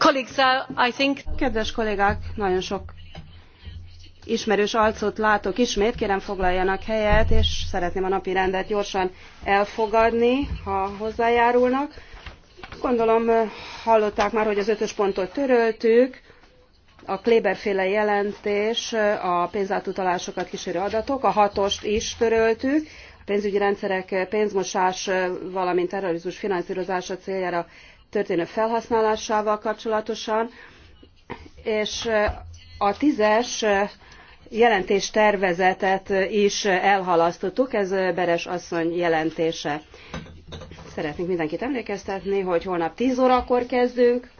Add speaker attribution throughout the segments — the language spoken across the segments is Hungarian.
Speaker 1: Uh, Kedves kollégák, nagyon sok ismerős arcot látok ismét, kérem foglaljanak helyet, és szeretném a napirendet gyorsan elfogadni, ha hozzájárulnak. Gondolom hallották már, hogy az ötös pontot töröltük, a féle jelentés, a pénzátutalásokat ksérő adatok, a hatost is töröltük, a pénzügyi rendszerek pénzmosás, valamint terrorizmus finanszrozása céljára történő felhasználásával kapcsolatosan, és a tízes jelentés tervezetet is elhalasztottuk, ez Beres asszony jelentése. Szeretnék mindenkit emlékeztetni, hogy holnap 10 órakor kezdünk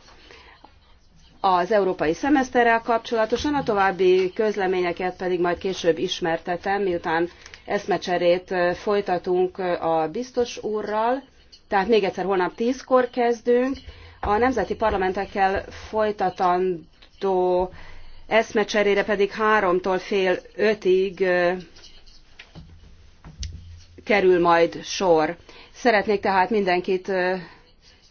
Speaker 1: az európai szemeszterrel kapcsolatosan, a további közleményeket pedig majd később ismertetem, miután eszmecserét folytatunk a biztos úrral tehát még egyszer holnap tízkor kezdünk. A nemzeti parlamentekkel folytatandó eszmecserére pedig háromtól fél ötig kerül majd sor. Szeretnék tehát mindenkit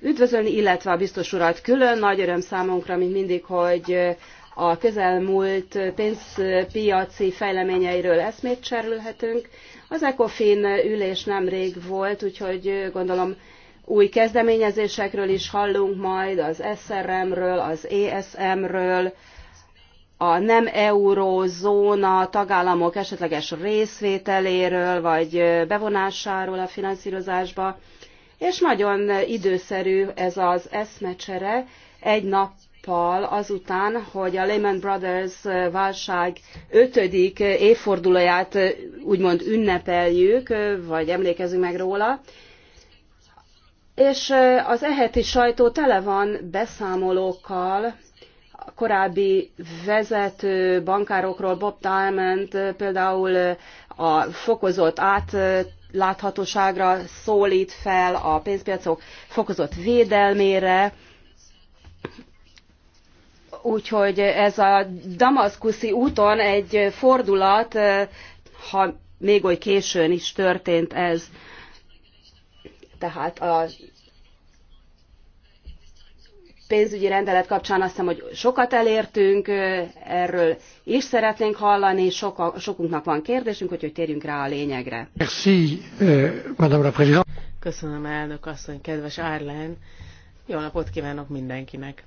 Speaker 1: üdvözölni, illetve a biztos urat külön. Nagy öröm számunkra, mint mindig, hogy a közelmúlt pénzpiaci fejleményeiről eszmét cserülhetünk. Az ECOFIN ülés nemrég volt, úgyhogy gondolom új kezdeményezésekről is hallunk majd, az SRM-ről, az ESM-ről, a nem eurózóna tagállamok esetleges részvételéről vagy bevonásáról a finanszírozásba, és nagyon időszerű ez az eszmecsere egy nappal azután, hogy a Lehman Brothers válság ötödik évfordulóját úgymond ünnepeljük, vagy emlékezünk meg róla, és az eheti sajtó tele van beszámolókkal, korábbi vezető bankárokról, Bob Diamond például a fokozott átláthatóságra szólít fel, a pénzpiacok fokozott védelmére, úgyhogy ez a damaszkuszi úton egy fordulat, ha még oly későn is történt ez. Tehát a pénzügyi rendelet kapcsán azt hiszem, hogy sokat elértünk, erről is szeretnénk hallani, Soka, sokunknak van kérdésünk, úgyhogy térjünk rá a lényegre.
Speaker 2: Merci, euh, Madame la Présidente.
Speaker 1: Köszönöm, elnök asszony,
Speaker 3: kedves Árlen. Jó napot kívánok mindenkinek.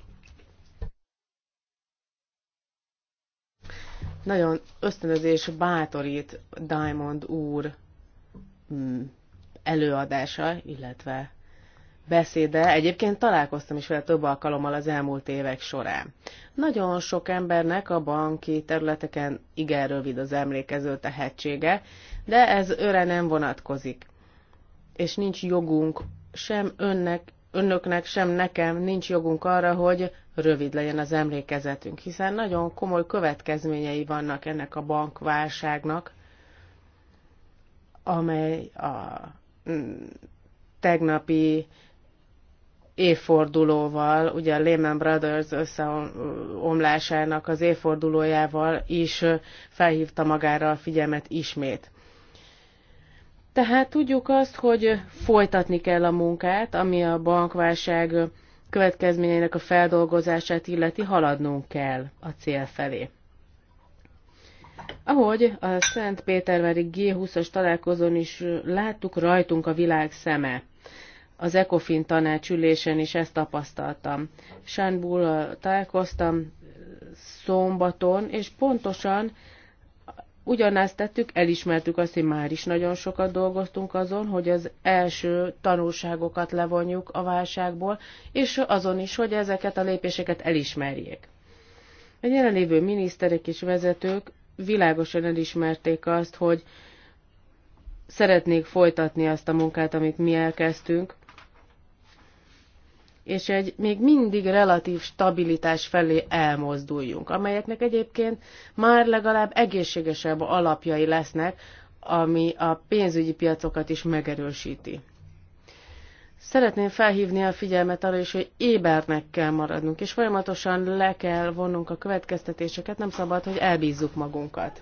Speaker 3: Nagyon ösztönözés bátorít Diamond úr mm, előadása, illetve beszéde. Egyébként találkoztam is vele több alkalommal az elmúlt évek során. Nagyon sok embernek a banki területeken igen rövid az emlékező tehetsége, de ez őre nem vonatkozik. És nincs jogunk sem önnek, önöknek, sem nekem nincs jogunk arra, hogy rövid legyen az emlékezetünk, hiszen nagyon komoly következményei vannak ennek a bankválságnak, amely a tegnapi évfordulóval, ugye a Lehman Brothers összeomlásának az évfordulójával is felhívta magára a figyelmet ismét. Tehát tudjuk azt, hogy folytatni kell a munkát, ami a bankválság következményeinek a feldolgozását illeti, haladnunk kell a cél felé. Ahogy a Szent Szentpétervári G20-as találkozón is láttuk, rajtunk a világ szeme. Az ECOFIN tanácsülésen is ezt tapasztaltam. Sánbúl találkoztam szombaton, és pontosan ugyanezt tettük, elismertük azt, hogy már is nagyon sokat dolgoztunk azon, hogy az első tanulságokat levonjuk a válságból, és azon is, hogy ezeket a lépéseket elismerjék. A jelenlévő miniszterek és vezetők világosan elismerték azt, hogy szeretnék folytatni azt a munkát, amit mi elkezdtünk, és egy még mindig relatív stabilitás felé elmozduljunk, amelyeknek egyébként már legalább egészségesebb alapjai lesznek, ami a pénzügyi piacokat is megerősíti. Szeretném felhívni a figyelmet arra is, hogy ébernek kell maradnunk, és folyamatosan le kell vonnunk a következtetéseket, nem szabad, hogy elbízzuk magunkat.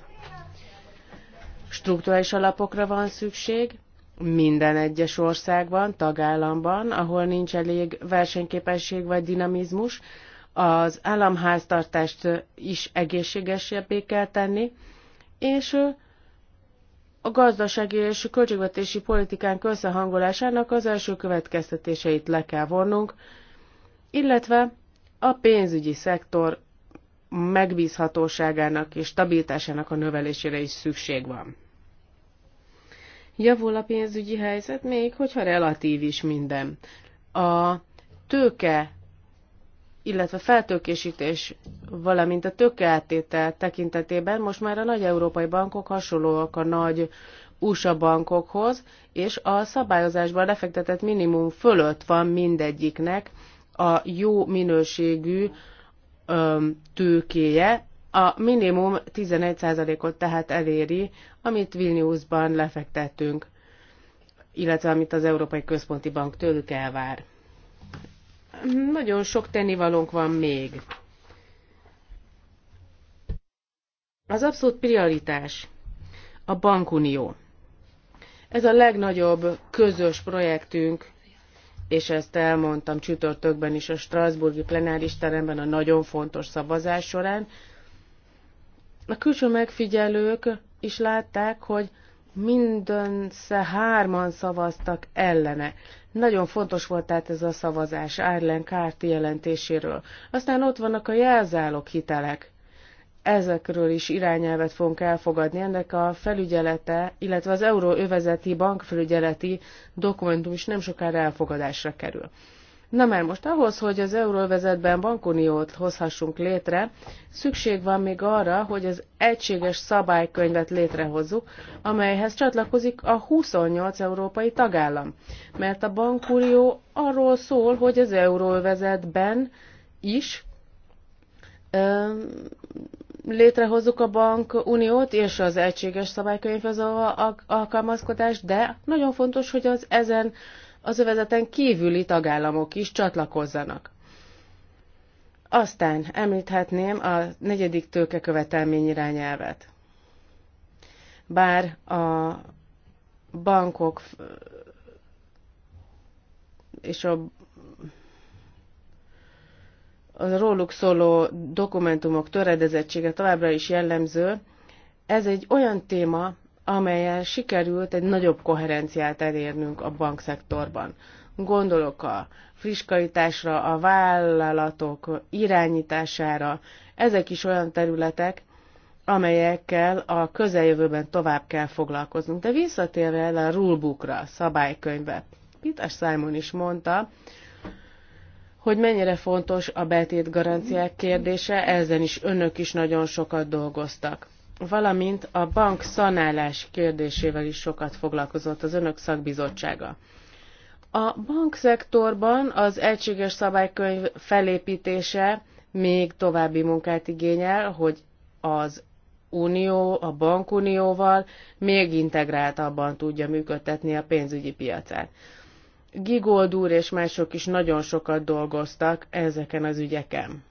Speaker 3: Struktúrális alapokra van szükség, minden egyes országban, tagállamban, ahol nincs elég versenyképesség vagy dinamizmus, az államháztartást is egészségesebbé kell tenni, és a gazdasági és költségvetési politikánk összehangolásának az első következtetéseit le kell vonnunk, illetve a pénzügyi szektor megbízhatóságának és stabilitásának a növelésére is szükség van. Javul a pénzügyi helyzet még, hogyha relatív is minden. A tőke illetve feltőkésítés, valamint a tőkeáttétel tekintetében most már a nagy európai bankok hasonlóak a nagy USA bankokhoz, és a szabályozásban lefektetett minimum fölött van mindegyiknek a jó minőségű öm, tőkéje, a minimum 11%-ot tehát eléri, amit Vilniusban lefektettünk, illetve amit az Európai Központi Bank tőlük elvár. Nagyon sok tennivalónk van még. Az abszolút prioritás a bankunió. Ez a legnagyobb közös projektünk, és ezt elmondtam csütörtökben is a Strasburgi plenáris teremben a nagyon fontos szavazás során. A külső megfigyelők is látták, hogy mindössze hárman szavaztak ellene. Nagyon fontos volt tehát ez a szavazás Árlen Kárti jelentéséről. Aztán ott vannak a jelzálok hitelek. Ezekről is irányelvet fogunk elfogadni. Ennek a felügyelete, illetve az euróövezeti bankfelügyeleti dokumentum is nem sokára elfogadásra kerül. Na mert most ahhoz, hogy az euróvezetben bankuniót hozhassunk létre, szükség van még arra, hogy az egységes szabálykönyvet létrehozzuk, amelyhez csatlakozik a 28 európai tagállam. Mert a bankunió arról szól, hogy az euróvezetben is ö, létrehozzuk a bankuniót és az egységes szabálykönyvhez alkalmazkodást, de nagyon fontos, hogy az ezen az övezeten kívüli tagállamok is csatlakozzanak. Aztán említhetném a negyedik tőkekövetelmény irányelvet. Bár a bankok és a, a róluk szóló dokumentumok töredezettsége továbbra is jellemző, ez egy olyan téma, amelyel sikerült egy nagyobb koherenciát elérnünk a bankszektorban. Gondolok a friskaitásra, a vállalatok irányítására, ezek is olyan területek, amelyekkel a közeljövőben tovább kell foglalkoznunk. De visszatérve el a rulebookra, szabálykönyvbe. Peter Simon is mondta, hogy mennyire fontos a betét garanciák kérdése, ezen is önök is nagyon sokat dolgoztak valamint a bank szanálás kérdésével is sokat foglalkozott az önök szakbizottsága. A bankszektorban az egységes szabálykönyv felépítése még további munkát igényel, hogy az unió, a bankunióval még integráltabban tudja működtetni a pénzügyi piacát. Gigold úr és mások is nagyon sokat dolgoztak ezeken az ügyeken.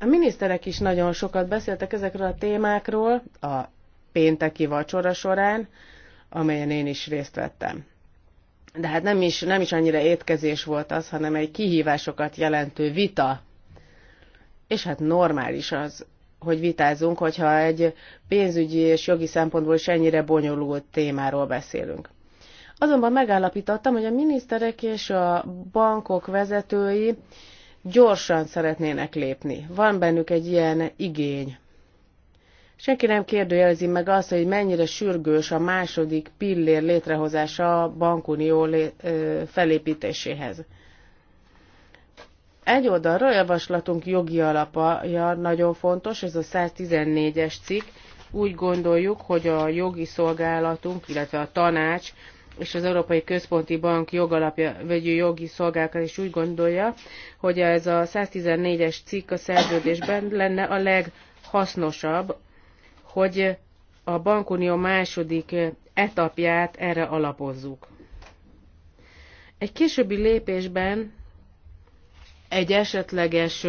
Speaker 3: A miniszterek is nagyon sokat beszéltek ezekről a témákról a pénteki vacsora során, amelyen én is részt vettem. De hát nem is, nem is annyira étkezés volt az, hanem egy kihívásokat jelentő vita. És hát normális az, hogy vitázunk, hogyha egy pénzügyi és jogi szempontból is ennyire bonyolult témáról beszélünk. Azonban megállapítottam, hogy a miniszterek és a bankok vezetői gyorsan szeretnének lépni. Van bennük egy ilyen igény. Senki nem kérdőjelezi meg azt, hogy mennyire sürgős a második pillér létrehozása a bankunió felépítéséhez. Egy oldalra javaslatunk jogi alapja nagyon fontos, ez a 114-es cikk. Úgy gondoljuk, hogy a jogi szolgálatunk, illetve a tanács és az Európai Központi Bank jogalapja, vagy jogi szolgálata is úgy gondolja, hogy ez a 114-es cikk a szerződésben lenne a leghasznosabb, hogy a bankunió második etapját erre alapozzuk. Egy későbbi lépésben egy esetleges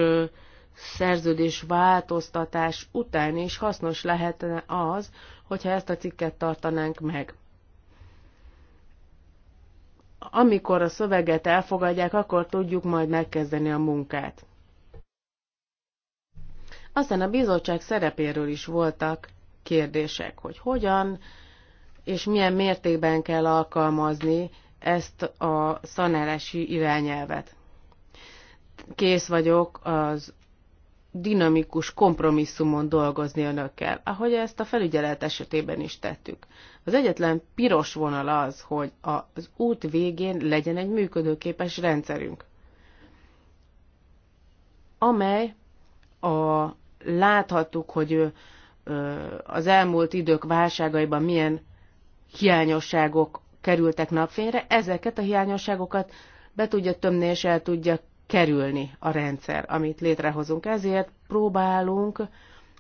Speaker 3: szerződés változtatás után is hasznos lehetne az, hogyha ezt a cikket tartanánk meg amikor a szöveget elfogadják, akkor tudjuk majd megkezdeni a munkát. Aztán a bizottság szerepéről is voltak kérdések, hogy hogyan és milyen mértékben kell alkalmazni ezt a szanálási irányelvet. Kész vagyok az dinamikus kompromisszumon dolgozni önökkel, ahogy ezt a felügyelet esetében is tettük. Az egyetlen piros vonal az, hogy az út végén legyen egy működőképes rendszerünk, amely a, láthattuk, hogy az elmúlt idők válságaiban milyen hiányosságok kerültek napfényre, ezeket a hiányosságokat be tudja tömni és el tudja kerülni a rendszer, amit létrehozunk. Ezért próbálunk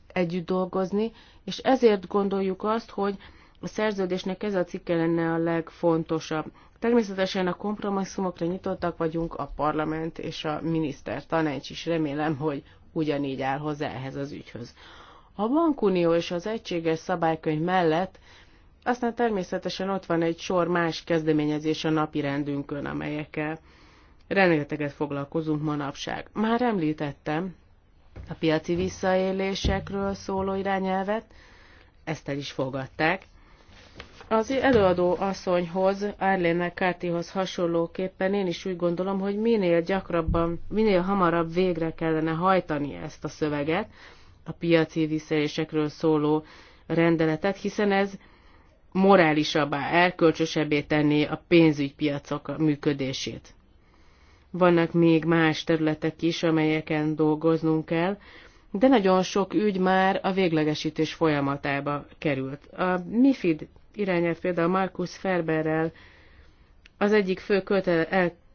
Speaker 3: együtt dolgozni, és ezért gondoljuk azt, hogy a szerződésnek ez a cikke lenne a legfontosabb. Természetesen a kompromisszumokra nyitottak vagyunk, a parlament és a miniszter tanács is remélem, hogy ugyanígy áll hozzá ehhez az ügyhöz. A bankunió és az egységes szabálykönyv mellett aztán természetesen ott van egy sor más kezdeményezés a napi rendünkön, amelyekkel rengeteget foglalkozunk manapság. Már említettem a piaci visszaélésekről szóló irányelvet, ezt el is fogadták. Az előadó asszonyhoz, Árlének Kártihoz hasonlóképpen én is úgy gondolom, hogy minél gyakrabban, minél hamarabb végre kellene hajtani ezt a szöveget, a piaci visszaélésekről szóló rendeletet, hiszen ez morálisabbá, erkölcsösebbé tenné a pénzügypiacok működését. Vannak még más területek is, amelyeken dolgoznunk kell, de nagyon sok ügy már a véglegesítés folyamatába került. A MIFID irányát például Markus Ferberrel az egyik fő kötele,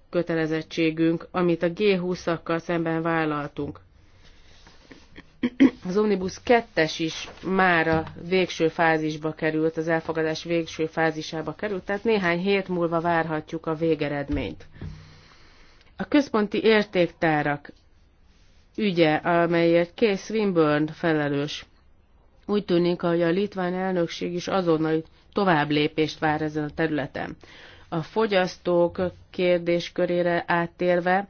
Speaker 3: elkötelezettségünk, amit a G20-akkal szemben vállaltunk. Az Omnibus 2-es is már a végső fázisba került, az elfogadás végső fázisába került, tehát néhány hét múlva várhatjuk a végeredményt. A központi értéktárak ügye, amelyért Case Swinburne felelős. Úgy tűnik, hogy a litván elnökség is azonnal tovább lépést vár ezen a területen. A fogyasztók kérdéskörére áttérve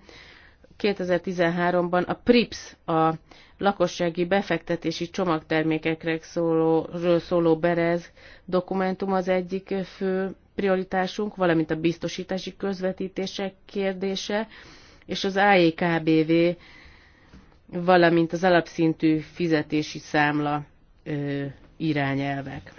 Speaker 3: 2013-ban a PRIPS, a lakossági befektetési csomagtermékekre szóló, szóló berez dokumentum az egyik fő prioritásunk, valamint a biztosítási közvetítések kérdése, és az AEKBV, valamint az alapszintű fizetési számla ö, irányelvek.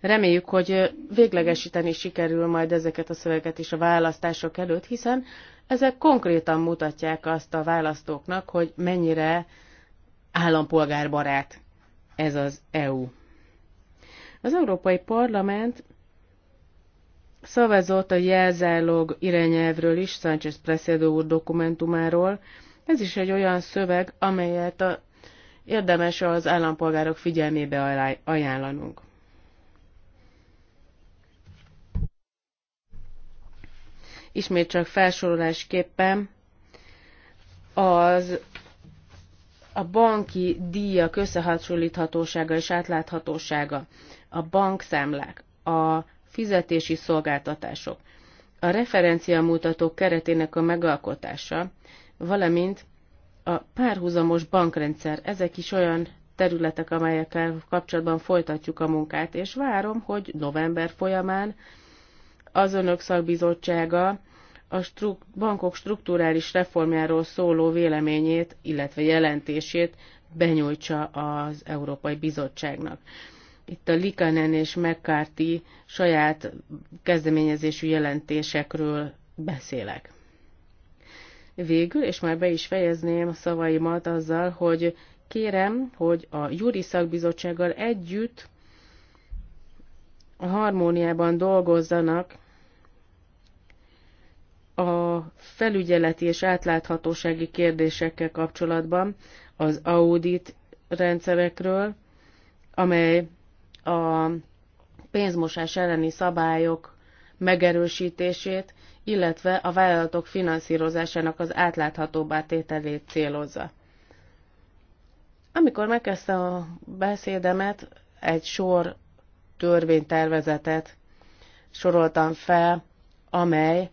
Speaker 3: Reméljük, hogy véglegesíteni sikerül majd ezeket a szöveget is a választások előtt, hiszen ezek konkrétan mutatják azt a választóknak, hogy mennyire állampolgárbarát ez az EU. Az Európai Parlament Szavazott a jelzálog irányelvről is, Sánchez Presedo úr dokumentumáról. Ez is egy olyan szöveg, amelyet a, érdemes az állampolgárok figyelmébe ajánlanunk. Ismét csak felsorolásképpen az a banki díjak összehasonlíthatósága és átláthatósága, a bankszámlák, a fizetési szolgáltatások, a referenciamutatók keretének a megalkotása, valamint a párhuzamos bankrendszer, ezek is olyan területek, amelyekkel kapcsolatban folytatjuk a munkát, és várom, hogy november folyamán az Önök Szakbizottsága a struk- bankok strukturális reformjáról szóló véleményét, illetve jelentését benyújtsa az Európai Bizottságnak. Itt a Likanen és McCarthy saját kezdeményezésű jelentésekről beszélek. Végül, és már be is fejezném a szavaimat azzal, hogy kérem, hogy a Júri Szakbizottsággal együtt a harmóniában dolgozzanak a felügyeleti és átláthatósági kérdésekkel kapcsolatban az audit rendszerekről, amely a pénzmosás elleni szabályok megerősítését, illetve a vállalatok finanszírozásának az átláthatóbbá tételét célozza. Amikor megkezdte a beszédemet, egy sor törvénytervezetet soroltam fel, amely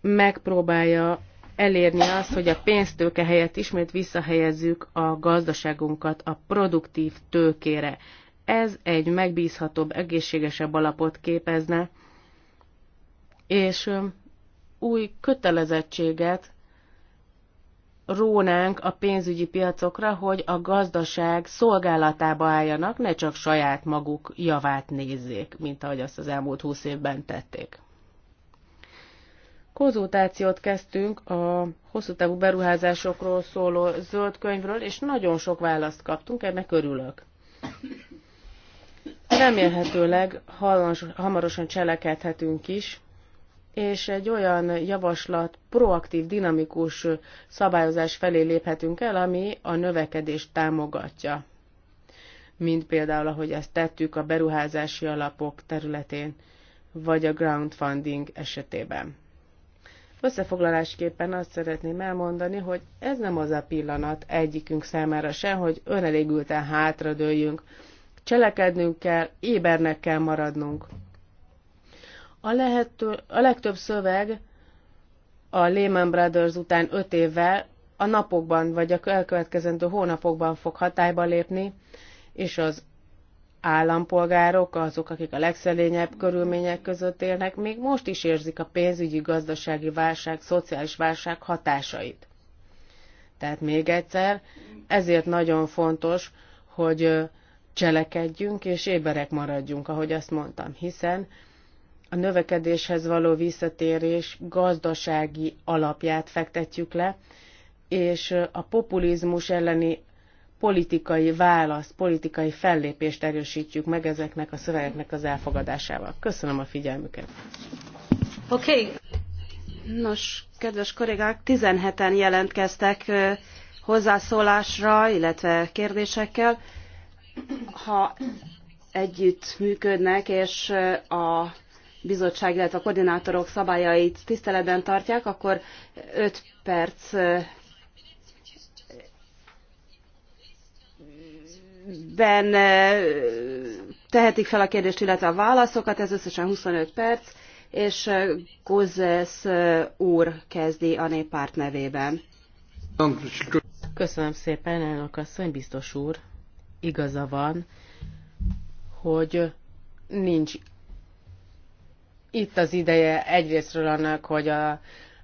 Speaker 3: megpróbálja elérni azt, hogy a pénztőke helyett ismét visszahelyezzük a gazdaságunkat a produktív tőkére. Ez egy megbízhatóbb, egészségesebb alapot képezne, és új kötelezettséget rónánk a pénzügyi piacokra, hogy a gazdaság szolgálatába álljanak, ne csak saját maguk javát nézzék, mint ahogy azt az elmúlt húsz évben tették. Konzultációt kezdtünk a hosszú távú beruházásokról szóló zöld könyvről, és nagyon sok választ kaptunk, ennek örülök. Remélhetőleg hamarosan cselekedhetünk is, és egy olyan javaslat, proaktív, dinamikus szabályozás felé léphetünk el, ami a növekedést támogatja. Mint például, ahogy ezt tettük a beruházási alapok területén, vagy a groundfunding esetében. Összefoglalásképpen azt szeretném elmondani, hogy ez nem az a pillanat egyikünk számára sem, hogy önelégülten hátradőljünk, Cselekednünk kell, ébernek kell maradnunk. A, lehető, a legtöbb szöveg a Lehman Brothers után öt évvel a napokban vagy a elkövetkezendő hónapokban fog hatályba lépni, és az állampolgárok, azok, akik a legszelényebb körülmények között élnek, még most is érzik a pénzügyi, gazdasági válság, szociális válság hatásait. Tehát még egyszer, ezért nagyon fontos, hogy cselekedjünk és éberek maradjunk, ahogy azt mondtam, hiszen a növekedéshez való visszatérés gazdasági alapját fektetjük le, és a populizmus elleni politikai válasz, politikai fellépést erősítjük meg ezeknek a szövegeknek az elfogadásával. Köszönöm a figyelmüket.
Speaker 1: Oké. Okay. Nos, kedves kollégák, 17-en jelentkeztek hozzászólásra, illetve kérdésekkel ha együtt működnek, és a bizottság, illetve a koordinátorok szabályait tiszteletben tartják, akkor 5 perc ben tehetik fel a kérdést, illetve a válaszokat, ez összesen 25 perc, és Gózes úr kezdi a néppárt nevében. Köszönöm szépen, elnök asszony, biztos úr
Speaker 3: igaza van, hogy nincs itt az ideje egyrésztről annak, hogy a,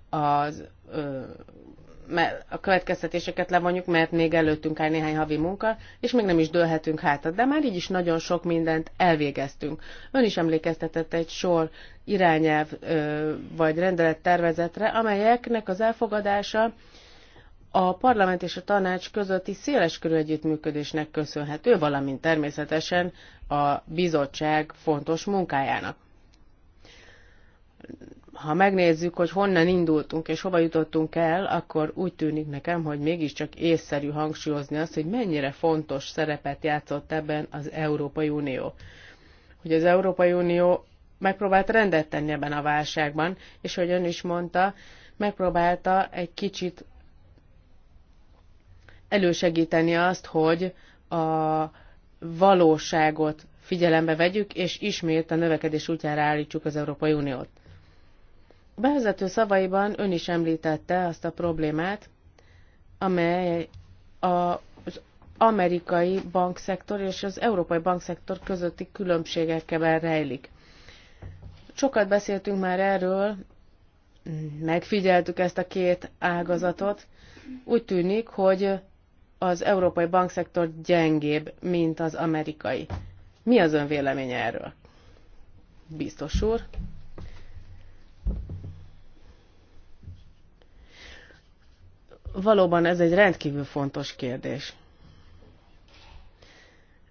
Speaker 3: a, a következtetéseket levonjuk, mert még előttünk áll néhány havi munka, és még nem is dőlhetünk hátat, de már így is nagyon sok mindent elvégeztünk. Ön is emlékeztetett egy sor irányelv vagy vagy rendelettervezetre, amelyeknek az elfogadása a parlament és a tanács közötti széleskörű együttműködésnek köszönhető, valamint természetesen a bizottság fontos munkájának. Ha megnézzük, hogy honnan indultunk és hova jutottunk el, akkor úgy tűnik nekem, hogy mégiscsak észszerű hangsúlyozni azt, hogy mennyire fontos szerepet játszott ebben az Európai Unió. Hogy az Európai Unió megpróbált rendet tenni ebben a válságban, és hogy ön is mondta, megpróbálta egy kicsit elősegíteni azt, hogy a valóságot figyelembe vegyük, és ismét a növekedés útjára állítsuk az Európai Uniót. A bevezető szavaiban ön is említette azt a problémát, amely az amerikai bankszektor és az európai bankszektor közötti különbségekkel rejlik. Sokat beszéltünk már erről, megfigyeltük ezt a két ágazatot. Úgy tűnik, hogy az európai bankszektor gyengébb, mint az amerikai. Mi az ön véleménye erről? Biztos úr. Valóban ez egy rendkívül fontos kérdés.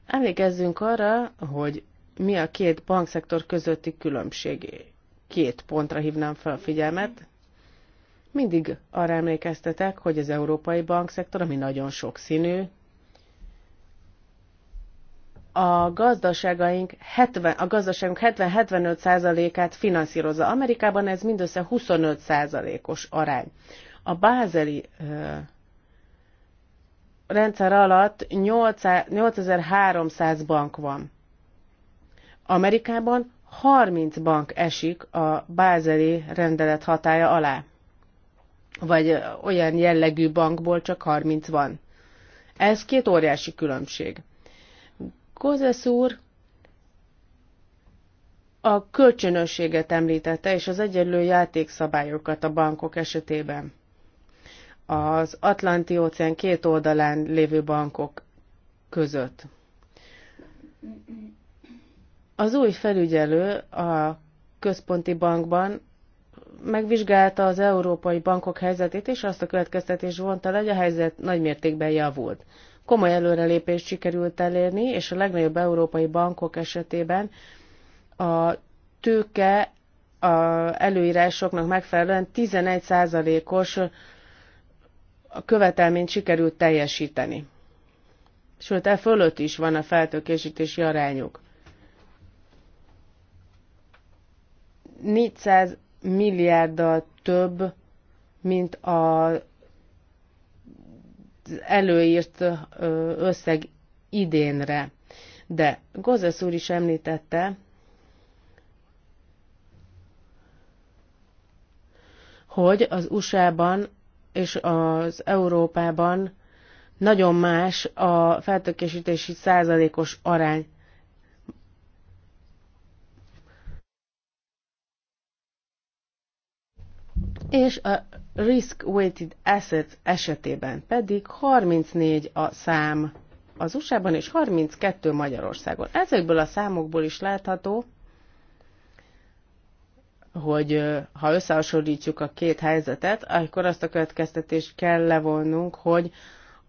Speaker 3: Emlékezzünk arra, hogy mi a két bankszektor közötti különbség. Két pontra hívnám fel a figyelmet mindig arra emlékeztetek, hogy az európai bankszektor, ami nagyon sokszínű, a gazdaságaink 70, a gazdaságunk 70-75%-át finanszírozza. Amerikában ez mindössze 25%-os arány. A bázeli rendszer alatt 8300 bank van. Amerikában 30 bank esik a bázeli rendelet hatája alá vagy olyan jellegű bankból csak 30 van. Ez két óriási különbség. Gózes úr a kölcsönösséget említette, és az egyenlő játékszabályokat a bankok esetében. Az Atlanti-óceán két oldalán lévő bankok között. Az új felügyelő a központi bankban megvizsgálta az európai bankok helyzetét, és azt a következtetés vonta le, hogy a helyzet nagymértékben javult. Komoly előrelépést sikerült elérni, és a legnagyobb európai bankok esetében a tőke a előírásoknak megfelelően 11%-os követelményt sikerült teljesíteni. Sőt, e fölött is van a feltőkésítési arányuk. 400 milliárddal több, mint a előírt összeg idénre. De Gozesz úr is említette, hogy az USA-ban és az Európában nagyon más a feltökésítési százalékos arány. és a risk-weighted assets esetében pedig 34 a szám az USA-ban és 32 Magyarországon. Ezekből a számokból is látható, hogy ha összehasonlítjuk a két helyzetet, akkor azt a következtetést kell levonnunk, hogy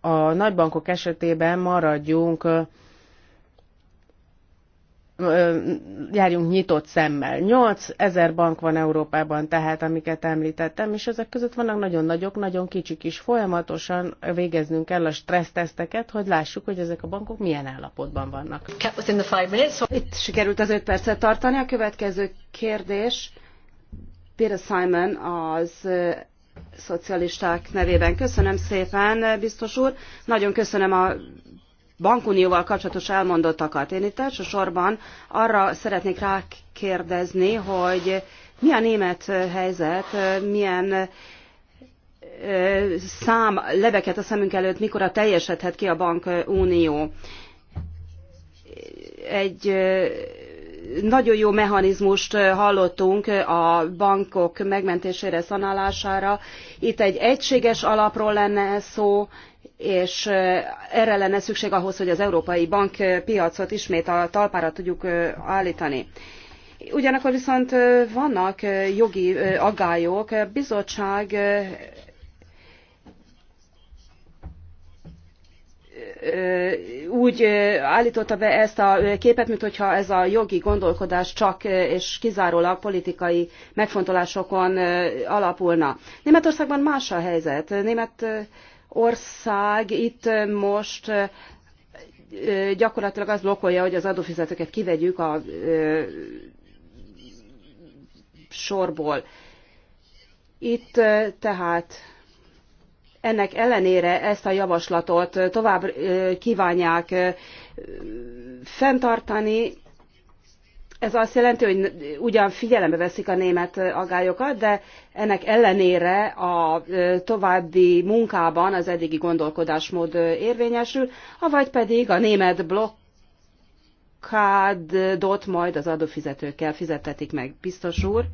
Speaker 3: a nagybankok esetében maradjunk járjunk nyitott szemmel. 8 ezer bank van Európában, tehát amiket említettem, és ezek között vannak nagyon nagyok, nagyon kicsik is. Folyamatosan végeznünk kell a stresszteszteket, hogy lássuk, hogy ezek a bankok milyen állapotban vannak.
Speaker 1: Itt sikerült az 5 percet tartani. A következő kérdés Peter Simon az szocialisták nevében. Köszönöm szépen, biztos úr. Nagyon köszönöm a bankunióval kapcsolatos elmondottakat. Én itt elsősorban arra szeretnék rákérdezni, hogy mi a német helyzet, milyen szám lebeket a szemünk előtt, mikor a teljesedhet ki a bankunió. Egy nagyon jó mechanizmust hallottunk a bankok megmentésére, szanálására. Itt egy egységes alapról lenne szó, és eh, erre lenne szükség ahhoz, hogy az európai bankpiacot eh, ismét a talpára tudjuk eh, állítani. Ugyanakkor viszont vannak jogi aggályok, a bizottság úgy állította be ezt a képet, mintha ez a jogi gondolkodás csak és kizárólag politikai megfontolásokon alapulna. Németországban más a helyzet. Német ország itt most gyakorlatilag az blokkolja, hogy az adófizetőket kivegyük a sorból. Itt tehát ennek ellenére ezt a javaslatot tovább kívánják fenntartani, ez azt jelenti, hogy ugyan figyelembe veszik a német agályokat, de ennek ellenére a további munkában az eddigi gondolkodásmód érvényesül, avagy pedig a német blokkádot majd az adófizetőkkel fizettetik meg. Biztos úr?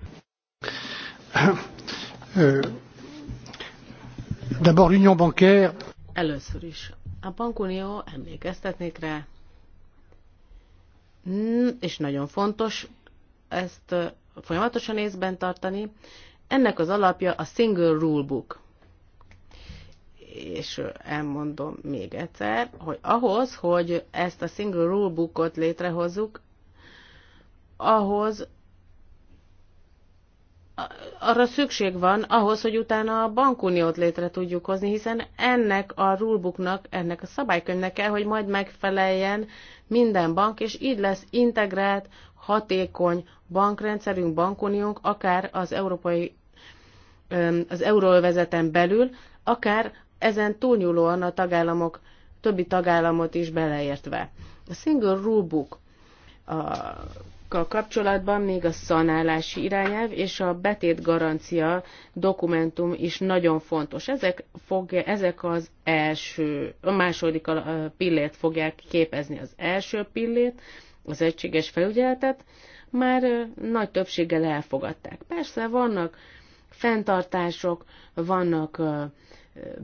Speaker 2: D'abord l'union bancaire.
Speaker 3: Először is. A bankunió, emlékeztetnék rá, és nagyon fontos ezt folyamatosan észben tartani. Ennek az alapja a Single Rule Book. És elmondom még egyszer, hogy ahhoz, hogy ezt a Single Rule Bookot létrehozzuk, ahhoz arra szükség van ahhoz, hogy utána a bankuniót létre tudjuk hozni, hiszen ennek a rulebooknak, ennek a szabálykönyvnek kell, hogy majd megfeleljen minden bank, és így lesz integrált, hatékony bankrendszerünk, bankuniónk, akár az európai az euróvezeten belül, akár ezen túlnyúlóan a tagállamok, többi tagállamot is beleértve. A single rulebook a irányelvekkel kapcsolatban még a szanálási irányelv és a betét garancia dokumentum is nagyon fontos. Ezek, fogja, ezek az első, a második pillét fogják képezni. Az első pillét, az egységes felügyeletet már nagy többséggel elfogadták. Persze vannak fenntartások, vannak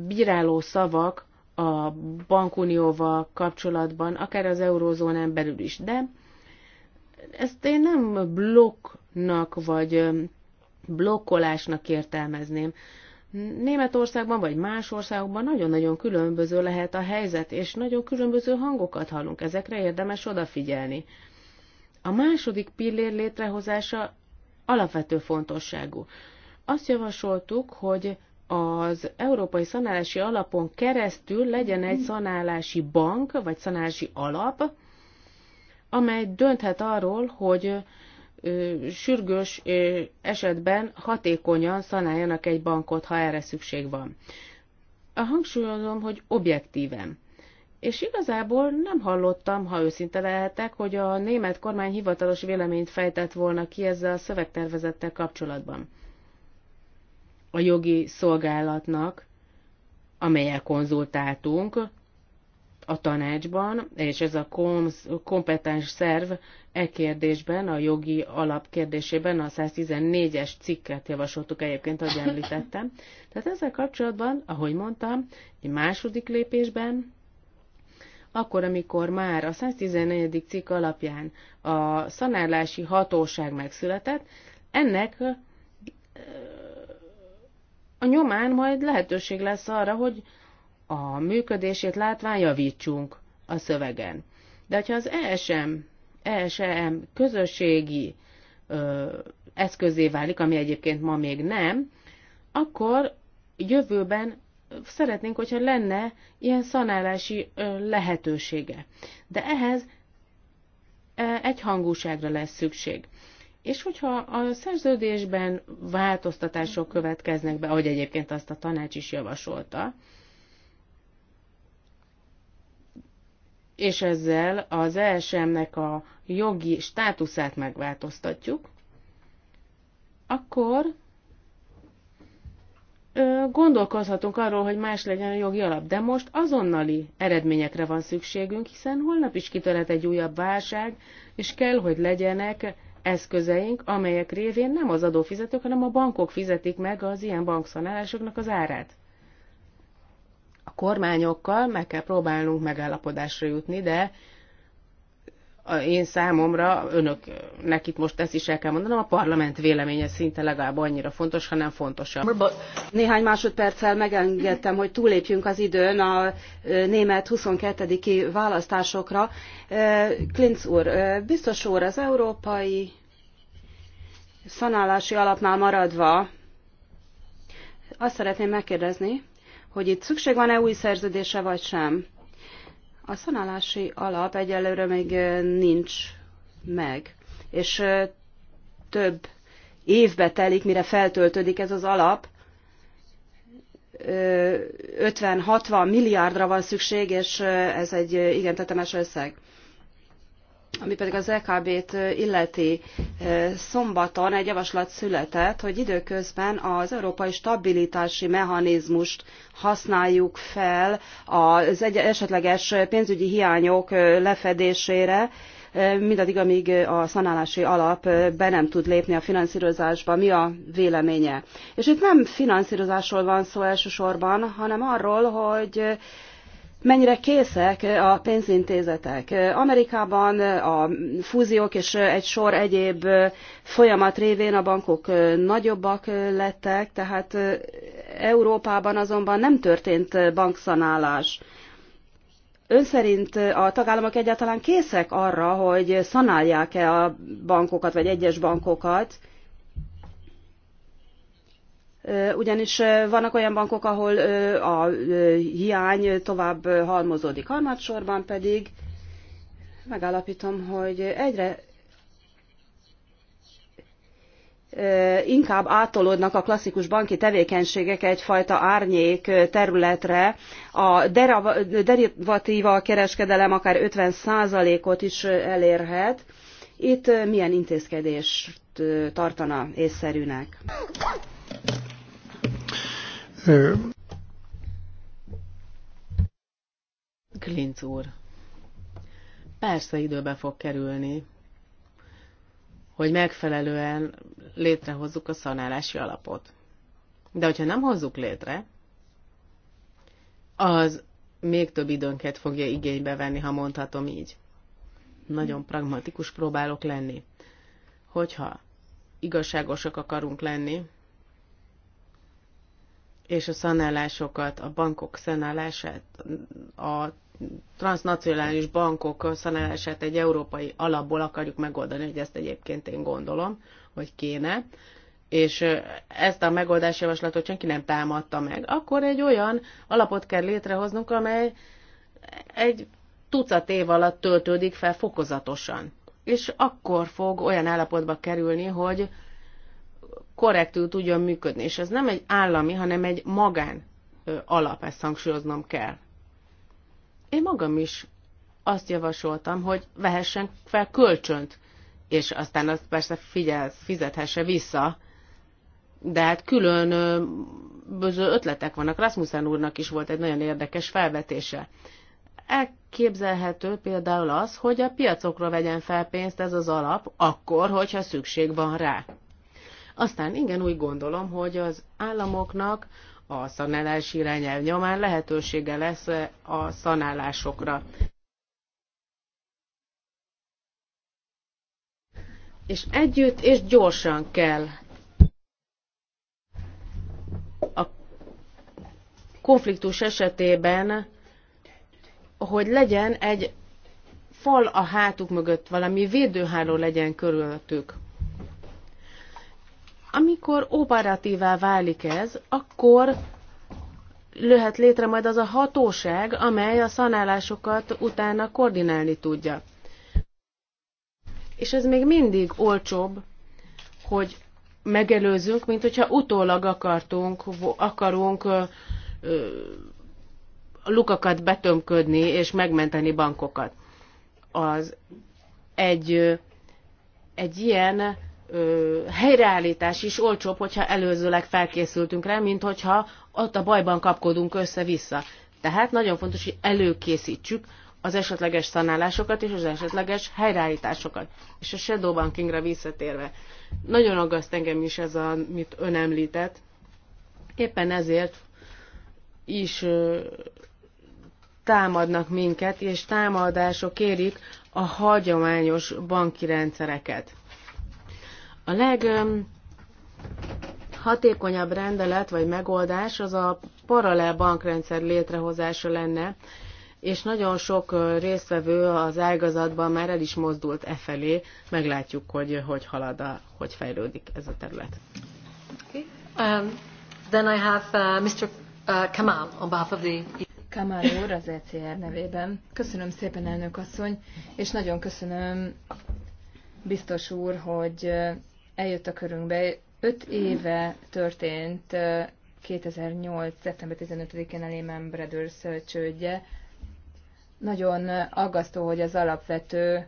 Speaker 3: bíráló szavak a bankunióval kapcsolatban, akár az eurózónán belül is, de ezt én nem blokknak vagy blokkolásnak értelmezném. Németországban vagy más országokban nagyon-nagyon különböző lehet a helyzet, és nagyon különböző hangokat hallunk, ezekre érdemes odafigyelni. A második pillér létrehozása alapvető fontosságú. Azt javasoltuk, hogy az Európai Szanálási Alapon keresztül legyen egy szanálási bank, vagy szanálási alap, amely dönthet arról, hogy sürgős esetben hatékonyan szanáljanak egy bankot, ha erre szükség van. A hangsúlyozom, hogy objektíven. És igazából nem hallottam, ha őszinte lehetek, hogy a német kormány hivatalos véleményt fejtett volna ki ezzel a szövegtervezettel kapcsolatban. A jogi szolgálatnak, amelyel konzultáltunk, a tanácsban, és ez a kompetens szerv e kérdésben, a jogi alap kérdésében a 114-es cikket javasoltuk egyébként, ahogy említettem. Tehát ezzel kapcsolatban, ahogy mondtam, egy második lépésben, akkor, amikor már a 114. cikk alapján a szanálási hatóság megszületett, ennek a nyomán majd lehetőség lesz arra, hogy a működését látván javítsunk a szövegen. De ha az ESM, ESM e közösségi ö, eszközé válik, ami egyébként ma még nem, akkor jövőben szeretnénk, hogyha lenne ilyen szanálási ö, lehetősége. De ehhez e, egy hangúságra lesz szükség. És hogyha a szerződésben változtatások következnek be, ahogy egyébként azt a tanács is javasolta, és ezzel az ESM-nek a jogi státuszát megváltoztatjuk, akkor gondolkozhatunk arról, hogy más legyen a jogi alap, de most azonnali eredményekre van szükségünk, hiszen holnap is kitörhet egy újabb válság, és kell, hogy legyenek eszközeink, amelyek révén nem az adófizetők, hanem a bankok fizetik meg az ilyen bankszanálásoknak az árát. A kormányokkal meg kell próbálnunk megállapodásra jutni, de én számomra, önök nekik most ezt is el kell mondanom, a parlament véleménye szinte legalább annyira
Speaker 1: fontos, ha nem fontosabb. Néhány másodperccel megengedtem, hogy túlépjünk az időn a német 22. választásokra. Klinc úr, biztos úr, az európai szanálási alapnál maradva azt szeretném megkérdezni, hogy itt szükség van-e új szerződésre vagy sem. A szanálási alap egyelőre még nincs meg, és több évbe telik, mire feltöltődik ez az alap. 50-60 milliárdra van szükség, és ez egy igen tetemes összeg ami pedig az ekb t illeti szombaton egy javaslat született, hogy időközben az európai stabilitási mechanizmust használjuk fel az esetleges pénzügyi hiányok lefedésére, mindaddig, amíg a szanálási alap be nem tud lépni a finanszírozásba. Mi a véleménye? És itt nem finanszírozásról van szó elsősorban, hanem arról, hogy mennyire készek a pénzintézetek. Amerikában a fúziók és egy sor egyéb folyamat révén a bankok nagyobbak lettek, tehát Európában azonban nem történt bankszanálás. Ön szerint a tagállamok egyáltalán készek arra, hogy szanálják-e a bankokat, vagy egyes bankokat, ugyanis vannak olyan bankok, ahol a hiány tovább halmozódik. Harmadsorban pedig megállapítom, hogy egyre inkább átolódnak a klasszikus banki tevékenységek egyfajta árnyék területre. A derivatíva kereskedelem akár 50%-ot is elérhet. Itt milyen intézkedést tartana észszerűnek? Klinc úr,
Speaker 3: persze időbe fog kerülni, hogy megfelelően létrehozzuk a szanálási alapot. De hogyha nem hozzuk létre, az még több időnket fogja igénybe venni, ha mondhatom így. Nagyon pragmatikus próbálok lenni. Hogyha igazságosak akarunk lenni, és a szanálásokat, a bankok szanálását, a transnacionális bankok szanálását egy európai alapból akarjuk megoldani, hogy ezt egyébként én gondolom, hogy kéne, és ezt a megoldásjavaslatot senki nem támadta meg, akkor egy olyan alapot kell létrehoznunk, amely egy tucat év alatt töltődik fel fokozatosan. És akkor fog olyan állapotba kerülni, hogy korrektül tudjon működni. És ez nem egy állami, hanem egy magán alap, ezt hangsúlyoznom kell. Én magam is azt javasoltam, hogy vehessen fel kölcsönt, és aztán azt persze figyel, fizethesse vissza, de hát külön böző ötletek vannak. Rasmussen úrnak is volt egy nagyon érdekes felvetése. Elképzelhető például az, hogy a piacokra vegyen fel pénzt ez az alap, akkor, hogyha szükség van rá. Aztán igen, úgy gondolom, hogy az államoknak a szanálási irányelv nyomán lehetősége lesz a szanálásokra. És együtt és gyorsan kell a konfliktus esetében, hogy legyen egy fal a hátuk mögött, valami védőháló legyen körülöttük. Amikor operatívá válik ez, akkor lőhet létre majd az a hatóság, amely a szanálásokat utána koordinálni tudja. És ez még mindig olcsóbb, hogy megelőzünk, mint hogyha utólag akartunk, akarunk ö, ö, lukakat betömködni és megmenteni bankokat. Az egy, egy ilyen ö, helyreállítás is olcsóbb, hogyha előzőleg felkészültünk rá, mint hogyha ott a bajban kapkodunk össze-vissza. Tehát nagyon fontos, hogy előkészítsük az esetleges szanálásokat és az esetleges helyreállításokat. És a shadow bankingra visszatérve, nagyon aggaszt engem is ez, a, amit ön említett. Éppen ezért is ö, támadnak minket, és támadások érik a hagyományos banki rendszereket. A leghatékonyabb rendelet vagy megoldás az a paralel bankrendszer létrehozása lenne, és nagyon sok résztvevő az ágazatban már el is mozdult e felé. Meglátjuk, hogy hogy halad, a, hogy fejlődik ez
Speaker 2: a terület. Um, then I have uh, Mr. Uh, Kamal on behalf of the... Kamal úr az ECR nevében. Köszönöm szépen, elnök asszony, és nagyon köszönöm biztos úr, hogy eljött a körünkbe. Öt éve történt 2008. szeptember 15-én a Lehman Brothers csődje. Nagyon aggasztó, hogy az alapvető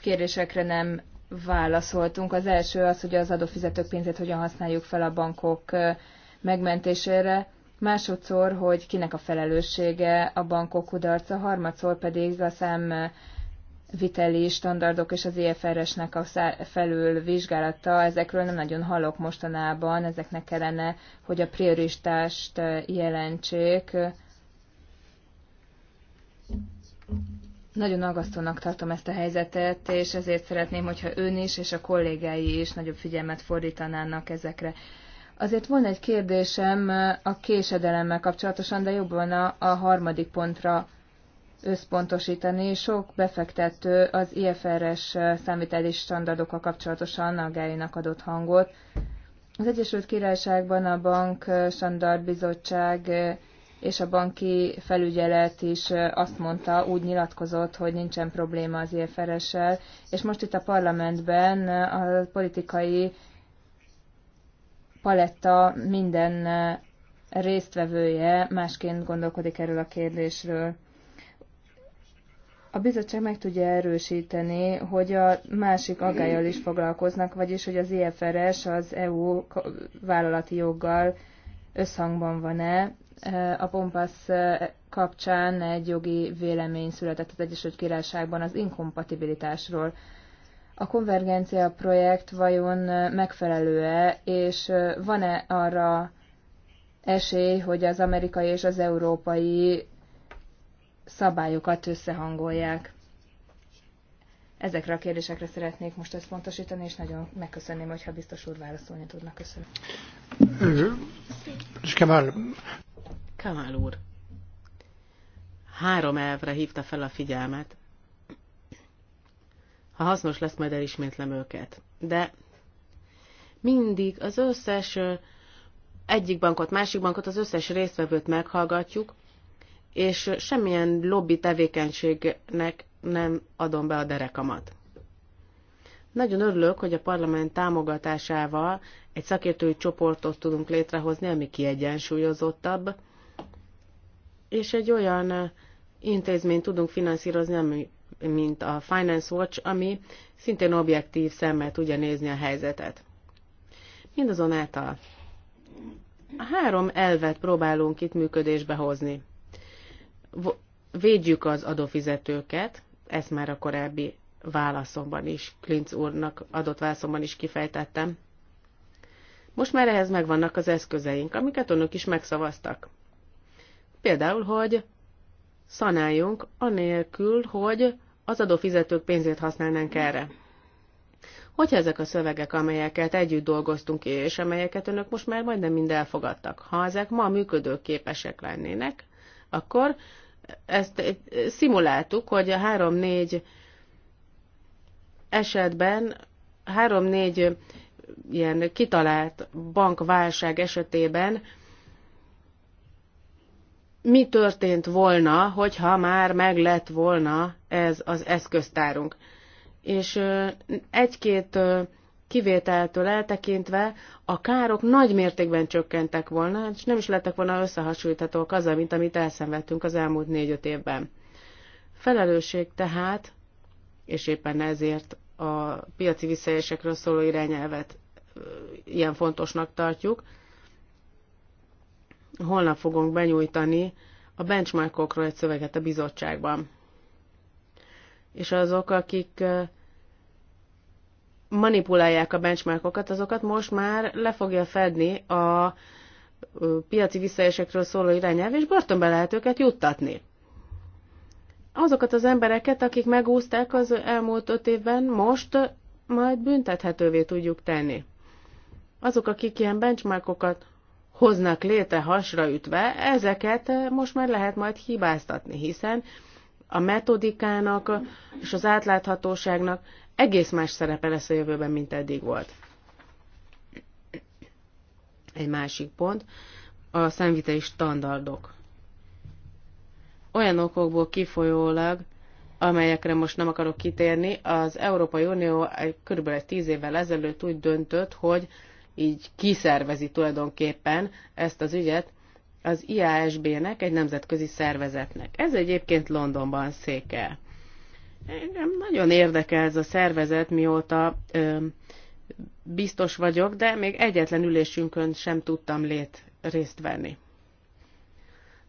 Speaker 2: kérdésekre nem válaszoltunk. Az első az, hogy az adófizetők pénzét hogyan használjuk fel a bankok megmentésére, másodszor, hogy kinek a felelőssége a bankok kudarca, harmadszor pedig a szem viteli standardok és az EFRS-nek a felül vizsgálata, ezekről nem nagyon hallok mostanában, ezeknek kellene, hogy a prioritást eh, jelentsék. Nagyon aggasztónak tartom ezt a helyzetet, és ezért szeretném, hogyha ön is és a kollégái is nagyobb figyelmet fordítanának ezekre. Azért van egy kérdésem a késedelemmel kapcsolatosan, de jobban a a harmadik pontra összpontosítani. Sok befektető az IFRS eh, számítási standardokkal kapcsolatosan aggájának adott hangot. Az Egyesült Királyságban a Bank eh, Standard Bizottság eh, és a banki felügyelet is azt mondta, úgy nyilatkozott, hogy nincsen probléma az IFRS-sel, és most itt a parlamentben a politikai paletta minden résztvevője másként gondolkodik erről a kérdésről a bizottság meg tudja erősíteni, hogy a másik agályal is foglalkoznak, vagyis hogy az IFRS az EU vállalati joggal összhangban van-e. E, a Pompasz e, kapcsán egy jogi vélemény született az Egyesült Királyságban az inkompatibilitásról. A konvergencia projekt vajon megfelelő-e, és e, van-e arra esély, hogy az amerikai és az európai szabályokat összehangolják. Ezekre a kérdésekre szeretnék most összpontosítani, és nagyon megköszönném, hogyha biztos úr válaszolni tudnak. Köszönöm. Kamál.
Speaker 3: Kamál úr. Három elvre hívta fel a figyelmet. Ha hasznos lesz, majd elismétlem őket. De mindig az összes egyik bankot, másik bankot, az összes résztvevőt meghallgatjuk, és semmilyen lobby tevékenységnek nem adom be a derekamat. Nagyon örülök, hogy a parlament támogatásával egy szakértői csoportot tudunk létrehozni, ami kiegyensúlyozottabb, és egy olyan intézményt tudunk finanszírozni, ami, mint a Finance Watch, ami szintén objektív szemmel tudja nézni a helyzetet. Mindazonáltal a három elvet próbálunk itt működésbe hozni védjük az adófizetőket, ezt már a korábbi válaszomban is, Klinc úrnak adott válaszomban is kifejtettem. Most már ehhez megvannak az eszközeink, amiket önök is megszavaztak. Például, hogy szanáljunk anélkül, hogy az adófizetők pénzét használnánk erre. Hogyha ezek a szövegek, amelyeket együtt dolgoztunk és amelyeket önök most már majdnem mind elfogadtak, ha ezek ma működőképesek lennének, akkor ezt eh, szimuláltuk, hogy a 3-4 esetben, 3-4 eh, ilyen kitalált bankválság esetében mi történt volna, hogyha már meg lett volna ez az eszköztárunk. És eh, egy-két kivételtől eltekintve a károk nagy mértékben csökkentek volna, és nem is lettek volna összehasonlíthatók azzal, mint amit elszenvedtünk az elmúlt négy-öt évben. Felelősség tehát, és éppen ezért a piaci visszaélésekről szóló irányelvet ilyen fontosnak tartjuk. Holnap fogunk benyújtani a benchmarkokról egy szöveget a bizottságban. És azok, akik manipulálják a benchmarkokat, azokat most már le fogja fedni a piaci visszaesekről szóló irányelv, és börtönbe lehet őket juttatni. Azokat az embereket, akik megúzták az elmúlt öt évben, most majd büntethetővé tudjuk tenni. Azok, akik ilyen benchmarkokat hoznak létre hasra ütve, ezeket most már lehet majd hibáztatni, hiszen a metodikának és az átláthatóságnak egész más szerepe lesz a jövőben, mint eddig volt. Egy másik pont, a szemvitei standardok. Olyan okokból kifolyólag, amelyekre most nem akarok kitérni, az Európai Unió körülbelül 10 évvel ezelőtt úgy döntött, hogy így kiszervezi tulajdonképpen ezt az ügyet az IASB-nek, egy nemzetközi szervezetnek. Ez egyébként Londonban székel. Engem nagyon érdekel ez a szervezet, mióta ö, biztos vagyok, de még egyetlen ülésünkön sem tudtam lét részt venni.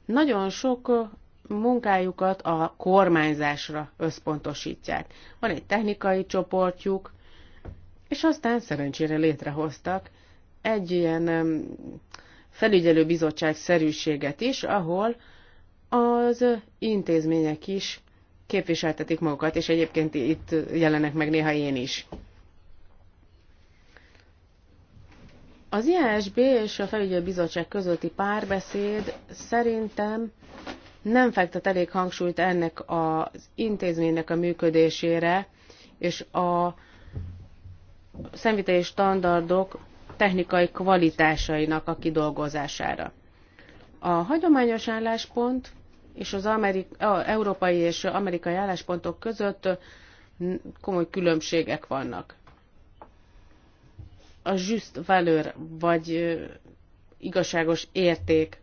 Speaker 3: Nagyon sok munkájukat a kormányzásra összpontosítják. Van egy technikai csoportjuk, és aztán szerencsére létrehoztak egy ilyen felügyelőbizottság szerűséget is, ahol az intézmények is képviseltetik magukat, és egyébként itt jelenek meg néha én is. Az ISB és a felügyelőbizottság közötti párbeszéd szerintem nem fektet elég hangsúlyt ennek az intézménynek a működésére, és a szemvitei standardok technikai kvalitásainak a kidolgozására. A hagyományos álláspont és az amerik- a, európai és amerikai álláspontok között komoly különbségek vannak. A just valeur, vagy igazságos érték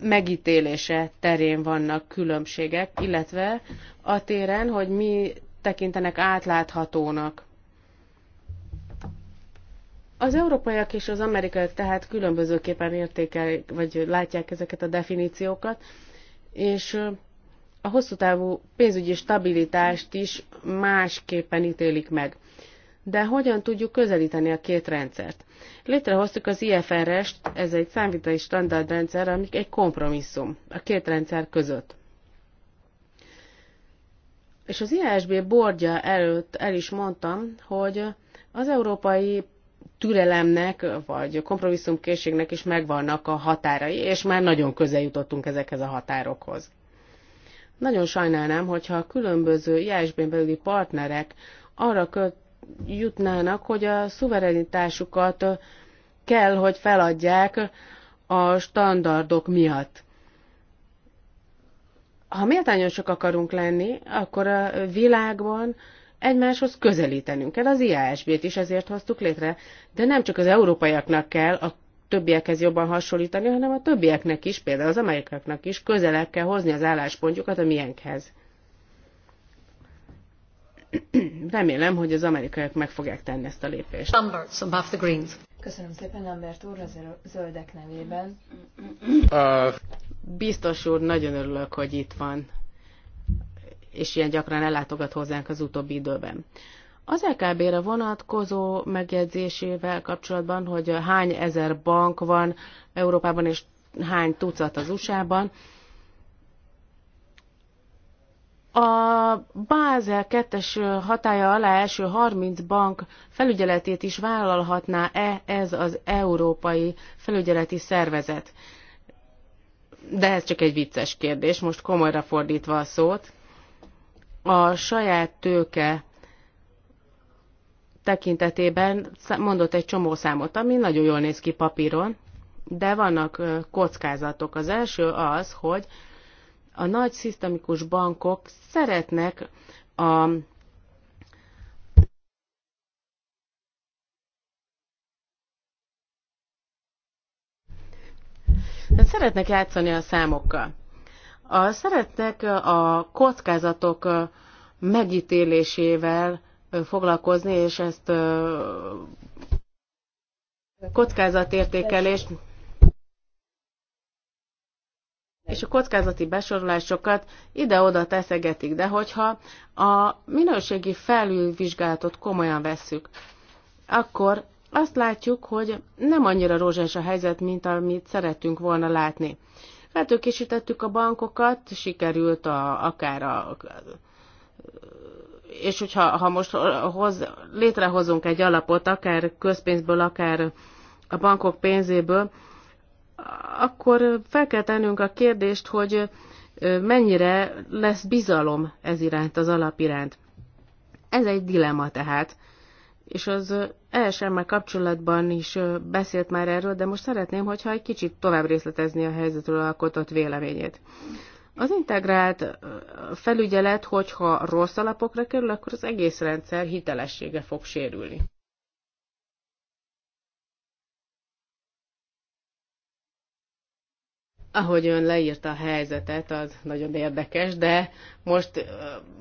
Speaker 3: megítélése terén vannak különbségek, illetve a téren, hogy mi tekintenek átláthatónak az európaiak és az amerikaiak tehát különbözőképpen értékelik, vagy látják ezeket a definíciókat, és a hosszú távú pénzügyi stabilitást is másképpen ítélik meg. De hogyan tudjuk közelíteni a két rendszert? Létrehoztuk az IFRS-t, ez egy számvitai standardrendszer, amik egy kompromisszum a két rendszer között. És az ISB bordja előtt el is mondtam, hogy az európai türelemnek, vagy kompromisszumkészségnek is megvannak a határai, és már nagyon közel jutottunk ezekhez a határokhoz. Nagyon sajnálnám, hogyha a különböző jsb belüli partnerek arra jutnának, hogy a szuverenitásukat kell, hogy feladják a standardok miatt. Ha méltányosak akarunk lenni, akkor a világban egymáshoz közelítenünk kell. Az IASB-t is ezért hoztuk létre, de nem csak az európaiaknak kell a többiekhez jobban hasonlítani, hanem a többieknek is, például az amerikaknak is közelebb kell hozni az álláspontjukat a miénkhez. Remélem, hogy az amerikaiak meg fogják tenni ezt a lépést.
Speaker 2: Köszönöm szépen, Lambert úr, a zöldek nevében.
Speaker 3: Uh. Biztos úr, nagyon örülök, hogy itt van és ilyen gyakran ellátogat hozzánk az utóbbi időben. Az LKB-re vonatkozó megjegyzésével kapcsolatban, hogy hány ezer bank van Európában és hány tucat az USA-ban, a Bázel 2-es hatája alá első 30 bank felügyeletét is vállalhatná-e ez az európai felügyeleti szervezet? De ez csak egy vicces kérdés, most komolyra fordítva a szót a saját tőke tekintetében mondott egy csomó számot, ami nagyon jól néz ki papíron, de vannak kockázatok. Az első az, hogy a nagy szisztemikus bankok szeretnek a De szeretnek játszani a számokkal. A, szeretnek a kockázatok megítélésével foglalkozni, és ezt kockázatértékelést és a kockázati besorolásokat ide-oda teszegetik, de hogyha a minőségi felülvizsgálatot komolyan vesszük, akkor azt látjuk, hogy nem annyira rózsás a helyzet, mint amit szeretünk volna látni. Letőkésítettük hát a bankokat, sikerült a, akár a és hogyha ha most hoz, létrehozunk egy alapot, akár közpénzből, akár a bankok pénzéből, akkor fel kell tennünk a kérdést, hogy mennyire lesz bizalom ez iránt, az alap iránt. Ez egy dilemma tehát, és az esm kapcsolatban is beszélt már erről, de most szeretném, hogyha egy kicsit tovább részletezni a helyzetről alkotott véleményét. Az integrált felügyelet, hogyha rossz alapokra kerül, akkor az egész rendszer hitelessége fog sérülni. ahogy ön leírta a helyzetet, az nagyon érdekes, de most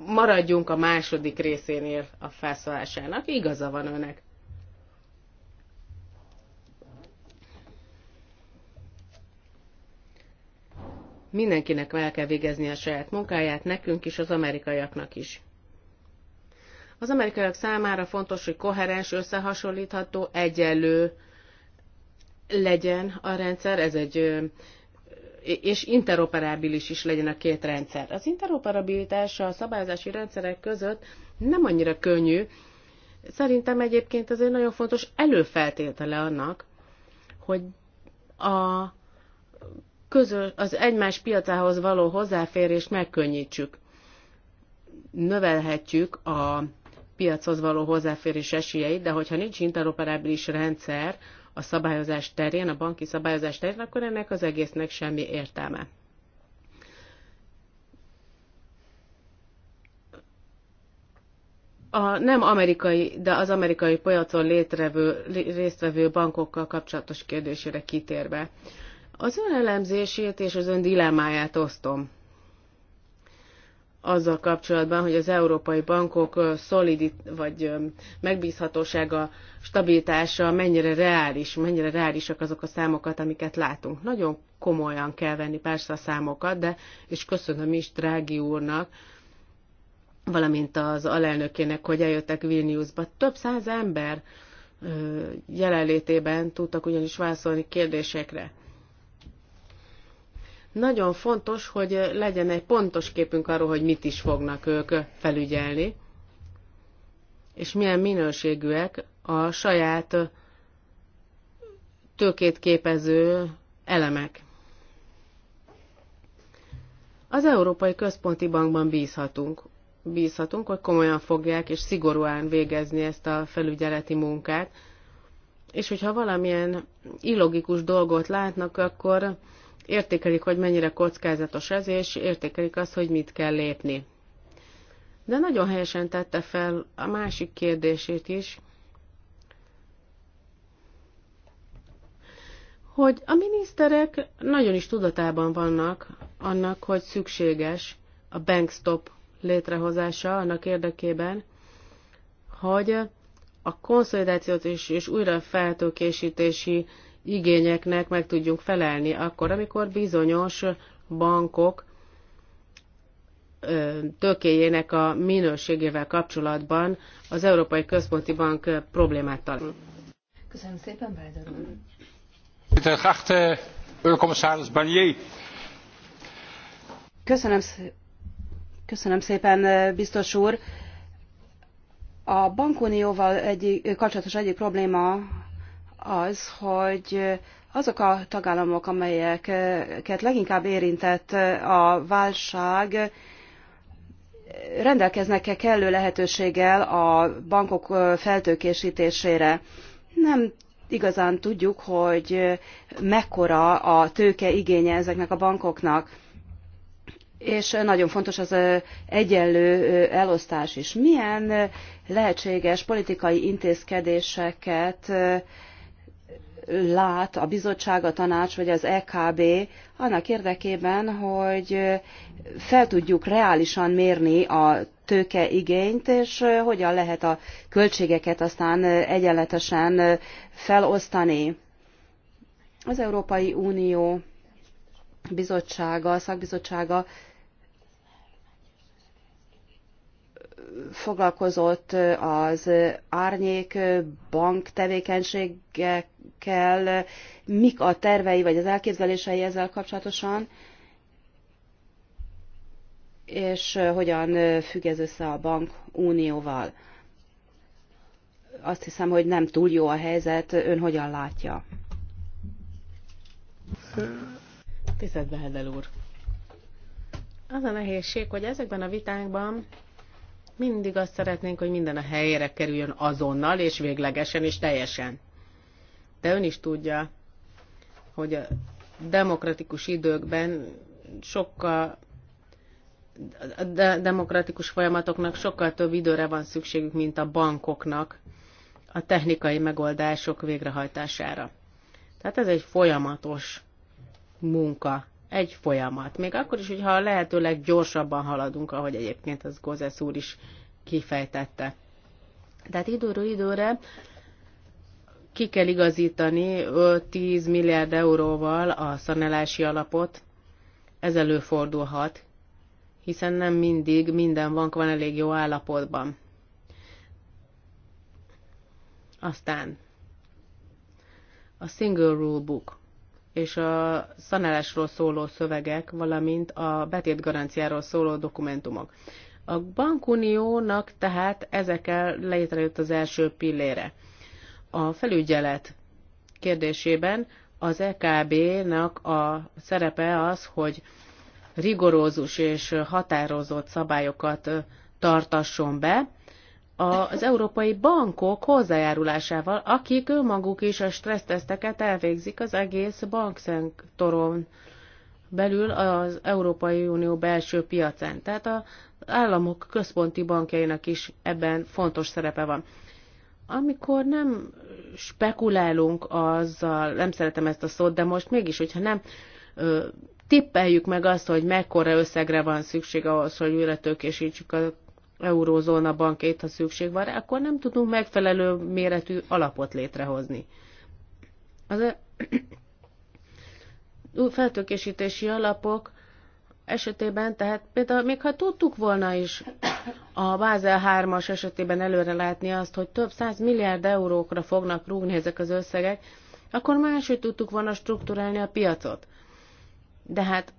Speaker 3: maradjunk a második részénél a felszólásának. Igaza van önnek. Mindenkinek el kell végezni a saját munkáját, nekünk is, az amerikaiaknak is. Az amerikaiak számára fontos, hogy koherens, összehasonlítható, egyenlő legyen a rendszer, ez egy és interoperábilis is legyen a két rendszer. Az interoperabilitás a szabályozási rendszerek között nem annyira könnyű. Szerintem egyébként ez egy nagyon fontos előfeltétele annak, hogy a közös, az egymás piacához való hozzáférést megkönnyítsük. Növelhetjük a piachoz való hozzáférés esélyeit, de hogyha nincs interoperábilis rendszer a szabályozás terén, a banki szabályozás terén, akkor ennek az egésznek semmi értelme. a nem amerikai, de az amerikai piacon létrevő, résztvevő bankokkal kapcsolatos kérdésére kitérve. Az ön elemzését és az ön dilemmáját osztom azzal kapcsolatban, hogy az európai bankok szolidit, vagy megbízhatósága, stabilitása mennyire reális, mennyire reálisak azok a számokat, amiket látunk. Nagyon komolyan kell venni persze a számokat, de és köszönöm is Drági úrnak, valamint az alelnökének, hogy eljöttek Vilniusba. Több száz ember jelenlétében tudtak ugyanis válaszolni kérdésekre. Nagyon fontos, hogy legyen egy pontos képünk arról, hogy mit is fognak ők felügyelni, és milyen minőségűek a saját tőkét képező elemek. Az Európai Központi Bankban bízhatunk. Bízhatunk, hogy komolyan fogják és szigorúan végezni ezt a felügyeleti munkát, és hogyha valamilyen illogikus dolgot látnak, akkor értékelik, hogy mennyire kockázatos ez, és értékelik azt, hogy mit kell lépni. De nagyon helyesen tette fel a másik kérdését is, hogy a miniszterek nagyon is tudatában vannak annak, hogy szükséges a bankstop létrehozása annak érdekében, hogy a konszolidációt és, és újra feltőkésítési igényeknek meg tudjunk felelni akkor, amikor bizonyos bankok tökéjének a minőségével kapcsolatban az Európai Központi Bank problémát talál.
Speaker 2: Köszönöm szépen, Bájdor
Speaker 1: Köszönöm, köszönöm szépen, biztos úr. A bankunióval egy, kapcsolatos egyik probléma az, hogy azok a tagállamok, amelyeket leginkább érintett a válság, rendelkeznek-e kellő lehetőséggel a bankok feltőkésítésére. Nem igazán tudjuk, hogy mekkora a tőke igénye ezeknek a bankoknak, és nagyon fontos az egyenlő elosztás is. Milyen lehetséges politikai intézkedéseket lát a bizottság, a tanács vagy az EKB annak érdekében, hogy fel tudjuk reálisan mérni a igényt, és hogyan lehet a költségeket aztán egyenletesen felosztani. Az Európai Unió bizottsága, szakbizottsága foglalkozott az árnyék bank tevékenységekkel, mik a tervei vagy az elképzelései ezzel kapcsolatosan, és hogyan függ ez össze a bank unióval. Azt hiszem, hogy nem túl jó a helyzet, ön hogyan látja? Tisztelt Behedel úr!
Speaker 3: Az a nehézség, hogy ezekben a vitákban mindig azt szeretnénk, hogy minden a helyére kerüljön azonnal, és véglegesen, és teljesen. De ön is tudja, hogy a demokratikus időkben sokkal de demokratikus folyamatoknak sokkal több időre van szükségük, mint a bankoknak a technikai megoldások végrehajtására. Tehát ez egy folyamatos munka egy folyamat. Még akkor is, hogyha lehetőleg gyorsabban haladunk, ahogy egyébként az Gózes úr is kifejtette. Tehát időről időre ki kell igazítani 10 milliárd euróval a szanelási alapot, ez előfordulhat, hiszen nem mindig minden bank van elég jó állapotban. Aztán a Single Rule Book és a szanálásról szóló szövegek, valamint a betétgaranciáról szóló dokumentumok. A bankuniónak tehát ezekkel létrejött az első pillére. A felügyelet kérdésében az EKB-nak a szerepe az, hogy rigorózus és határozott szabályokat tartasson be, az európai bankok hozzájárulásával, akik önmaguk is a stresszteszteket elvégzik az egész bankszektoron belül az Európai Unió belső piacán. Tehát az államok központi bankjainak is ebben fontos szerepe van. Amikor nem spekulálunk azzal, nem szeretem ezt a szót, de most mégis, hogyha nem tippeljük meg azt, hogy mekkora összegre van szükség ahhoz, hogy újra tökésítsük a eurózóna bankét, ha szükség van rá, akkor nem tudunk megfelelő méretű alapot létrehozni. Az e- feltökésítési alapok esetében, tehát például még ha tudtuk volna is a Bázel 3-as esetében előre látni azt, hogy több száz milliárd eurókra fognak rúgni ezek az összegek, akkor máshogy tudtuk volna strukturálni a piacot. De hát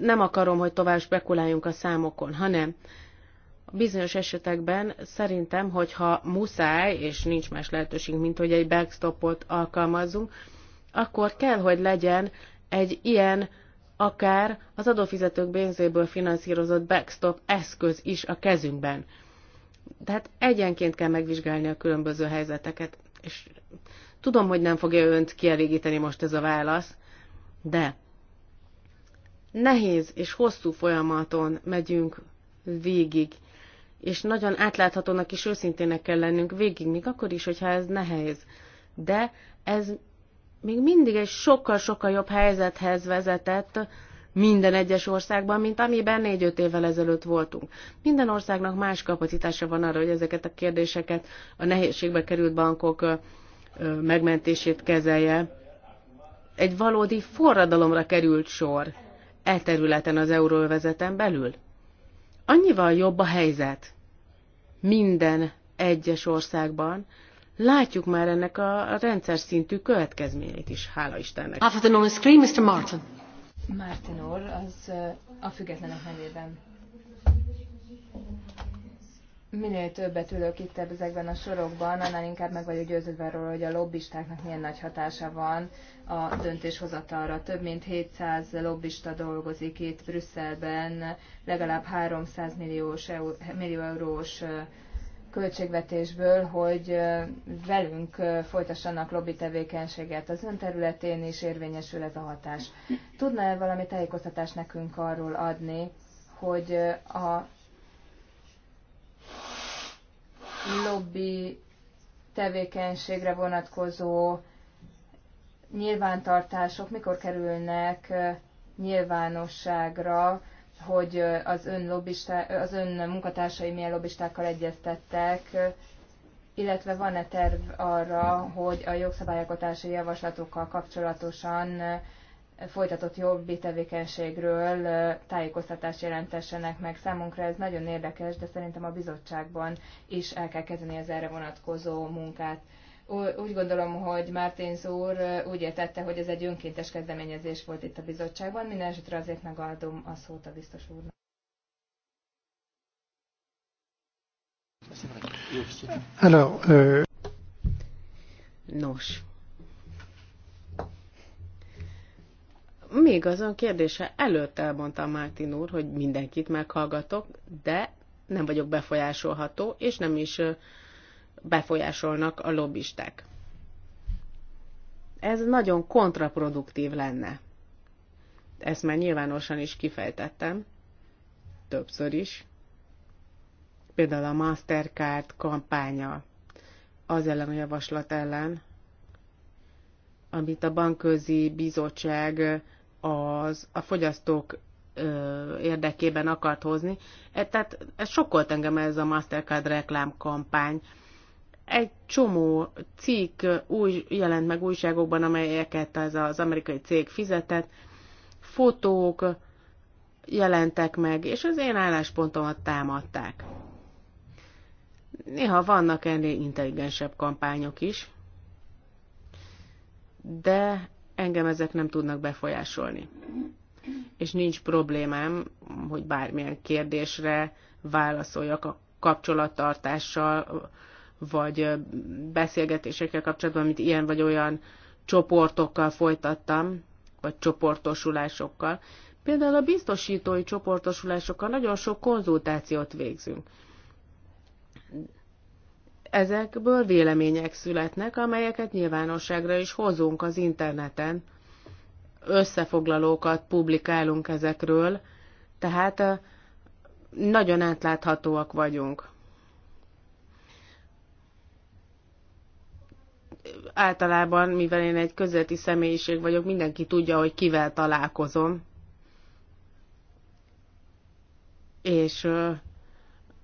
Speaker 3: nem akarom, hogy tovább spekuláljunk a számokon, hanem Bizonyos esetekben szerintem, hogyha muszáj, és nincs más lehetőség, mint hogy egy backstopot alkalmazzunk, akkor kell, hogy legyen egy ilyen akár az adófizetők pénzéből finanszírozott backstop eszköz is a kezünkben. Tehát egyenként kell megvizsgálni a különböző helyzeteket, és tudom, hogy nem fogja önt kielégíteni most ez a válasz, de nehéz és hosszú folyamaton megyünk végig és nagyon átláthatónak és őszintének kell lennünk végig, még akkor is, hogyha ez nehéz. De ez még mindig egy sokkal-sokkal jobb helyzethez vezetett minden egyes országban, mint amiben négy-öt évvel ezelőtt voltunk. Minden országnak más kapacitása van arra, hogy ezeket a kérdéseket a nehézségbe került bankok megmentését kezelje. Egy valódi forradalomra került sor e területen az euróvezeten belül annyival jobb a helyzet minden egyes országban, látjuk már ennek a rendszer szintű következményét is, hála Istennek. Half the screen, Mr. Martin.
Speaker 2: Martin úr, az a függetlenek nevében minél többet ülök itt ezekben a sorokban, annál inkább meg vagyok győződve arról, hogy a lobbistáknak milyen nagy hatása van a döntéshozatalra. Több mint 700 lobbista dolgozik itt Brüsszelben, legalább 300 milliós, millió eurós költségvetésből, hogy velünk folytassanak lobby tevékenységet. Az ön területén is érvényesül ez a hatás. Tudna-e valami tájékoztatást nekünk arról adni, hogy a lobby tevékenységre vonatkozó nyilvántartások mikor kerülnek nyilvánosságra, hogy az ön, lobbista, az ön munkatársai milyen lobbistákkal egyeztettek, illetve van-e terv arra, hogy a jogszabályalkotási javaslatokkal kapcsolatosan folytatott jobbi tevékenységről tájékoztatást jelentessenek meg számunkra. Ez nagyon érdekes, de szerintem a bizottságban is el kell kezdeni az erre vonatkozó munkát. Úgy gondolom, hogy Márténz úr úgy értette, hogy ez egy önkéntes kezdeményezés volt itt a bizottságban. Minden esetre azért megadom a szót a biztos úrnak.
Speaker 1: Hello.
Speaker 3: Nos, még azon kérdése előtt elmondta Mártin úr, hogy mindenkit meghallgatok, de nem vagyok befolyásolható, és nem is befolyásolnak a lobbisták. Ez nagyon kontraproduktív lenne. Ezt már nyilvánosan is kifejtettem, többször is. Például a Mastercard kampánya az ellen a javaslat ellen, amit a bankközi bizottság az, a fogyasztók ö, érdekében akart hozni. E, tehát ez sokkolt engem ez a Mastercard reklámkampány. Egy csomó cikk új, jelent meg újságokban, amelyeket ez az amerikai cég fizetett, fotók jelentek meg, és az én álláspontomat támadták. Néha vannak ennél intelligensebb kampányok is, de engem ezek nem tudnak befolyásolni. És nincs problémám, hogy bármilyen kérdésre válaszoljak a kapcsolattartással, vagy beszélgetésekkel kapcsolatban, amit ilyen vagy olyan csoportokkal folytattam, vagy csoportosulásokkal. Például a biztosítói csoportosulásokkal nagyon sok konzultációt végzünk. Ezekből vélemények születnek, amelyeket nyilvánosságra is hozunk az interneten. Összefoglalókat publikálunk ezekről, tehát nagyon átláthatóak vagyunk. Általában, mivel én egy közeti személyiség vagyok, mindenki tudja, hogy kivel találkozom. És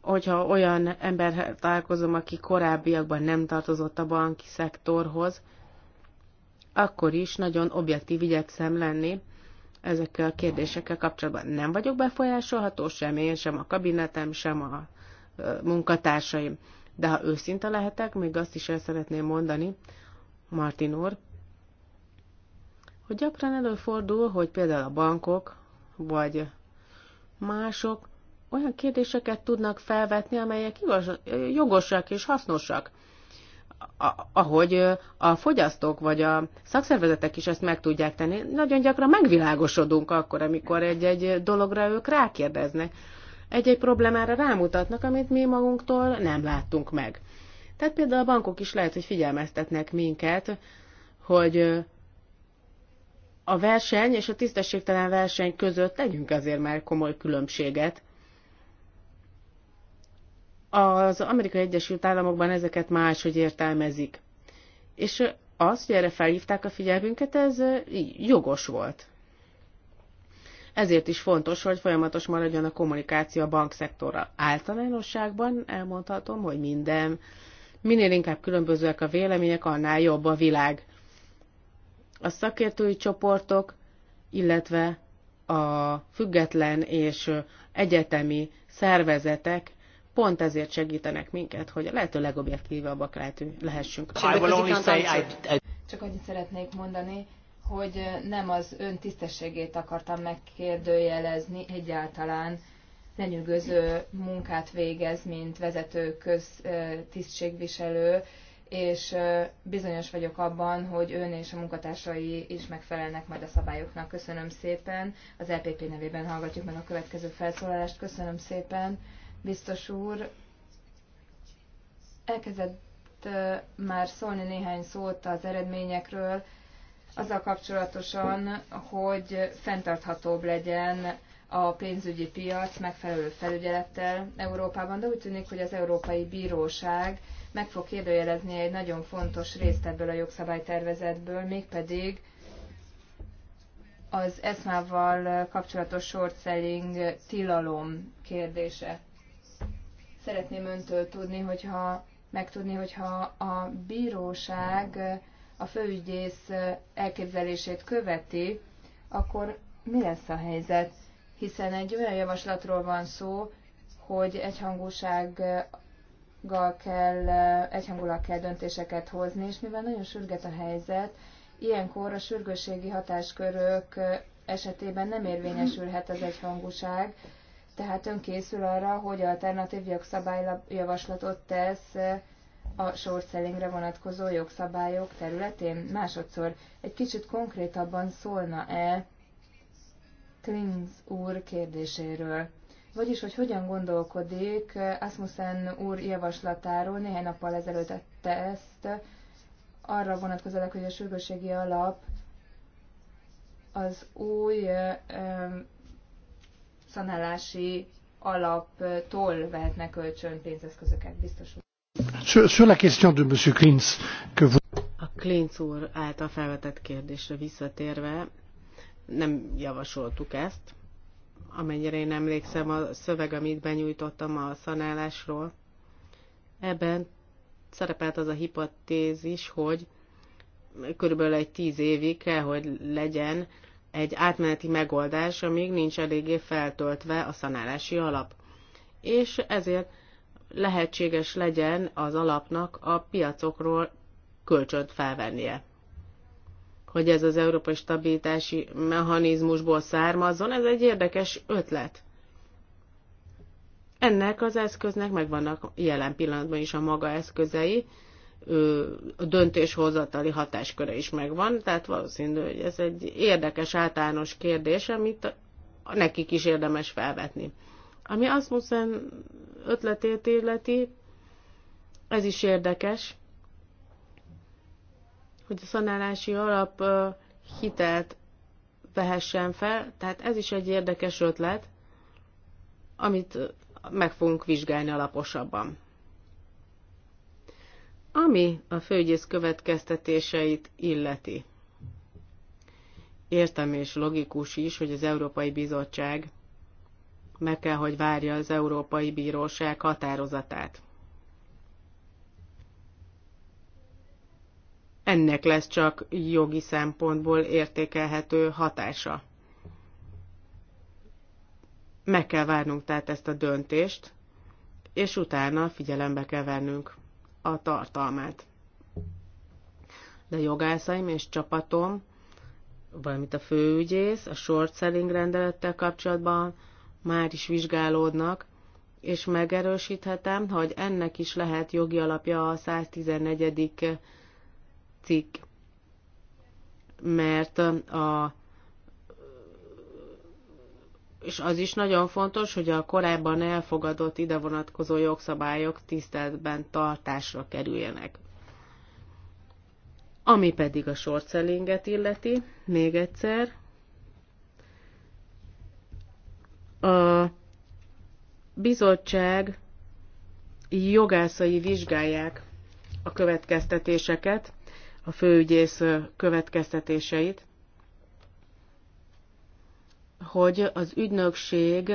Speaker 3: hogyha olyan emberhez találkozom, aki korábbiakban nem tartozott a banki szektorhoz, akkor is nagyon objektív igyekszem lenni ezekkel a kérdésekkel kapcsolatban. Nem vagyok befolyásolható, sem én, sem a kabinetem, sem a munkatársaim. De ha őszinte lehetek, még azt is el szeretném mondani, Martin úr, hogy gyakran előfordul, hogy például a bankok, vagy mások olyan kérdéseket tudnak felvetni, amelyek igaz, jogosak és hasznosak. A, ahogy a fogyasztók vagy a szakszervezetek is ezt meg tudják tenni, nagyon gyakran megvilágosodunk akkor, amikor egy-egy dologra ők rákérdeznek. Egy-egy problémára rámutatnak, amit mi magunktól nem láttunk meg. Tehát például a bankok is lehet, hogy figyelmeztetnek minket, hogy a verseny és a tisztességtelen verseny között tegyünk azért már komoly különbséget, az Amerikai Egyesült Államokban ezeket máshogy értelmezik. És az, hogy erre felhívták a figyelmünket, ez jogos volt. Ezért is fontos, hogy folyamatos maradjon a kommunikáció a bankszektorral. Általánosságban elmondhatom, hogy minden, minél inkább különbözőek a vélemények, annál jobb a világ. A szakértői csoportok, illetve a független és egyetemi szervezetek pont ezért segítenek minket, hogy a lehető legobjektívabbak lehessünk.
Speaker 2: Csak annyit szeretnék mondani, hogy nem az ön tisztességét akartam megkérdőjelezni egyáltalán, lenyűgöző munkát végez, mint vezető köztisztségviselő, és bizonyos vagyok abban, hogy ön és a munkatársai is megfelelnek majd a szabályoknak. Köszönöm szépen. Az LPP e nevében hallgatjuk meg a következő felszólalást. Köszönöm szépen biztos úr elkezdett már szólni néhány szót az eredményekről, azzal kapcsolatosan, hogy fenntarthatóbb legyen a pénzügyi piac megfelelő felügyelettel Európában, de úgy tűnik, hogy az Európai Bíróság meg fog kérdőjelezni egy nagyon fontos részt ebből a jogszabálytervezetből, mégpedig az eszmával kapcsolatos short selling tilalom kérdése. Szeretném öntől tudni, hogyha megtudni, hogyha a bíróság a főügyész elképzelését követi, akkor mi lesz a helyzet? Hiszen egy olyan javaslatról van szó, hogy egyhangúsággal kell, egyhangulag kell döntéseket hozni, és mivel nagyon sürget a helyzet, ilyenkor a sürgősségi hatáskörök esetében nem érvényesülhet az egyhangúság, tehát ön készül arra, hogy alternatív jogszabályjavaslatot tesz a short sellingre vonatkozó jogszabályok területén? Másodszor egy kicsit konkrétabban szólna-e Klings úr kérdéséről? Vagyis, hogy hogyan gondolkodik Asmussen úr javaslatáról, néhány nappal ezelőtt tette ezt, arra vonatkozólag, hogy a sürgősségi alap az új szanálási alaptól vehetnek kölcsön pénzeszközöket, biztos Sur
Speaker 3: A Klinc úr által felvetett kérdésre visszatérve, nem javasoltuk ezt. Amennyire én emlékszem, a szöveg, amit benyújtottam a szanálásról, ebben szerepelt az a hipotézis, hogy körülbelül egy tíz évig kell, hogy legyen egy átmeneti megoldás, amíg nincs eléggé feltöltve a szanálási alap. És ezért lehetséges legyen az alapnak a piacokról kölcsönt felvennie. Hogy ez az európai stabilitási mechanizmusból származzon, ez egy érdekes ötlet. Ennek az eszköznek megvannak jelen pillanatban is a maga eszközei, döntéshozatali hatásköre is megvan, tehát valószínű, hogy ez egy érdekes általános kérdés, amit nekik is érdemes felvetni. Ami Asmussen ötletét illeti, ez is érdekes, hogy a szanálási alap hitelt vehessen fel, tehát ez is egy érdekes ötlet, amit meg fogunk vizsgálni alaposabban. Ami a főgyész következtetéseit illeti. Értem és logikus is, hogy az Európai Bizottság meg kell, hogy várja az Európai Bíróság határozatát. Ennek lesz csak jogi szempontból értékelhető hatása. Meg kell várnunk tehát ezt a döntést, és utána figyelembe kell vennünk a tartalmát. De jogászaim és csapatom, valamint a főügyész a short selling rendelettel kapcsolatban már is vizsgálódnak, és megerősíthetem, hogy ennek is lehet jogi alapja a 114. cikk, mert a és az is nagyon fontos, hogy a korábban elfogadott ide vonatkozó jogszabályok tiszteletben tartásra kerüljenek. Ami pedig a short illeti, még egyszer, a bizottság jogászai vizsgálják a következtetéseket, a főügyész következtetéseit, hogy az ügynökség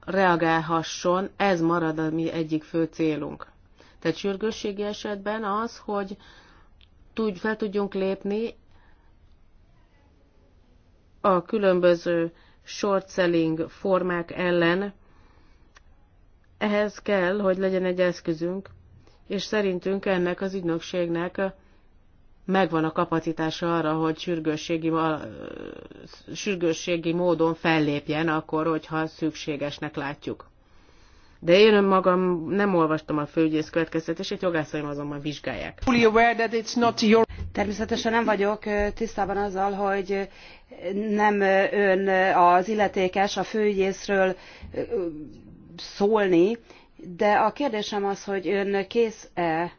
Speaker 3: reagálhasson, ez marad a mi egyik fő célunk. Tehát sürgősségi esetben az, hogy tud, fel tudjunk lépni a különböző short selling formák ellen, ehhez kell, hogy legyen egy eszközünk, és szerintünk ennek az ügynökségnek megvan a kapacitása arra, hogy sürgősségi, sürgősségi módon fellépjen akkor, hogyha szükségesnek látjuk. De én önmagam nem olvastam a főügyész következtetését, jogászaim azonban vizsgálják.
Speaker 1: Természetesen nem vagyok tisztában azzal, hogy nem ön az illetékes a főügyészről szólni, de a kérdésem az, hogy ön kész-e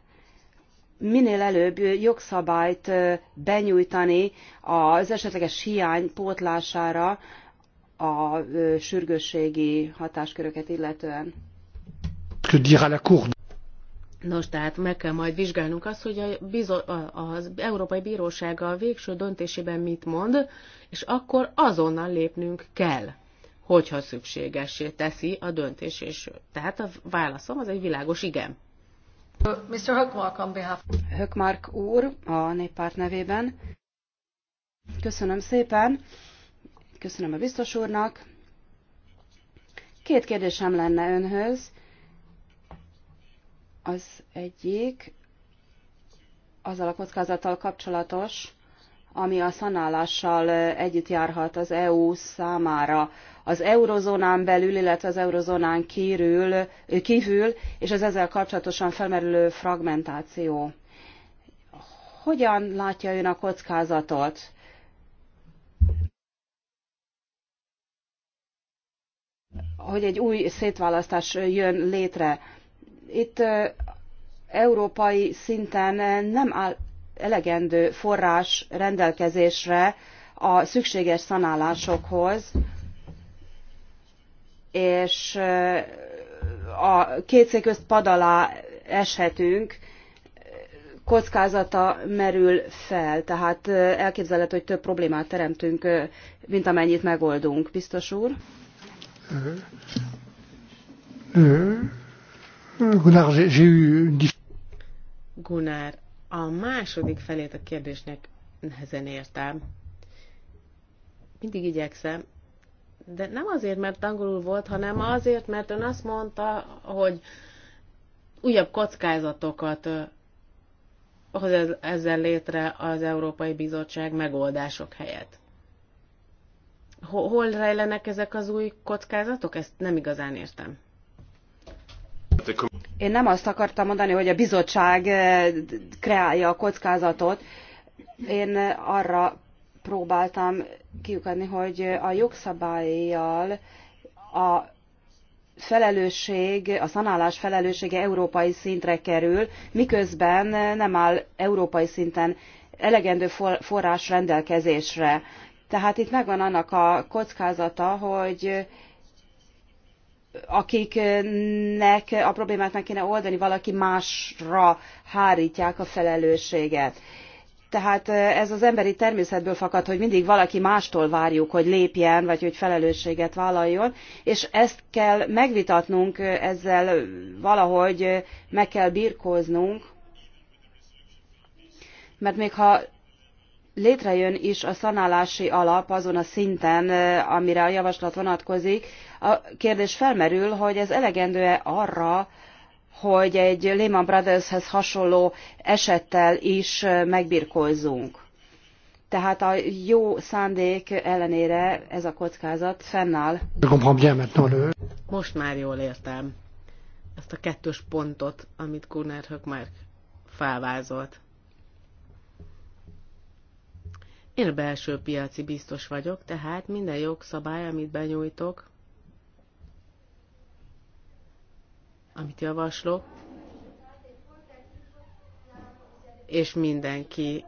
Speaker 1: minél előbb jogszabályt benyújtani az esetleges hiány pótlására a sürgősségi hatásköröket illetően.
Speaker 3: Nos, tehát meg kell majd vizsgálnunk azt, hogy a bizo- az Európai Bíróság a végső döntésében mit mond, és akkor azonnal lépnünk kell, hogyha szükségessé teszi a döntés, és tehát a
Speaker 1: válaszom az egy világos igen. Mr. Hökmark, on behalf... Hökmark úr a néppárt nevében. Köszönöm szépen. Köszönöm a biztos úrnak. Két kérdésem lenne önhöz. Az egyik azzal a kockázattal kapcsolatos, ami a szanálással együtt járhat az EU számára az eurozónán belül, illetve az eurozónán kívül, kívül és az ezzel kapcsolatosan felmerülő fragmentáció. Hogyan látja ön a kockázatot? hogy egy új szétválasztás jön létre. Itt európai szinten nem áll elegendő forrás rendelkezésre a szükséges szanálásokhoz, és a kétség pad alá eshetünk, kockázata merül fel, tehát elképzelhető, hogy több problémát teremtünk, mint amennyit megoldunk. Biztos úr?
Speaker 2: Gunnar, j'ai eu...
Speaker 3: Gunnar, a második felét a kérdésnek nehezen értem. Mindig igyekszem, de nem azért, mert angolul volt, hanem azért, mert ön azt mondta, hogy újabb kockázatokat hoz ezzel létre az Európai Bizottság megoldások helyett.
Speaker 1: Hol rejlenek ezek az új kockázatok? Ezt nem igazán értem. Én nem azt akartam mondani, hogy a bizottság eh, kreálja a kockázatot. Én arra próbáltam kiukadni, hogy a jogszabályjal a felelősség, a szanálás felelőssége európai szintre kerül, miközben nem áll európai szinten elegendő forrás rendelkezésre. Tehát itt megvan annak a kockázata, hogy akiknek a problémát meg kéne oldani, valaki másra hárítják a felelősséget. Tehát ez az emberi természetből fakad, hogy mindig valaki mástól várjuk, hogy lépjen, vagy hogy felelősséget vállaljon, és ezt kell megvitatnunk, ezzel valahogy meg kell birkóznunk, mert még ha létrejön is a szanálási alap azon a szinten, amire a javaslat vonatkozik, a kérdés felmerül, hogy ez elegendő-e arra, hogy egy Lehman Brothershez hasonló esettel is megbirkózzunk. Tehát a jó szándék ellenére ez a kockázat fennáll. Most már jól
Speaker 3: értem ezt a kettős pontot, amit Gunnar már felvázolt. Én a belső piaci biztos vagyok, tehát minden jogszabály, amit benyújtok, amit javaslok, és mindenki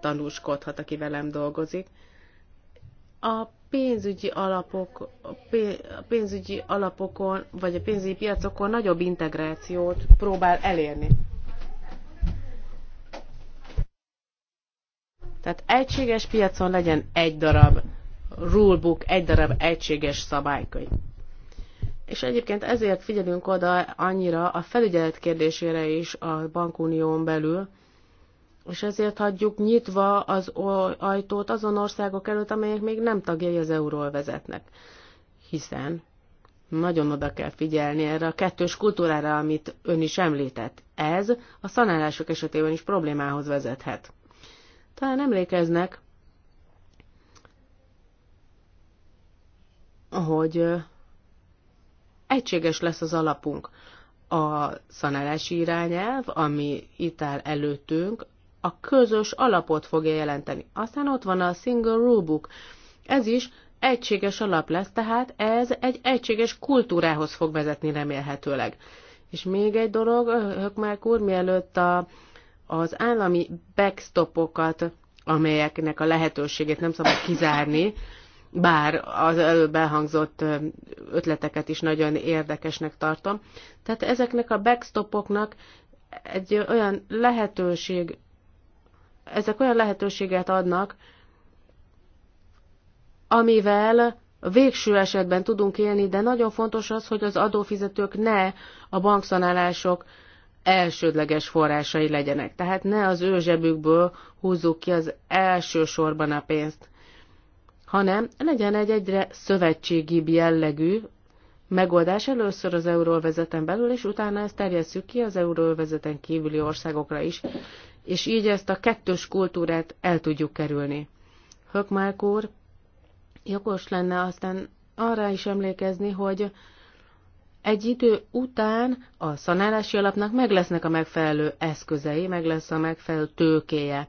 Speaker 3: tanúskodhat, aki velem dolgozik. A pénzügyi alapok, a pénzügyi alapokon, vagy a pénzügyi piacokon nagyobb integrációt próbál elérni. Tehát egységes piacon legyen egy darab rulebook, egy darab egységes szabálykönyv. És egyébként ezért figyelünk oda annyira a felügyelet kérdésére is a bankunión belül, és ezért hagyjuk nyitva az ajtót azon országok előtt, amelyek még nem tagjai az euról vezetnek. Hiszen nagyon oda kell figyelni erre a kettős kultúrára, amit ön is említett. Ez a szanálások esetében is problémához vezethet. Talán emlékeznek, hogy egységes lesz az alapunk. A szanálási irányelv, ami itt áll előttünk, a közös alapot fogja jelenteni. Aztán ott van a single rulebook. Ez is egységes alap lesz, tehát ez egy egységes kultúrához fog vezetni remélhetőleg. És még egy dolog, Hökmárk úr, mielőtt a, az állami backstopokat, amelyeknek a lehetőségét nem szabad kizárni, bár az előbb elhangzott ötleteket is nagyon érdekesnek tartom. Tehát ezeknek a backstopoknak egy olyan lehetőség, ezek olyan lehetőséget adnak, amivel végső esetben tudunk élni, de nagyon fontos az, hogy az adófizetők ne a bankszanálások elsődleges forrásai legyenek. Tehát ne az ő zsebükből húzzuk ki az elsősorban a pénzt hanem legyen egy egyre szövetségibb jellegű megoldás először az euróvezeten belül, és utána ezt terjesszük ki az euróvezeten kívüli országokra is, és így ezt a kettős kultúrát el tudjuk kerülni. Hökmárk úr, jogos lenne aztán arra is emlékezni, hogy egy idő után a szanálási alapnak meg lesznek a megfelelő eszközei, meg lesz a megfelelő tőkéje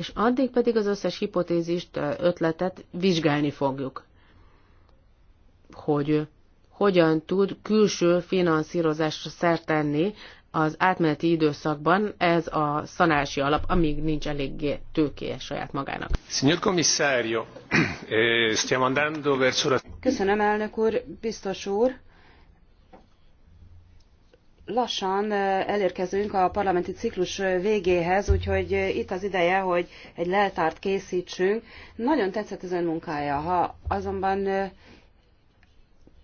Speaker 3: és addig pedig az összes hipotézist, ötletet vizsgálni fogjuk, hogy hogyan tud külső finanszírozásra szert tenni az átmeneti időszakban ez a szanási alap, amíg nincs eléggé tőkéje saját magának.
Speaker 1: Signor commissario, eh, stiamo andando verso la... Köszönöm, elnök úr, biztos úr lassan elérkezünk a parlamenti ciklus végéhez, úgyhogy itt az ideje, hogy egy leltárt készítsünk. Nagyon tetszett az ön munkája, ha azonban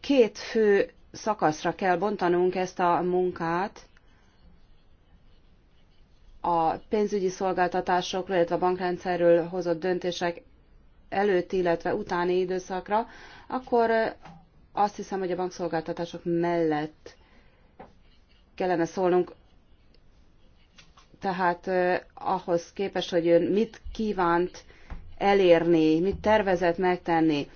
Speaker 1: két fő szakaszra kell bontanunk ezt a munkát, a pénzügyi szolgáltatásokról, illetve a bankrendszerről hozott döntések előtti, illetve utáni időszakra, akkor azt hiszem, hogy a bankszolgáltatások mellett kellene szólnunk, tehát ahhoz képest, hogy ön mit kívánt elérni, mit tervezett megtenni.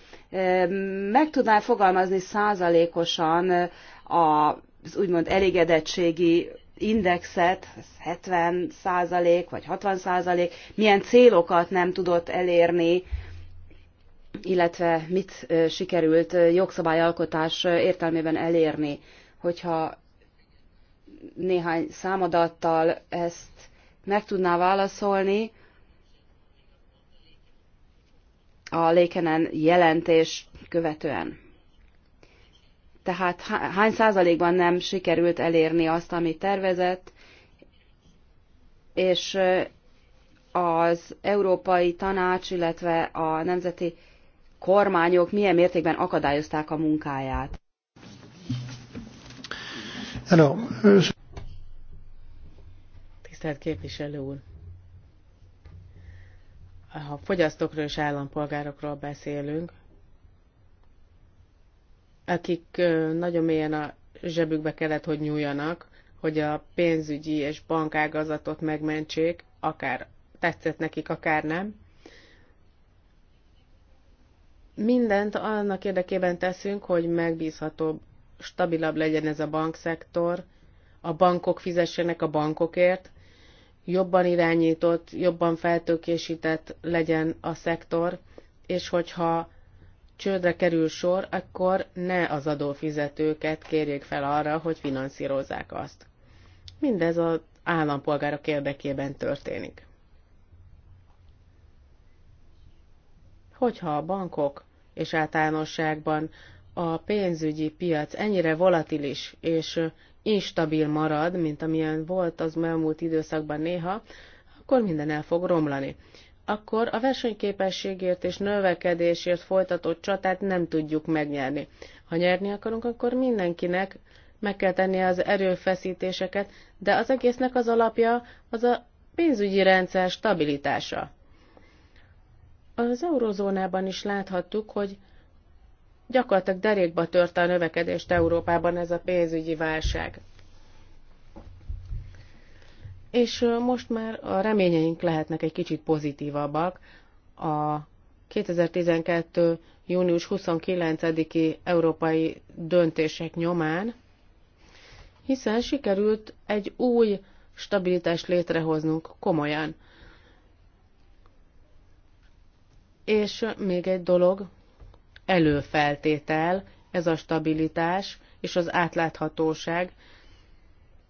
Speaker 1: Meg tudná fogalmazni százalékosan az úgymond elégedettségi indexet, 70 százalék vagy 60 százalék, milyen célokat nem tudott elérni, illetve mit sikerült jogszabályalkotás értelmében elérni. Hogyha néhány számadattal ezt meg tudná válaszolni. a Lékenen jelentés követően. Tehát hány százalékban nem sikerült elérni azt, amit tervezett, és az Európai Tanács, illetve a nemzeti kormányok milyen mértékben akadályozták a munkáját. Tisztelt képviselő úr!
Speaker 3: Ha fogyasztókról és állampolgárokról beszélünk, akik nagyon mélyen a zsebükbe kellett, hogy nyúljanak, hogy a pénzügyi és bankágazatot megmentsék, akár tetszett nekik, akár nem. Mindent annak érdekében teszünk, hogy megbízhatóbb stabilabb legyen ez a bankszektor, a bankok fizessenek a bankokért, jobban irányított, jobban feltőkésített legyen a szektor, és hogyha csődre kerül sor, akkor ne az adófizetőket kérjék fel arra, hogy finanszírozzák azt. Mindez az állampolgárok érdekében történik. Hogyha a bankok és általánosságban a pénzügyi piac ennyire volatilis és instabil marad, mint amilyen volt az elmúlt időszakban néha, akkor minden el fog romlani. Akkor a versenyképességért és növekedésért folytatott csatát nem tudjuk megnyerni. Ha nyerni akarunk, akkor mindenkinek meg kell tennie az erőfeszítéseket, de az egésznek az alapja az a pénzügyi rendszer stabilitása. Az eurozónában is láthattuk, hogy Gyakorlatilag derékba törte a növekedést Európában ez a pénzügyi válság. És most már a reményeink lehetnek egy kicsit pozitívabbak. A 2012. június 29-i európai döntések nyomán, hiszen sikerült egy új stabilitást létrehoznunk komolyan. És még egy dolog, előfeltétel, ez a stabilitás és az átláthatóság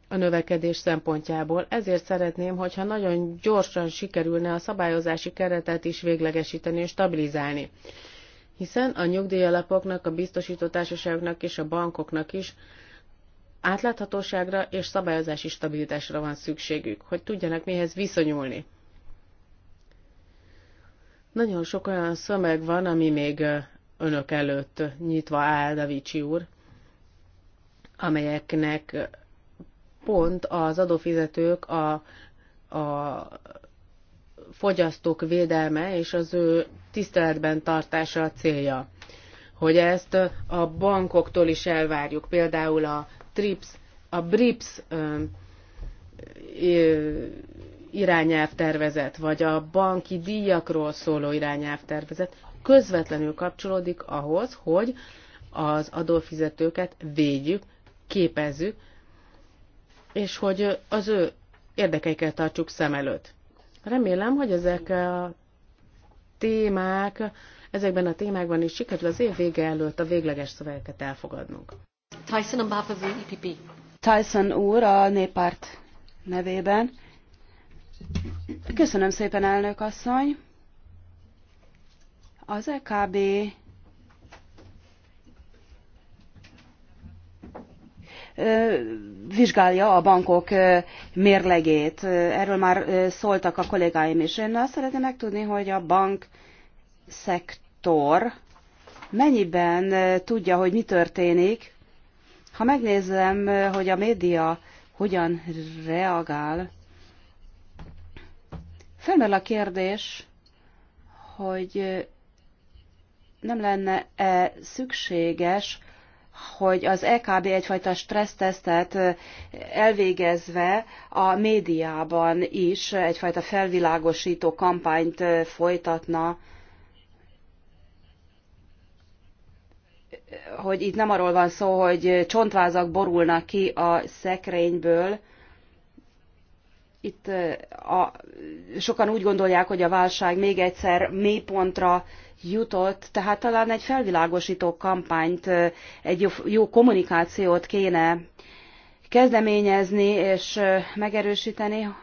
Speaker 3: a növekedés szempontjából. Ezért szeretném, hogyha nagyon gyorsan sikerülne a szabályozási keretet is véglegesíteni és stabilizálni. Hiszen a nyugdíjalapoknak, a biztosító társaságoknak és a bankoknak is átláthatóságra és szabályozási stabilitásra van szükségük, hogy tudjanak mihez viszonyulni. Nagyon sok olyan szömeg van, ami még önök előtt nyitva áll, Davici úr, amelyeknek pont az adófizetők a, a fogyasztók védelme és az ő tiszteletben tartása a célja. Hogy ezt a bankoktól is elvárjuk, például a TRIPS, a BRIPS irányelvtervezet, vagy a banki díjakról szóló irányelvtervezet, közvetlenül kapcsolódik ahhoz, hogy az adófizetőket védjük, képezzük, és hogy az ő érdekeiket tartsuk szem előtt. Remélem, hogy ezek a témák, ezekben a témákban is sikerül az év
Speaker 1: vége előtt a végleges szövegeket elfogadnunk.
Speaker 3: Tyson EPP. E
Speaker 1: Tyson úr a néppárt nevében. Köszönöm szépen, elnök asszony. Az EKB vizsgálja a bankok mérlegét. Erről már szóltak a kollégáim is. Én azt szeretném megtudni, hogy a bank szektor mennyiben tudja, hogy mi történik. Ha megnézem, hogy a média hogyan reagál, felmerül a kérdés, hogy nem lenne -e szükséges, hogy az EKB egyfajta stressztesztet e, elvégezve a médiában is egyfajta felvilágosító kampányt e, folytatna, hogy itt nem arról van szó, hogy csontvázak borulnak ki a szekrényből. Itt e, a, sokan úgy gondolják, hogy a válság még egyszer mélypontra pontra jutott, tehát talán egy felvilágosító kampányt, egy jó, jó kommunikációt kéne kezdeményezni és megerősíteni,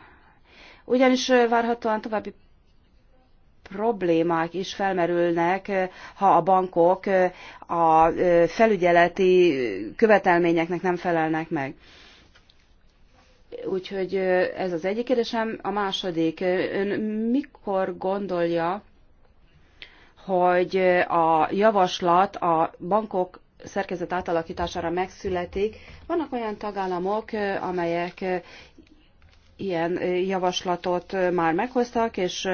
Speaker 1: ugyanis várhatóan további problémák is felmerülnek, ha a bankok a felügyeleti követelményeknek nem felelnek meg. Úgyhogy ez az egyik kérdésem. A második, ön mikor gondolja, hogy a javaslat a bankok szerkezet átalakítására megszületik. Vannak olyan tagállamok, amelyek ilyen javaslatot már meghoztak, és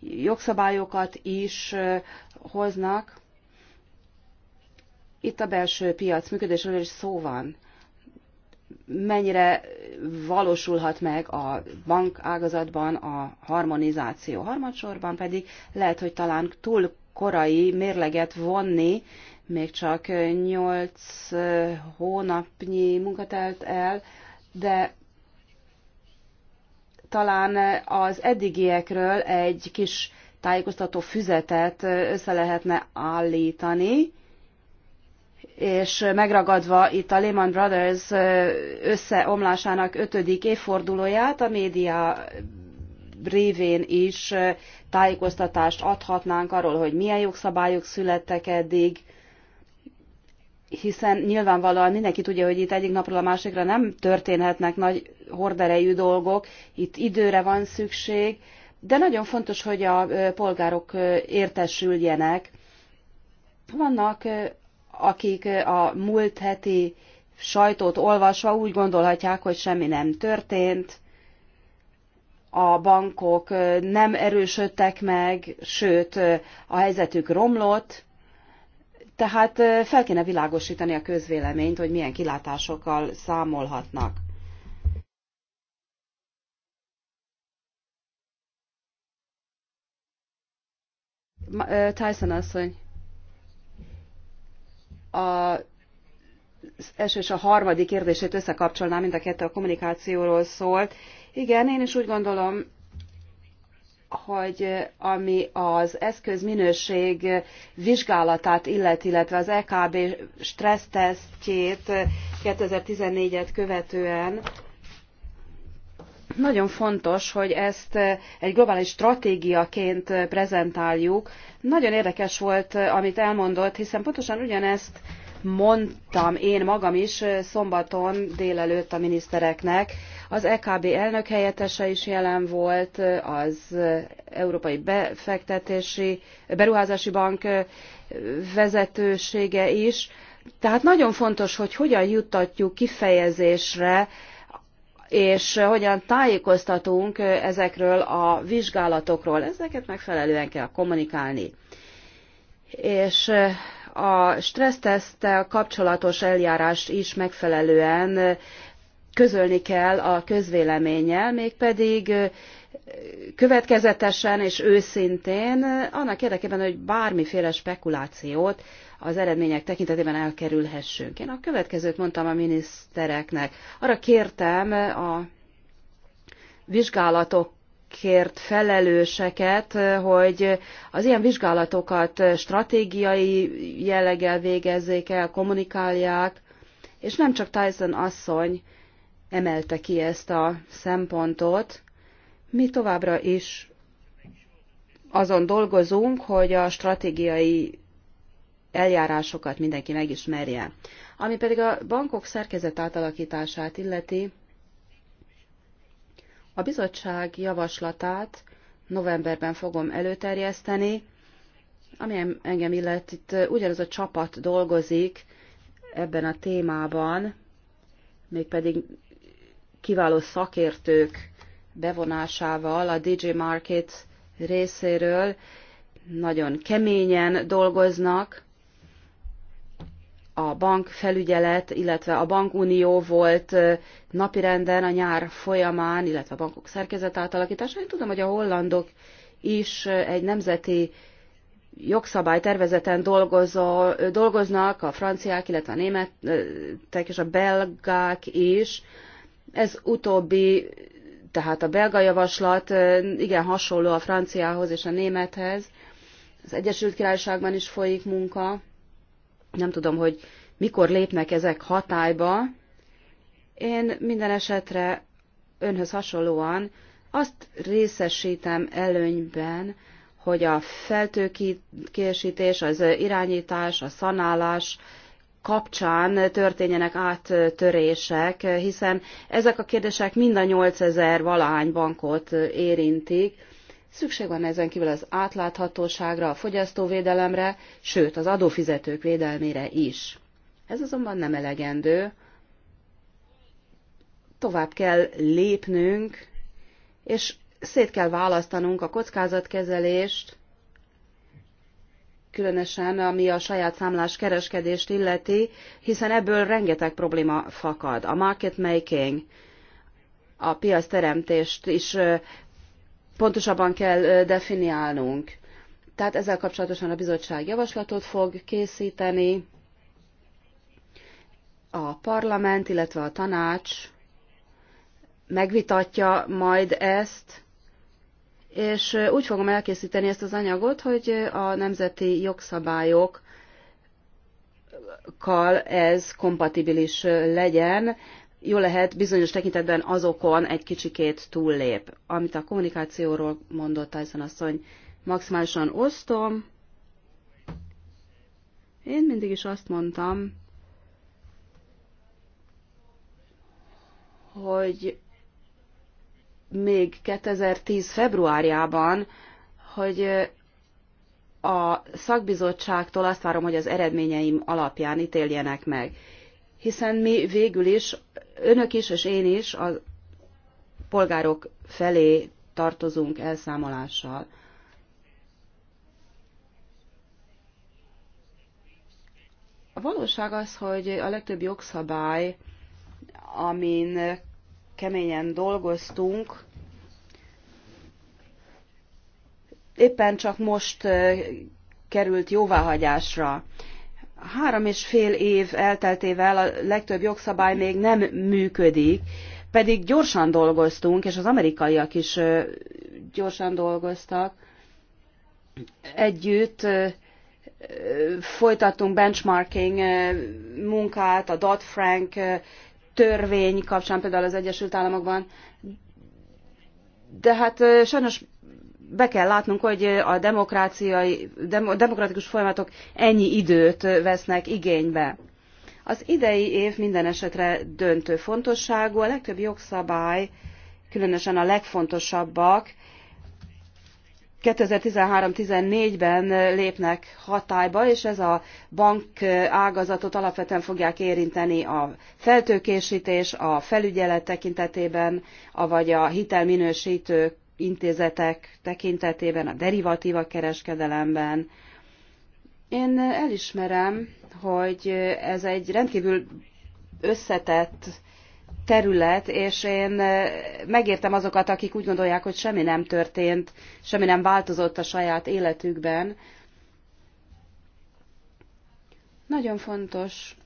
Speaker 1: jogszabályokat is hoznak. Itt a belső piac működésről is szó van. Mennyire valósulhat meg a bank ágazatban a harmonizáció. Harmadsorban pedig lehet, hogy talán túl korai mérleget vonni, még csak 8 hónapnyi munkatelt el, de talán az eddigiekről egy kis tájékoztató füzetet össze lehetne állítani, és megragadva itt a Lehman Brothers összeomlásának ötödik évfordulóját, a média révén is tájékoztatást adhatnánk arról, hogy milyen jogszabályok születtek eddig, hiszen nyilvánvalóan mindenki tudja, hogy itt egyik napról a másikra nem történhetnek nagy horderejű dolgok, itt időre van szükség, de nagyon fontos, hogy a polgárok értesüljenek. Vannak, akik a múlt heti sajtót olvasva úgy gondolhatják, hogy semmi nem történt, a bankok nem erősödtek meg, sőt, a helyzetük romlott, tehát fel kéne világosítani a közvéleményt, hogy milyen kilátásokkal számolhatnak. Tyson asszony, a az első és a harmadik kérdését összekapcsolnám, mind a kettő a kommunikációról szólt. Igen, én is úgy gondolom, hogy ami az eszközminőség vizsgálatát illeti, illetve az EKB stressztesztjét 2014-et követően, nagyon fontos, hogy ezt egy globális stratégiaként prezentáljuk. Nagyon érdekes volt, amit elmondott, hiszen pontosan ugyanezt mondtam én magam is szombaton délelőtt a minisztereknek, az EKB elnök helyettese is jelen volt, az Európai Befektetési Beruházási Bank vezetősége is. Tehát nagyon fontos, hogy hogyan juttatjuk kifejezésre, és hogyan tájékoztatunk ezekről a vizsgálatokról. Ezeket megfelelően kell kommunikálni. És a stressztesztel kapcsolatos eljárást is megfelelően közölni kell a közvéleménnyel, mégpedig következetesen és őszintén, annak érdekében, hogy bármiféle spekulációt az eredmények tekintetében elkerülhessünk. Én a következőt mondtam a minisztereknek. Arra kértem a vizsgálatok kért felelőseket, hogy az ilyen vizsgálatokat stratégiai jelleggel végezzék el, kommunikálják, és nem csak Tyson asszony emelte ki ezt a szempontot. Mi továbbra is azon dolgozunk, hogy a stratégiai eljárásokat mindenki megismerje. Ami pedig a bankok szerkezet átalakítását illeti, a bizottság javaslatát novemberben fogom előterjeszteni, ami engem illet, itt ugyanaz a csapat dolgozik ebben a témában, mégpedig kiváló szakértők bevonásával a DJ Market részéről nagyon keményen dolgoznak. A bankfelügyelet, illetve a bankunió volt napirenden a nyár folyamán, illetve a bankok szerkezet átalakítása. Én tudom, hogy a hollandok is egy nemzeti jogszabálytervezeten dolgozó, dolgoznak, a franciák, illetve a németek és a belgák is, ez utóbbi, tehát a belga javaslat igen hasonló a franciához és a némethez. Az Egyesült Királyságban is folyik munka. Nem tudom, hogy mikor lépnek ezek hatályba. Én minden esetre önhöz hasonlóan azt részesítem előnyben, hogy a feltőkésítés, az irányítás, a szanálás kapcsán történjenek áttörések, hiszen ezek a kérdések mind a 8000 valahány bankot érintik. Szükség van ezen kívül az átláthatóságra, a fogyasztóvédelemre, sőt az adófizetők védelmére is. Ez azonban nem elegendő. Tovább kell lépnünk, és szét kell választanunk a kockázatkezelést különösen ami a saját számlás kereskedést illeti, hiszen ebből rengeteg probléma fakad. A market making, a teremtést is pontosabban kell definiálnunk. Tehát ezzel kapcsolatosan a bizottság javaslatot fog készíteni, a parlament, illetve a tanács megvitatja majd ezt, és úgy fogom elkészíteni ezt az anyagot, hogy a nemzeti jogszabályok ez kompatibilis legyen, jó lehet bizonyos tekintetben azokon egy kicsikét túllép. Amit a kommunikációról mondott Tyson asszony, maximálisan osztom. Én mindig is azt mondtam, hogy még 2010. februárjában, hogy a szakbizottságtól azt várom, hogy az eredményeim alapján ítéljenek meg. Hiszen mi végül is, önök is és én is a polgárok felé tartozunk elszámolással. A valóság az, hogy a legtöbb jogszabály, amin keményen dolgoztunk. Éppen csak most került jóváhagyásra. Három és fél év elteltével a legtöbb jogszabály még nem működik, pedig gyorsan dolgoztunk, és az amerikaiak is gyorsan dolgoztak. Együtt folytattunk benchmarking munkát, a Dodd-Frank törvény kapcsán például az Egyesült Államokban. De hát sajnos be kell látnunk, hogy a demokráciai, demokratikus folyamatok ennyi időt vesznek igénybe. Az idei év minden esetre döntő fontosságú, a legtöbb jogszabály, különösen a legfontosabbak 2013-14-ben lépnek hatályba, és ez a bank ágazatot alapvetően fogják érinteni a feltőkésítés, a felügyelet tekintetében, avagy a hitelminősítő intézetek tekintetében, a derivatíva kereskedelemben. Én elismerem, hogy ez egy rendkívül összetett terület, és én megértem azokat, akik úgy gondolják, hogy semmi nem történt, semmi nem változott a saját életükben. Nagyon fontos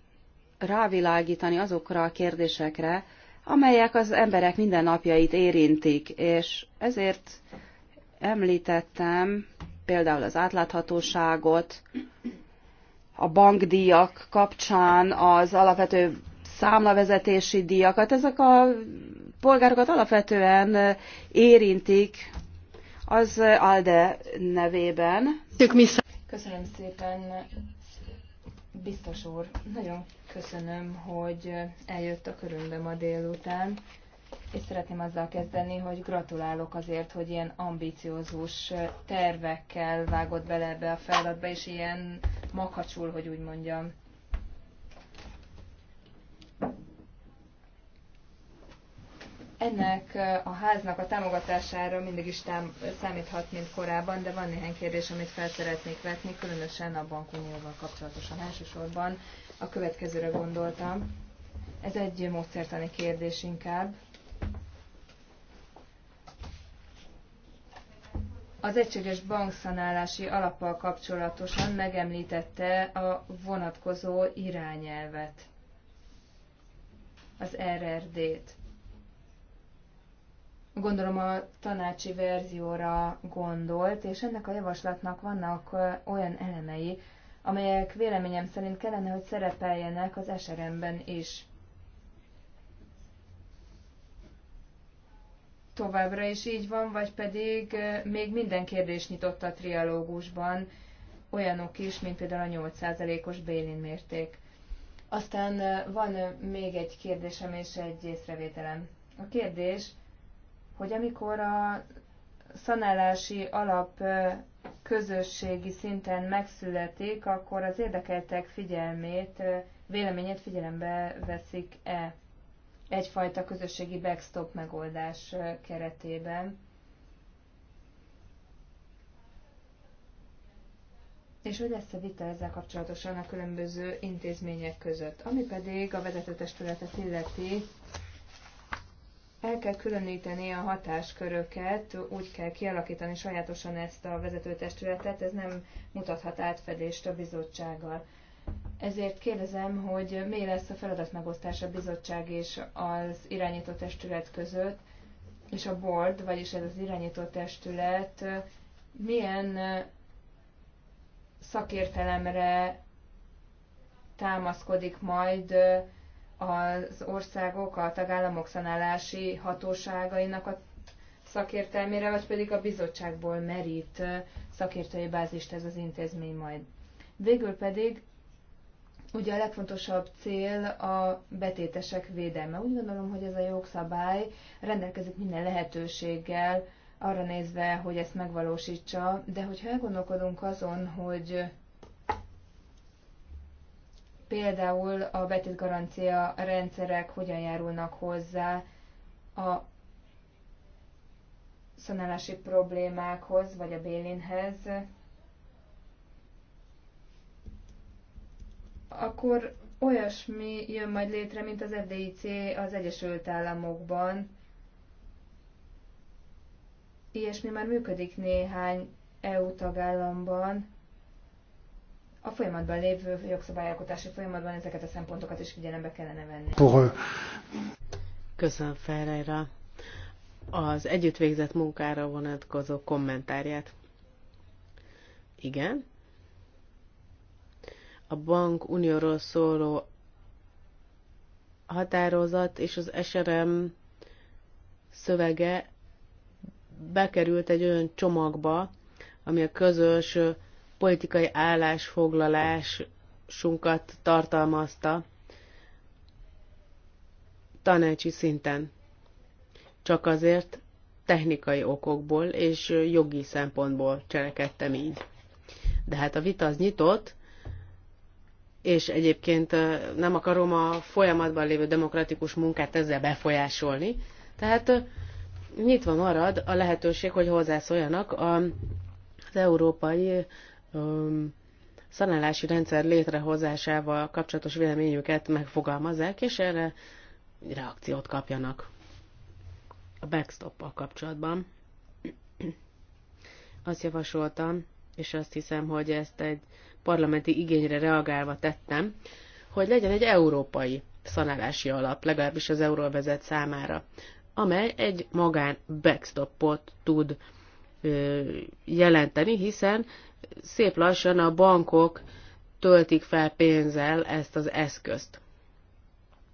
Speaker 1: rávilágítani azokra a kérdésekre, amelyek az emberek mindennapjait érintik, és ezért említettem például az átláthatóságot, a bankdíjak kapcsán az alapvető számlavezetési díjakat. Ezek a polgárokat alapvetően érintik az ALDE nevében.
Speaker 2: Köszönöm szépen, biztos úr. Nagyon köszönöm, hogy eljött a körünkbe ma délután, és szeretném azzal kezdeni, hogy gratulálok azért, hogy ilyen ambiciózus tervekkel vágott bele ebbe a feladatba, és ilyen makacsul, hogy úgy mondjam. Ennek eh, a háznak a támogatására mindig is tám- számíthat, mint korábban, de van néhány kérdés, amit fel szeretnék vetni, különösen a bankunióval kapcsolatosan elsősorban. A következőre gondoltam. Ez egy módszertani kérdés inkább. Az egységes bankszanálási alappal kapcsolatosan megemlítette a vonatkozó irányelvet az RRD-t. Gondolom a tanácsi verzióra gondolt, és ennek a javaslatnak vannak olyan elemei, amelyek véleményem szerint kellene, hogy szerepeljenek az SRM-ben is. Továbbra is így van, vagy pedig még minden kérdés nyitott a trialógusban, olyanok is, mint például a 8%-os bélin mérték. Aztán van még egy kérdésem és egy észrevételem. A kérdés, hogy amikor a szanálási alap közösségi szinten megszületik, akkor az érdekeltek figyelmét, véleményét figyelembe veszik-e egyfajta közösségi backstop megoldás keretében, és hogy lesz a vita ezzel kapcsolatosan a különböző intézmények között. Ami pedig a vezetőtestületet illeti, el kell különíteni a hatásköröket, úgy kell kialakítani sajátosan ezt a vezetőtestületet, ez nem mutathat átfedést a bizottsággal. Ezért kérdezem, hogy mi lesz a feladatmegosztás a bizottság és az irányító testület között, és a board, vagyis ez az irányító testület milyen szakértelemre támaszkodik majd az országok, a tagállamok szanálási hatóságainak a szakértelmére, vagy pedig a bizottságból merít szakértői bázist ez az intézmény majd. Végül pedig ugye a legfontosabb cél a betétesek védelme. Úgy gondolom, hogy ez a jogszabály rendelkezik minden lehetőséggel arra nézve, hogy ezt megvalósítsa, de hogyha elgondolkodunk azon, hogy például a betét garancia rendszerek hogyan járulnak hozzá a szanálási problémákhoz, vagy a bélinhez, akkor olyasmi jön majd létre, mint az FDIC az Egyesült Államokban, Ilyesmi már működik néhány EU tagállamban. A folyamatban lévő jogszabályalkotási folyamatban ezeket a szempontokat is figyelembe kellene venni.
Speaker 3: Köszönöm Ferreira az együtt végzett munkára vonatkozó kommentárját. Igen. A bank unióról szóló határozat és az SRM szövege bekerült egy olyan csomagba, ami a közös politikai állásfoglalásunkat tartalmazta tanácsi szinten. Csak azért technikai okokból és jogi szempontból cselekedtem így. De hát a vita az nyitott, és egyébként nem akarom a folyamatban lévő demokratikus munkát ezzel befolyásolni. Tehát nyitva marad a lehetőség, hogy hozzászóljanak az európai um, szanálási rendszer létrehozásával kapcsolatos véleményüket megfogalmazzák, és erre reakciót kapjanak a backstop a kapcsolatban. Azt javasoltam, és azt hiszem, hogy ezt egy parlamenti igényre reagálva tettem, hogy legyen egy európai szanálási alap, legalábbis az euróvezet számára amely egy magán backstopot tud jelenteni, hiszen szép lassan a bankok töltik fel pénzzel ezt az eszközt.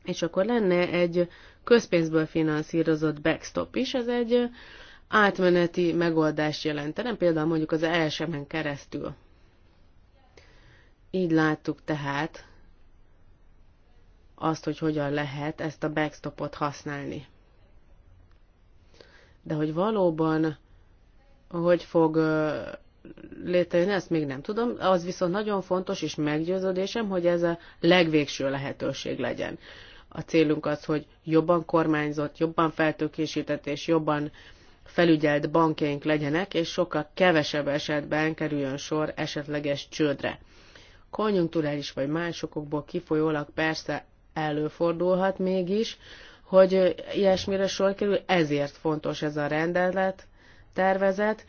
Speaker 3: És akkor lenne egy közpénzből finanszírozott backstop is, ez egy átmeneti megoldást jelentene, például mondjuk az ESM-en keresztül. Így láttuk tehát azt, hogy hogyan lehet ezt a backstopot használni de hogy valóban hogy fog létrejönni, ezt még nem tudom. Az viszont nagyon fontos, és meggyőződésem, hogy ez a legvégső lehetőség legyen. A célunk az, hogy jobban kormányzott, jobban feltőkésített és jobban felügyelt bankjaink legyenek, és sokkal kevesebb esetben kerüljön sor esetleges csődre. Konjunkturális vagy másokból kifolyólag persze előfordulhat mégis, hogy ilyesmire sor kerül, ezért fontos ez a rendelet, tervezet,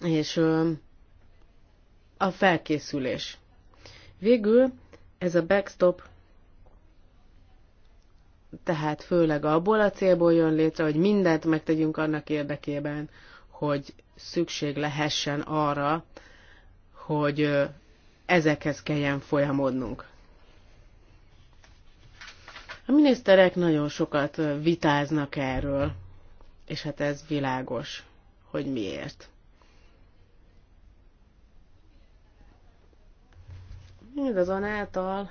Speaker 3: és a felkészülés. Végül ez a backstop tehát főleg abból a célból jön létre, hogy mindent megtegyünk annak érdekében, hogy szükség lehessen arra, hogy ezekhez kelljen folyamodnunk. A miniszterek nagyon sokat vitáznak erről, és hát ez világos, hogy miért. Mindazonáltal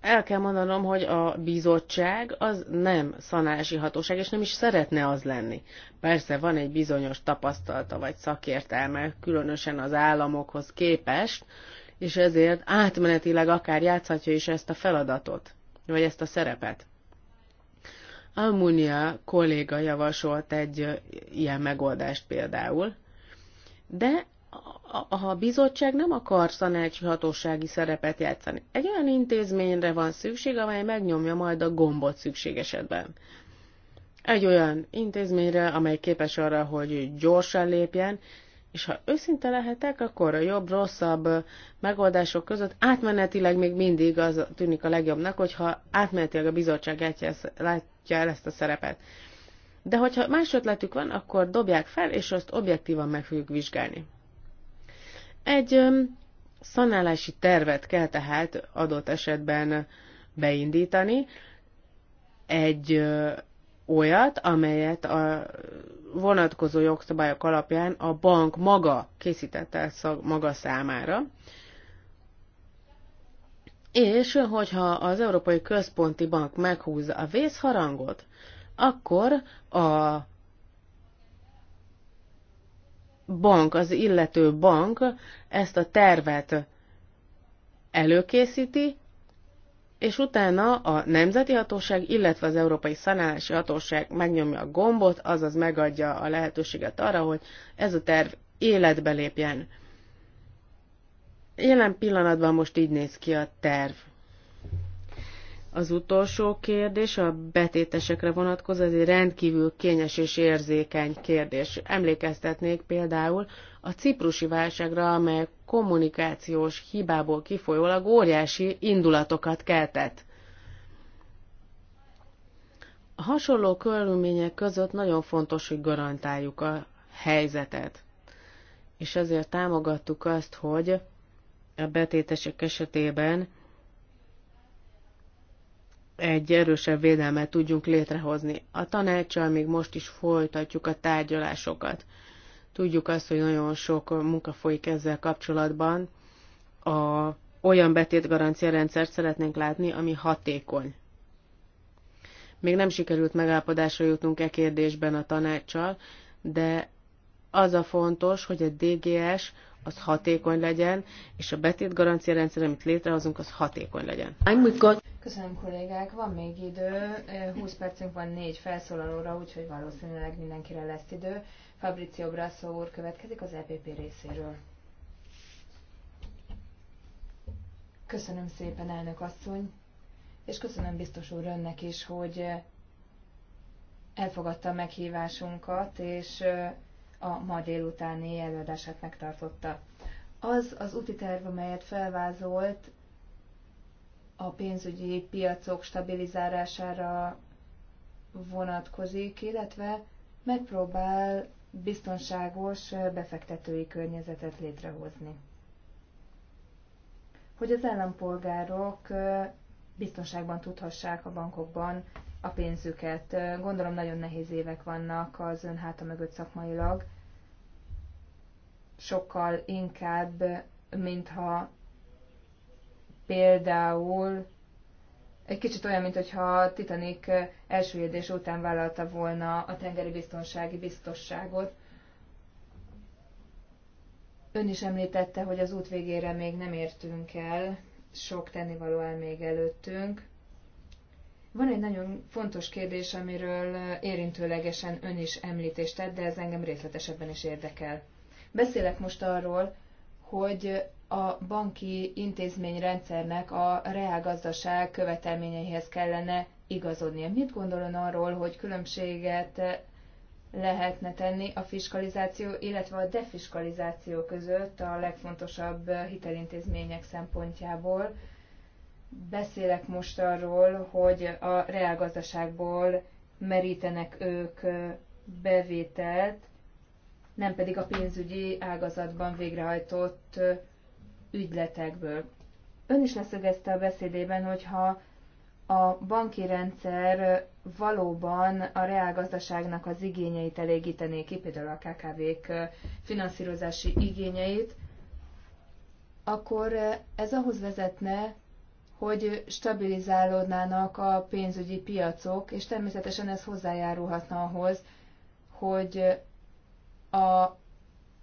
Speaker 3: el kell mondanom, hogy a bizottság az nem szanási hatóság, és nem is szeretne az lenni. Persze van egy bizonyos tapasztalata vagy szakértelme, különösen az államokhoz képest, és ezért átmenetileg akár játszhatja is ezt a feladatot, vagy ezt a szerepet. Almunia kolléga javasolt egy ilyen megoldást például, de a bizottság nem akar szanácsi hatósági szerepet játszani. Egy olyan intézményre van szükség, amely megnyomja majd a gombot szükség esetben. Egy olyan intézményre, amely képes arra, hogy gyorsan lépjen, és ha őszinte lehetek, akkor a jobb-rosszabb megoldások között átmenetileg még mindig az tűnik a legjobbnak, hogyha átmenetileg a bizottság látja, látja el ezt a szerepet. De hogyha más ötletük van, akkor dobják fel, és azt objektívan meg fogjuk vizsgálni. Egy szanálási tervet kell tehát adott esetben beindítani, egy olyat, amelyet a vonatkozó jogszabályok alapján a bank maga készítette el szag, maga számára. És hogyha az Európai Központi Bank meghúzza a vészharangot, akkor a bank, az illető bank ezt a tervet előkészíti, és utána a nemzeti hatóság, illetve az Európai Szanálási Hatóság megnyomja a gombot, azaz megadja a lehetőséget arra, hogy ez a terv életbe lépjen. Jelen pillanatban most így néz ki a terv. Az utolsó kérdés a betétesekre vonatkozó, ez egy rendkívül kényes és érzékeny kérdés. Emlékeztetnék például a ciprusi válságra, amely kommunikációs hibából kifolyólag óriási indulatokat keltett. A hasonló körülmények között nagyon fontos, hogy garantáljuk a helyzetet. És ezért támogattuk azt, hogy a betétesek esetében egy erősebb védelmet tudjunk létrehozni. A tanácssal még most is folytatjuk a tárgyalásokat. Tudjuk azt, hogy nagyon sok munka folyik ezzel kapcsolatban. A, olyan betétgarancia rendszert szeretnénk látni, ami hatékony. Még nem sikerült megállapodásra jutnunk e kérdésben a tanácssal, de az a fontos, hogy a DGS az hatékony legyen, és a betét garancia rendszer, amit létrehozunk, az hatékony legyen.
Speaker 2: Köszönöm kollégák, van még idő, 20 eh, percünk van négy felszólalóra, úgyhogy valószínűleg mindenkire lesz idő. Fabrizio Brasso úr következik az EPP részéről. Köszönöm szépen, elnök asszony, és köszönöm biztos úr önnek is, hogy eh, elfogadta a meghívásunkat, és eh, a ma délutáni előadását megtartotta. Az az úti terv, amelyet felvázolt a pénzügyi piacok stabilizálására vonatkozik, illetve megpróbál biztonságos befektetői környezetet létrehozni. Hogy az állampolgárok biztonságban tudhassák a bankokban a pénzüket. Gondolom nagyon nehéz évek vannak az ön háta mögött szakmailag. Sokkal inkább, mintha például egy kicsit olyan, mint a Titanic elsüllyedés után vállalta volna a tengeri biztonsági biztosságot. Ön is említette, hogy az út végére még nem értünk el, sok tennivaló el még előttünk. Van egy nagyon fontos kérdés, amiről érintőlegesen ön is említést tett, de ez engem részletesebben is érdekel. Beszélek most arról, hogy a banki intézményrendszernek a reálgazdaság követelményeihez kellene igazodnia. Mit gondol ön arról, hogy különbséget lehetne tenni a fiskalizáció, illetve a defiskalizáció között a legfontosabb hitelintézmények szempontjából, Beszélek most arról, hogy a reálgazdaságból merítenek ők bevételt, nem pedig a pénzügyi ágazatban végrehajtott ügyletekből. Ön is leszögezte a beszédében, hogyha a banki rendszer valóban a reálgazdaságnak az igényeit elégítené ki, például a KKV-k finanszírozási igényeit, akkor ez ahhoz vezetne, hogy stabilizálódnának a pénzügyi piacok, és természetesen ez hozzájárulhatna ahhoz, hogy a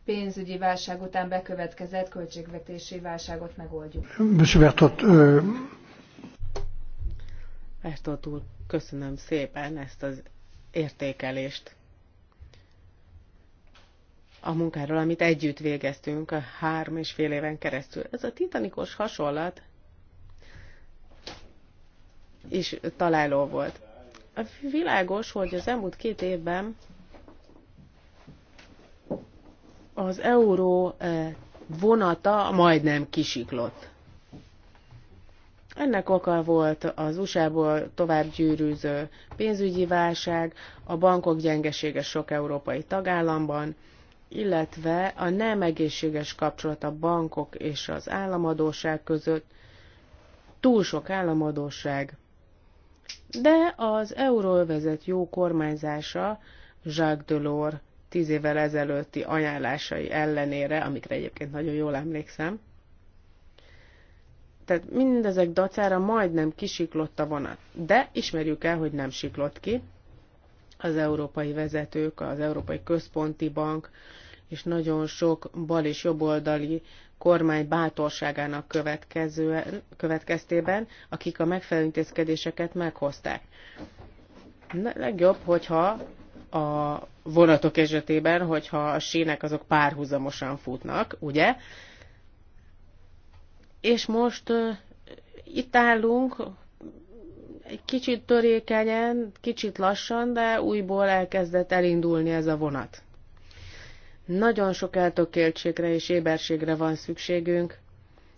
Speaker 2: pénzügyi válság után bekövetkezett költségvetési válságot megoldjuk. Monsieur
Speaker 3: úr, köszönöm szépen ezt az értékelést a munkáról, amit együtt végeztünk a három és fél éven keresztül. Ez a titanikus hasonlat is találó volt. A világos, hogy az elmúlt két évben az euró eh, vonata majdnem kisiklott. Ennek oka volt az USA-ból tovább gyűrűző pénzügyi válság, a bankok gyengesége sok európai tagállamban, illetve a nem egészséges kapcsolat a bankok és az államadóság között, túl sok államadóság de az euróvezet jó kormányzása Jacques Delors tíz évvel ezelőtti ajánlásai ellenére, amikre egyébként nagyon jól emlékszem, tehát mindezek dacára majdnem kisiklott a vonat. De ismerjük el, hogy nem siklott ki. Az európai vezetők, az Európai Központi Bank és nagyon sok bal és jobboldali kormány bátorságának következő, következtében, akik a megfelelő intézkedéseket meghozták. Na, legjobb, hogyha a vonatok esetében, hogyha a sínek azok párhuzamosan futnak, ugye? És most uh, itt állunk, egy kicsit törékenyen, kicsit lassan, de újból elkezdett elindulni ez a vonat. Nagyon sok eltökéltségre és éberségre van szükségünk,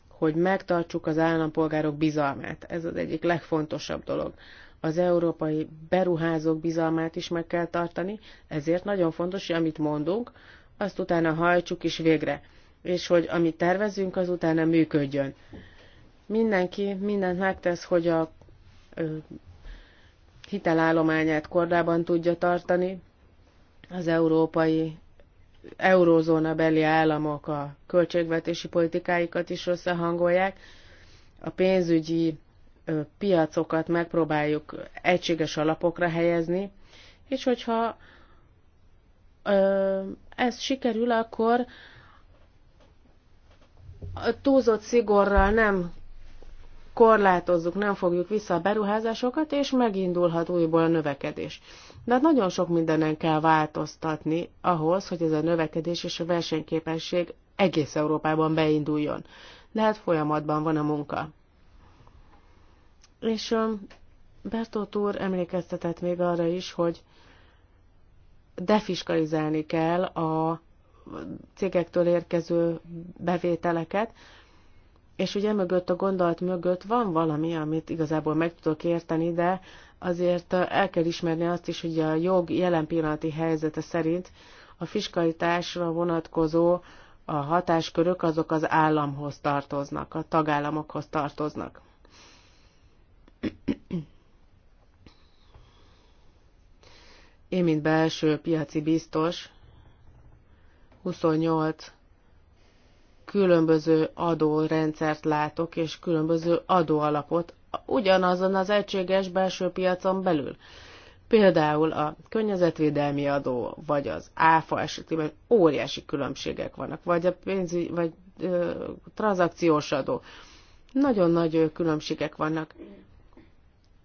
Speaker 3: hogy megtartsuk az állampolgárok bizalmát. Ez az egyik legfontosabb dolog. Az európai beruházók bizalmát is meg kell tartani, ezért nagyon fontos, hogy amit mondunk, azt utána hajtsuk is végre, és hogy amit tervezünk, az utána működjön. Mindenki mindent megtesz, hogy a ö, hitelállományát kordában tudja tartani, az európai eurózóna beli államok a költségvetési politikáikat is összehangolják, a pénzügyi piacokat megpróbáljuk egységes alapokra helyezni, és hogyha ez sikerül, akkor a túlzott szigorral nem korlátozzuk, nem fogjuk vissza a beruházásokat, és megindulhat újból a növekedés. De hát nagyon sok mindenen kell változtatni ahhoz, hogy ez a növekedés és a versenyképesség egész Európában beinduljon. De hát folyamatban van a munka. És Bertolt úr emlékeztetett még arra is, hogy defiskalizálni kell a cégektől érkező bevételeket, és ugye mögött a gondolat mögött van valami, amit igazából meg tudok érteni, de azért el kell ismerni azt is, hogy a jog jelen pillanati helyzete szerint a fiskalitásra vonatkozó a hatáskörök azok az államhoz tartoznak, a tagállamokhoz tartoznak. Én, mint belső piaci biztos, 28 különböző adórendszert látok, és különböző adóalapot ugyanazon az egységes belső piacon belül. Például a környezetvédelmi adó, vagy az áfa esetében óriási különbségek vannak, vagy a pénzügy, vagy ö, tranzakciós adó. Nagyon nagy különbségek vannak.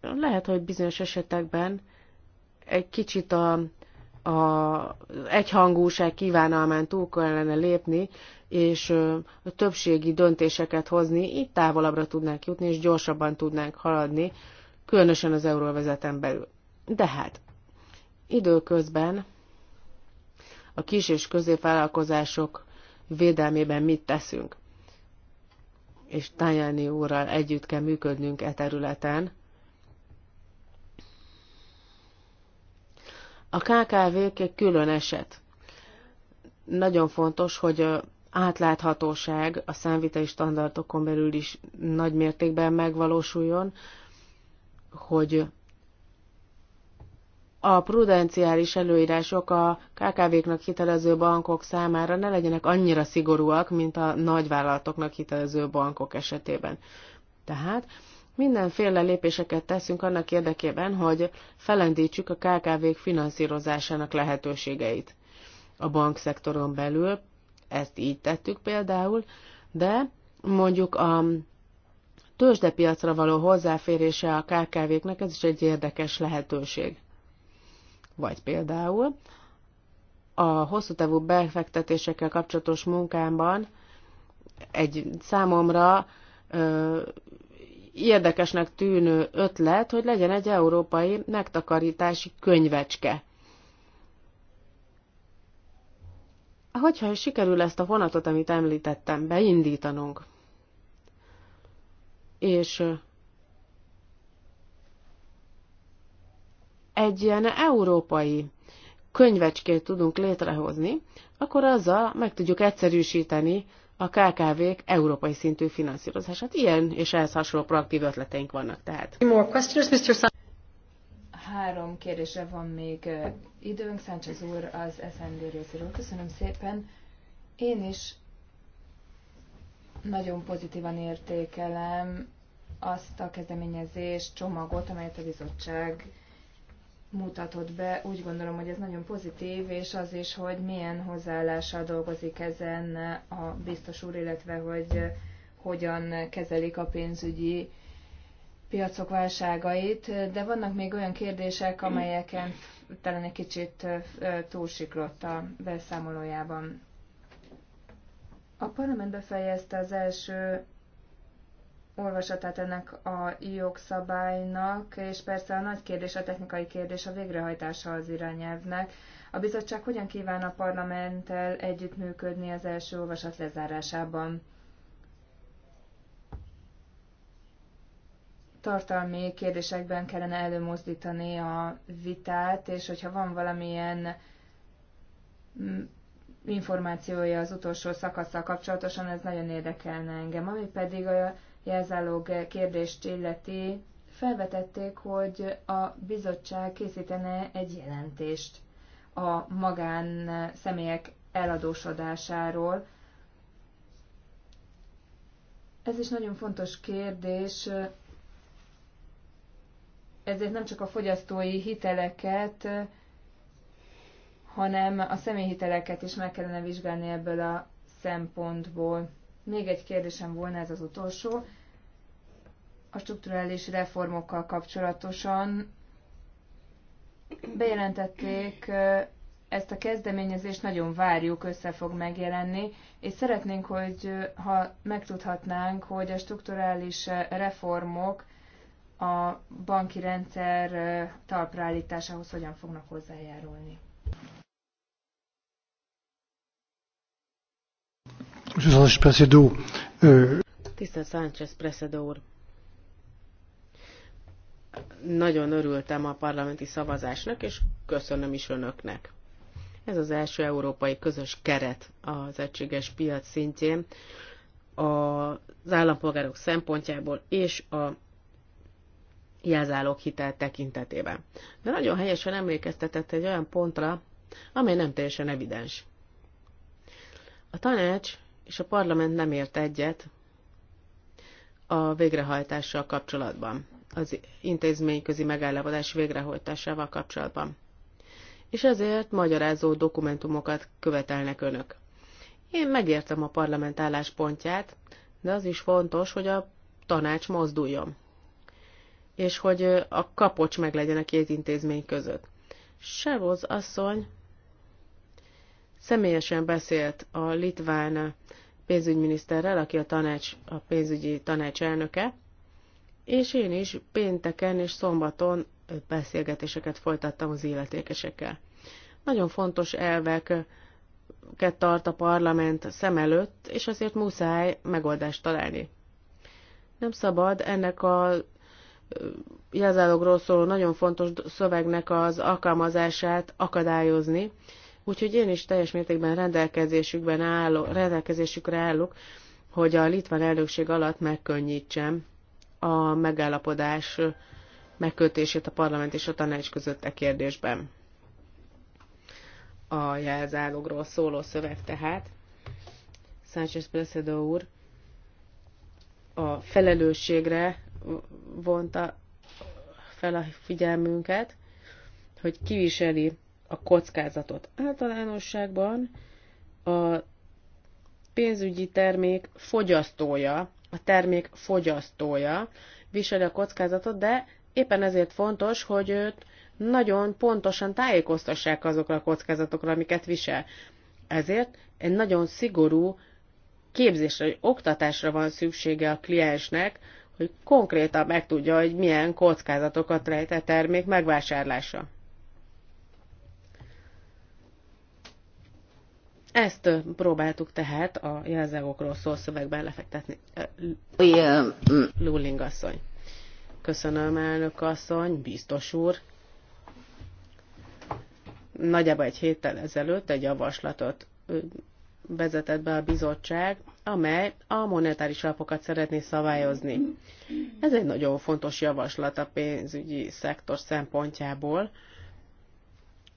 Speaker 3: Lehet, hogy bizonyos esetekben egy kicsit a a egyhangúság kívánalmán túl kellene lépni, és a többségi döntéseket hozni, így távolabbra tudnánk jutni, és gyorsabban tudnánk haladni, különösen az euróvezeten belül. De hát, időközben a kis és középvállalkozások védelmében mit teszünk? És Tajani úrral együtt kell működnünk e területen, A KKV-k egy külön eset. Nagyon fontos, hogy átláthatóság a számviteli standardokon belül is nagy mértékben megvalósuljon, hogy a prudenciális előírások a KKV-knak hitelező bankok számára ne legyenek annyira szigorúak, mint a nagyvállalatoknak hitelező bankok esetében. Tehát mindenféle lépéseket teszünk annak érdekében, hogy felendítsük a KKV-k finanszírozásának lehetőségeit. A bankszektoron belül ezt így tettük például, de mondjuk a tőzsdepiacra való hozzáférése a KKV-knek, ez is egy érdekes lehetőség. Vagy például a hosszú távú befektetésekkel kapcsolatos munkámban egy számomra érdekesnek tűnő ötlet, hogy legyen egy európai megtakarítási könyvecske. Hogyha sikerül ezt a vonatot, amit említettem, beindítanunk, és egy ilyen európai könyvecskét tudunk létrehozni, akkor azzal meg tudjuk egyszerűsíteni a KKV-k európai szintű finanszírozását. Ilyen és ehhez hasonló proaktív ötleteink vannak tehát.
Speaker 2: Három kérdésre van még időnk. Sánchez úr az SND részéről. Köszönöm szépen. Én is nagyon pozitívan értékelem azt a kezdeményezés csomagot, amelyet a bizottság mutatott be. Úgy gondolom, hogy ez nagyon pozitív, és az is, hogy milyen hozzáállással dolgozik ezen a biztos úr, illetve hogy eh, hogyan kezelik a pénzügyi piacok válságait, de vannak még olyan kérdések, amelyeken talán egy kicsit eh, eh, túlsiklott a beszámolójában. A parlament befejezte az első olvasatát ennek a jogszabálynak, és persze a nagy kérdés, a technikai kérdés a végrehajtása az irányelvnek. A bizottság hogyan kíván a parlamenttel együttműködni az első olvasat lezárásában? Tartalmi kérdésekben kellene előmozdítani a vitát, és hogyha van valamilyen mm, információja az utolsó szakaszsal kapcsolatosan, ez nagyon érdekelne engem. Ami pedig a jelzálog kérdést illeti, felvetették, hogy a bizottság készítene egy jelentést a magán személyek eladósodásáról. Ez is nagyon fontos kérdés, ezért nem csak a fogyasztói hiteleket, hanem a személyhiteleket is meg kellene vizsgálni ebből a szempontból. Még egy kérdésem volna, ez az utolsó. A strukturális reformokkal kapcsolatosan bejelentették ezt a kezdeményezést, nagyon várjuk, össze fog megjelenni, és szeretnénk, hogy ha megtudhatnánk, hogy a strukturális reformok a banki rendszer talpraállításához hogyan fognak hozzájárulni.
Speaker 3: Tisztelt Sánchez Presedo úr! Nagyon örültem a parlamenti szavazásnak, és köszönöm is önöknek. Ez az első európai közös keret az egységes piac szintjén az állampolgárok szempontjából és a jelzálók hitel tekintetében. De nagyon helyesen emlékeztetett egy olyan pontra, amely nem teljesen evidens. A tanács és a parlament nem ért egyet a végrehajtással kapcsolatban, az intézményközi megállapodás végrehajtásával kapcsolatban. És ezért magyarázó dokumentumokat követelnek önök. Én megértem a parlament álláspontját, de az is fontos, hogy a tanács mozduljon, és hogy a kapocs meg legyen a két intézmény között. Sevoz asszony személyesen beszélt a litván pénzügyminiszterrel, aki a, tanács, a pénzügyi tanács elnöke, és én is pénteken és szombaton beszélgetéseket folytattam az illetékesekkel. Nagyon fontos elveket tart a parlament szem előtt, és azért muszáj megoldást találni. Nem szabad ennek a jelzálogról szóló nagyon fontos szövegnek az alkalmazását akadályozni, Úgyhogy én is teljes mértékben rendelkezésükben állok, rendelkezésükre állok, hogy a litván elnökség alatt megkönnyítsem a megállapodás megkötését a parlament és a tanács között a e kérdésben. A jelzálogról szóló szöveg tehát. Sánchez Presedo úr a felelősségre vonta fel a figyelmünket, hogy kiviseli a kockázatot. Általánosságban a pénzügyi termék fogyasztója, a termék fogyasztója viseli a kockázatot, de éppen ezért fontos, hogy őt nagyon pontosan tájékoztassák azokra a kockázatokra, amiket visel. Ezért egy nagyon szigorú képzésre, vagy oktatásra van szüksége a kliensnek, hogy konkrétan megtudja, hogy milyen kockázatokat rejt a termék megvásárlása. Ezt próbáltuk tehát a jelzálogokról szól szövegben lefektetni. Lulling asszony. Köszönöm, elnök asszony, biztos úr. Nagyjából egy héttel ezelőtt egy javaslatot vezetett be a bizottság, amely a monetáris alapokat szeretné szabályozni. Ez egy nagyon fontos javaslat a pénzügyi szektor szempontjából,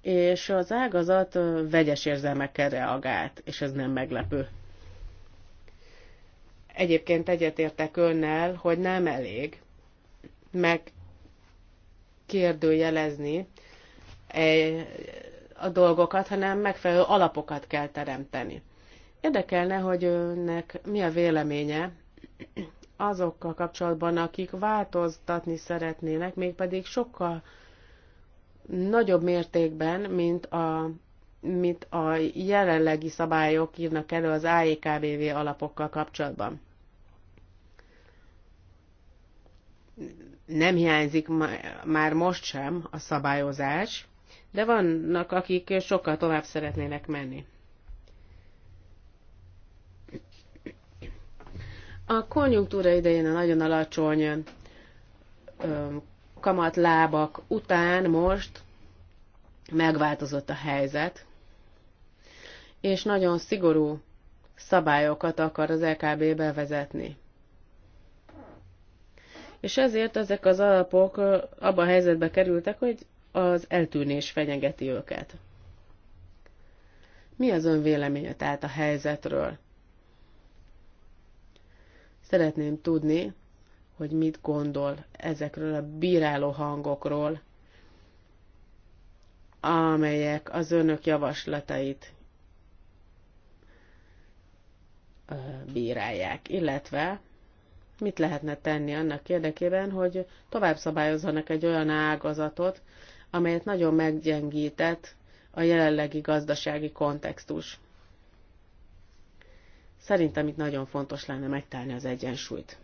Speaker 3: és az ágazat vegyes érzelmekkel reagált, és ez nem meglepő. Egyébként egyetértek önnel, hogy nem elég megkérdőjelezni a dolgokat, hanem megfelelő alapokat kell teremteni. Érdekelne, hogy önnek mi a véleménye azokkal kapcsolatban, akik változtatni szeretnének, mégpedig sokkal nagyobb mértékben, mint a, mint a jelenlegi szabályok írnak elő az AEKBV alapokkal kapcsolatban. Nem hiányzik már most sem a szabályozás, de vannak, akik sokkal tovább szeretnének menni. A konjunktúra idején a nagyon alacsony kamatlábak után most megváltozott a helyzet, és nagyon szigorú szabályokat akar az LKB e bevezetni. És ezért ezek az alapok abba a helyzetbe kerültek, hogy az eltűnés fenyegeti őket. Mi az ön véleménye tehát a helyzetről? Szeretném tudni, hogy mit gondol ezekről a bíráló hangokról, amelyek az önök javaslatait bírálják, illetve mit lehetne tenni annak érdekében, hogy tovább szabályozzanak egy olyan ágazatot, amelyet nagyon meggyengített a jelenlegi gazdasági kontextus. Szerintem itt nagyon fontos lenne megtalálni az egyensúlyt.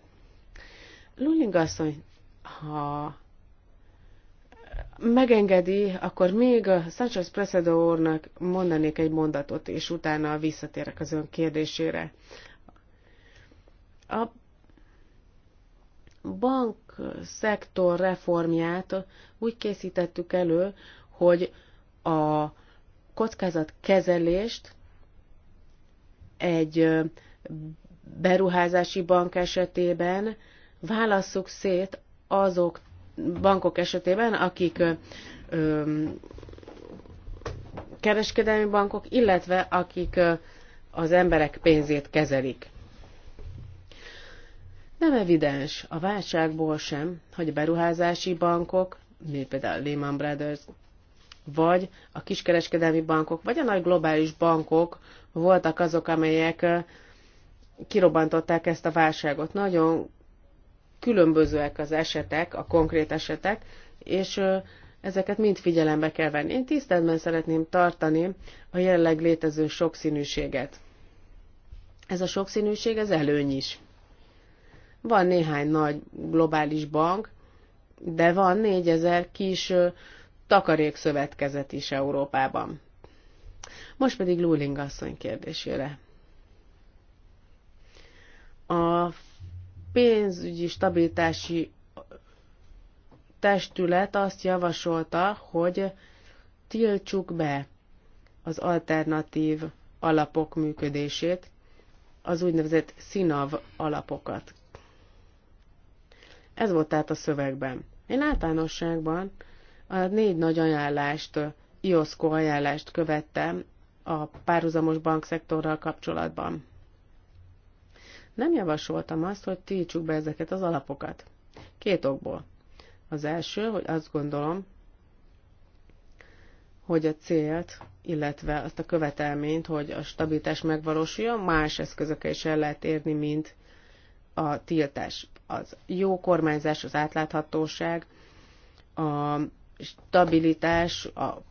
Speaker 3: Luling asszony, ha megengedi, akkor még a Sanchez Presedo úrnak mondanék egy mondatot, és utána visszatérek az ön kérdésére. A bank szektor reformját úgy készítettük elő, hogy a kockázatkezelést egy beruházási bank esetében válasszuk szét azok bankok esetében, akik ö, kereskedelmi bankok, illetve akik az emberek pénzét kezelik. Nem evidens a válságból sem, hogy a beruházási bankok, mint például Lehman Brothers, vagy a kiskereskedelmi bankok, vagy a nagy globális bankok voltak azok, amelyek kirobbantották ezt a válságot. Nagyon különbözőek az esetek, a konkrét esetek, és ezeket mind figyelembe kell venni. Én tiszteletben szeretném tartani a jelenleg létező sokszínűséget. Ez a sokszínűség, ez előny is. Van néhány nagy globális bank, de van négyezer kis takarékszövetkezet is Európában. Most pedig Luling asszony kérdésére. A pénzügyi stabilitási testület azt javasolta, hogy tiltsuk be az alternatív alapok működését, az úgynevezett színav alapokat. Ez volt tehát a szövegben. Én általánosságban a négy nagy ajánlást, IOSCO ajánlást követtem a párhuzamos bankszektorral kapcsolatban. Nem javasoltam azt, hogy tiltsuk be ezeket az alapokat. Két okból. Az első, hogy azt gondolom, hogy a célt, illetve azt a követelményt, hogy a stabilitás megvalósuljon, más eszközökkel is el lehet érni, mint a tiltás. Az jó kormányzás, az átláthatóság, a stabilitás, a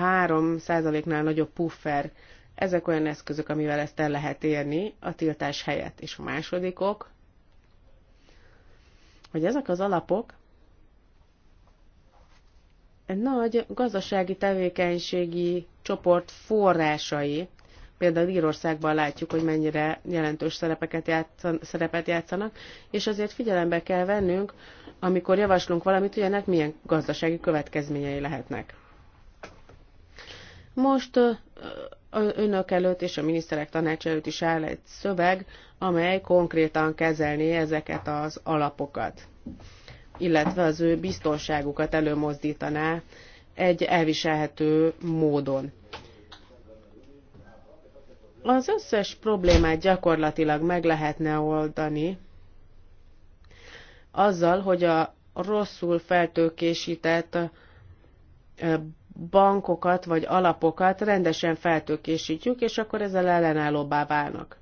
Speaker 3: 3%-nál nagyobb puffer ezek olyan eszközök, amivel ezt el lehet érni a tiltás helyett. És a másodikok, hogy ezek az alapok egy nagy gazdasági tevékenységi csoport forrásai, például Írországban látjuk, hogy mennyire jelentős szerepeket játszan, szerepet játszanak, és azért figyelembe kell vennünk, amikor javaslunk valamit, hogy ennek milyen gazdasági következményei lehetnek. Most önök előtt és a miniszterek tanács előtt is áll egy szöveg, amely konkrétan kezelné ezeket az alapokat, illetve az ő biztonságukat előmozdítaná egy elviselhető módon. Az összes problémát gyakorlatilag meg lehetne oldani azzal, hogy a rosszul feltőkésített bankokat vagy alapokat rendesen feltőkésítjük, és akkor ezzel ellenállóbbá válnak.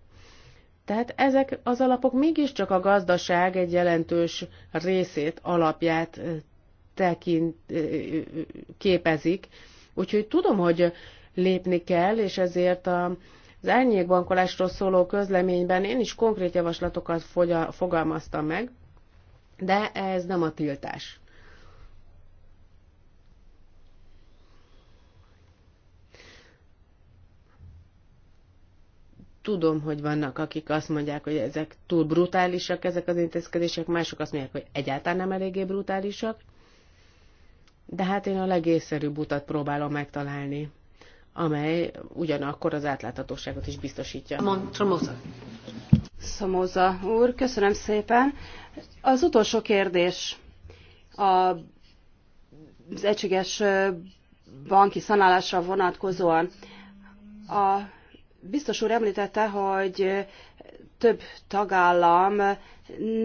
Speaker 3: Tehát ezek az alapok mégiscsak a gazdaság egy jelentős részét, alapját tekint, képezik. Úgyhogy tudom, hogy lépni kell, és ezért a, az árnyékbankolásról szóló közleményben én is konkrét javaslatokat fogyal, fogalmaztam meg, de ez nem a tiltás. tudom, hogy vannak, akik azt mondják, hogy ezek túl brutálisak, ezek az intézkedések, mások azt mondják, hogy egyáltalán nem eléggé brutálisak, de hát én a legészszerűbb utat próbálom megtalálni, amely
Speaker 1: ugyanakkor az átláthatóságot is biztosítja. Szomóza. Szomóza úr, köszönöm szépen. Az utolsó kérdés a, az egységes banki szanálásra vonatkozóan. A Biztos úr említette, hogy több tagállam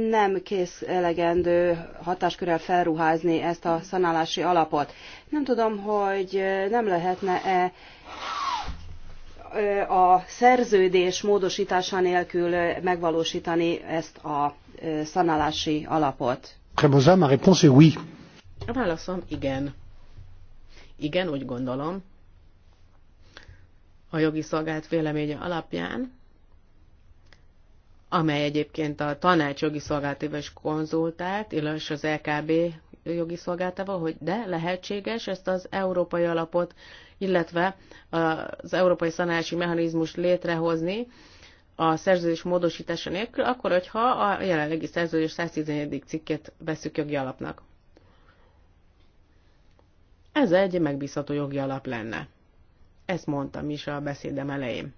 Speaker 1: nem kész elegendő hatáskörrel felruházni ezt a szanálási alapot. Nem tudom, hogy nem lehetne-e a szerződés módosítása nélkül megvalósítani ezt a szanálási alapot. ma A válaszom igen. Igen, úgy gondolom,
Speaker 3: a jogi szolgált véleménye alapján, amely egyébként a tanács jogi szolgáltával is konzultált, illetve az LKB jogi szolgáltával, hogy de lehetséges ezt az európai alapot, illetve az európai szanási mechanizmust létrehozni a szerződés módosítása nélkül, akkor, hogyha a jelenlegi szerződés 114. cikket veszük jogi alapnak. Ez egy megbízható jogi alap lenne. Ezt mondtam is a beszédem elején.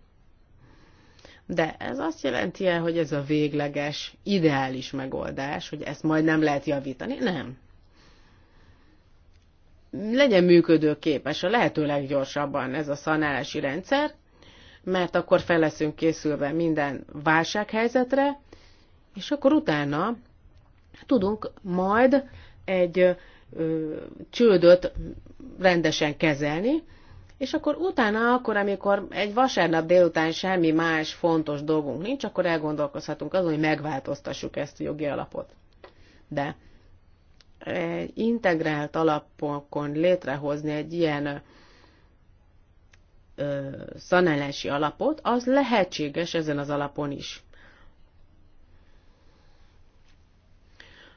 Speaker 3: De ez azt jelenti el, hogy ez a végleges, ideális megoldás, hogy ezt majd nem lehet javítani? Nem. Legyen működőképes a lehető leggyorsabban ez a szanálási rendszer, mert akkor fel leszünk készülve minden válsághelyzetre, és akkor utána tudunk majd egy ö, csődöt rendesen kezelni, és akkor utána, akkor amikor egy vasárnap délután semmi más fontos dolgunk nincs, akkor elgondolkozhatunk azon, hogy megváltoztassuk ezt a jogi alapot. De egy integrált alapokon létrehozni egy ilyen ö, szanálási alapot, az lehetséges ezen az alapon is.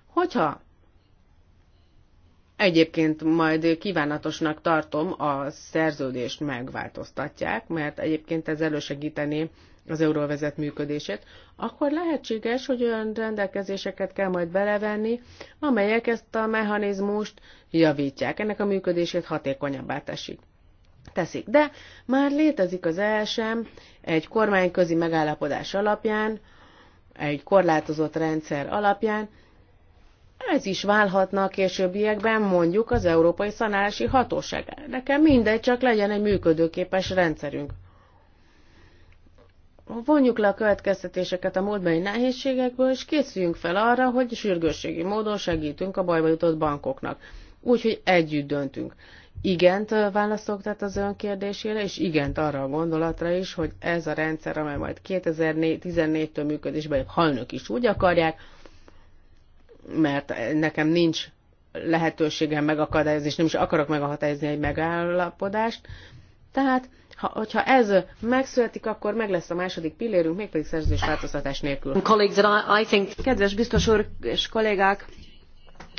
Speaker 3: Hogyha Egyébként majd kívánatosnak tartom, a szerződést megváltoztatják, mert egyébként ez elősegíteni az euróvezet működését, akkor lehetséges, hogy olyan rendelkezéseket kell majd belevenni, amelyek ezt a mechanizmust javítják, ennek a működését hatékonyabbá teszik. teszik. De már létezik az ESM egy kormányközi megállapodás alapján, egy korlátozott rendszer alapján, ez is válhatna a későbbiekben mondjuk az Európai Szanálási Hatóság. Nekem mindegy, csak legyen egy működőképes rendszerünk. Vonjuk le a következtetéseket a módbeli nehézségekből, és készüljünk fel arra, hogy sürgősségi módon segítünk a bajba jutott bankoknak. Úgyhogy együtt döntünk. Igent válaszok tehát az ön kérdésére, és igent arra a gondolatra is, hogy ez a rendszer, amely majd 2014-től működésben, ha önök is úgy akarják, mert nekem nincs lehetőségem megakadályozni, és nem is akarok megakadályozni egy megállapodást. Tehát, ha, hogyha ez megszületik, akkor meg lesz a második pillérünk, mégpedig szerződés változtatás nélkül.
Speaker 1: Kedves biztos úr és kollégák,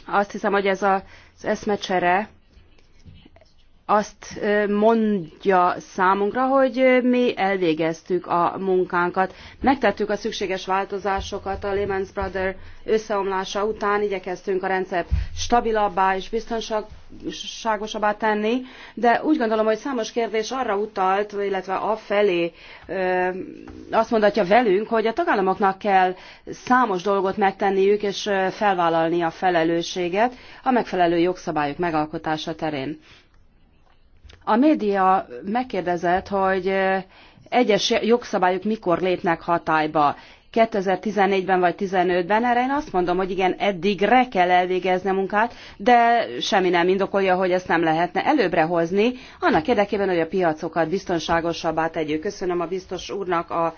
Speaker 1: azt hiszem, hogy ez az eszmecsere azt mondja számunkra, hogy mi elvégeztük a munkánkat. Megtettük a szükséges változásokat a Lehman Brothers összeomlása után, igyekeztünk a rendszert stabilabbá és biztonságosabbá tenni, de úgy gondolom, hogy számos kérdés arra utalt, illetve afelé azt mondatja velünk, hogy a tagállamoknak kell számos dolgot megtenniük és felvállalni a felelősséget a megfelelő jogszabályok megalkotása terén. A média megkérdezett, hogy eh, egyes jogszabályok mikor lépnek hatályba. 2014-ben vagy 2015-ben, erre én azt mondom, hogy igen, eddigre kell elvégezni a munkát, de semmi nem indokolja, hogy ezt nem lehetne előbbre hozni, annak érdekében, hogy a piacokat biztonságosabbá tegyük. Köszönöm a biztos úrnak a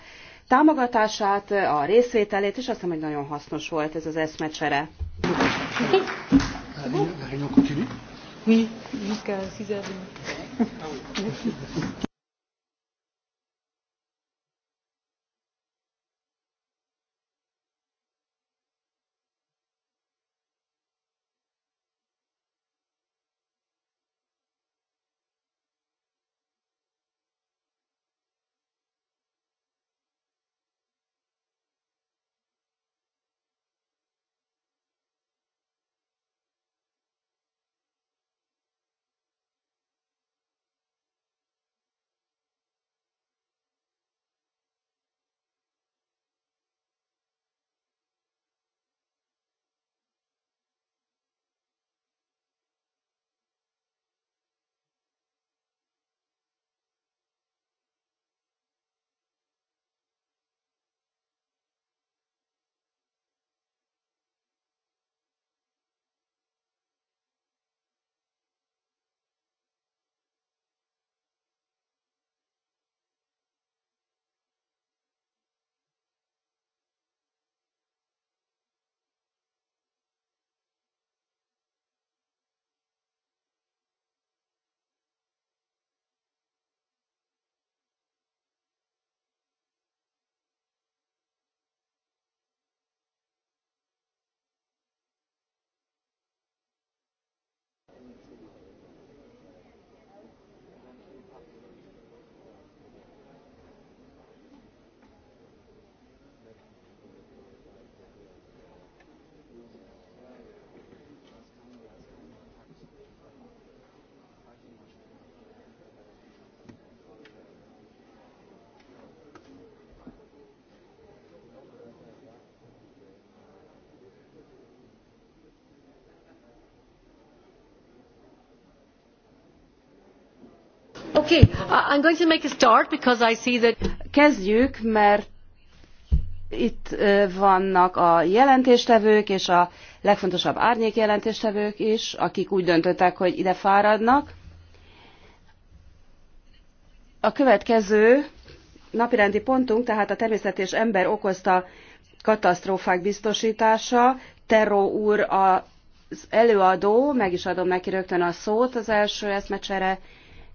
Speaker 1: támogatását, a részvételét, és azt hiszem, hogy nagyon hasznos volt ez az eszmecsere.
Speaker 2: Oui, jusqu'à 6h30.
Speaker 1: Okay, I'm going to make a start because I see that... Kezdjük, mert itt vannak a jelentéstevők és a legfontosabb árnyék jelentéstevők is, akik úgy döntöttek, hogy ide fáradnak. A következő napirendi pontunk, tehát a természet és ember okozta katasztrófák biztosítása. Terró úr az előadó, meg is adom neki rögtön a szót az első eszmecsere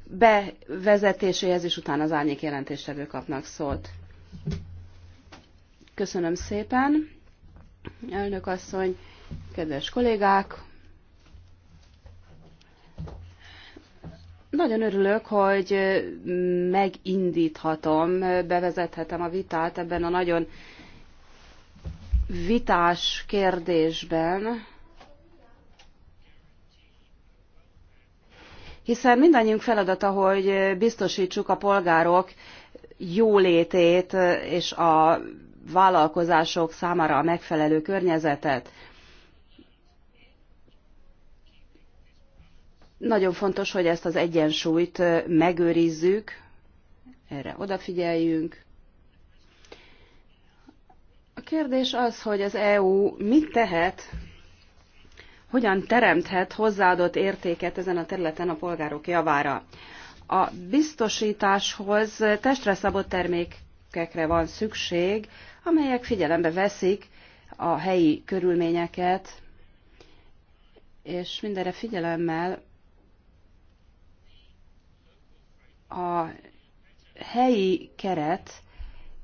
Speaker 1: bevezetéséhez, és utána az árnyék jelentéstevő kapnak szót. Köszönöm szépen, elnök asszony, kedves kollégák! Nagyon örülök, hogy megindíthatom, bevezethetem a vitát ebben a nagyon vitás kérdésben, hiszen mindannyiunk feladata, hogy biztosítsuk a polgárok jólétét és a vállalkozások számára a megfelelő környezetet. Nagyon fontos, hogy ezt az egyensúlyt megőrizzük, erre odafigyeljünk. A kérdés az, hogy az EU mit tehet hogyan teremthet hozzáadott értéket ezen a területen a polgárok javára. A biztosításhoz testre szabott termékekre van szükség, amelyek figyelembe veszik a helyi körülményeket, és mindenre figyelemmel a helyi keret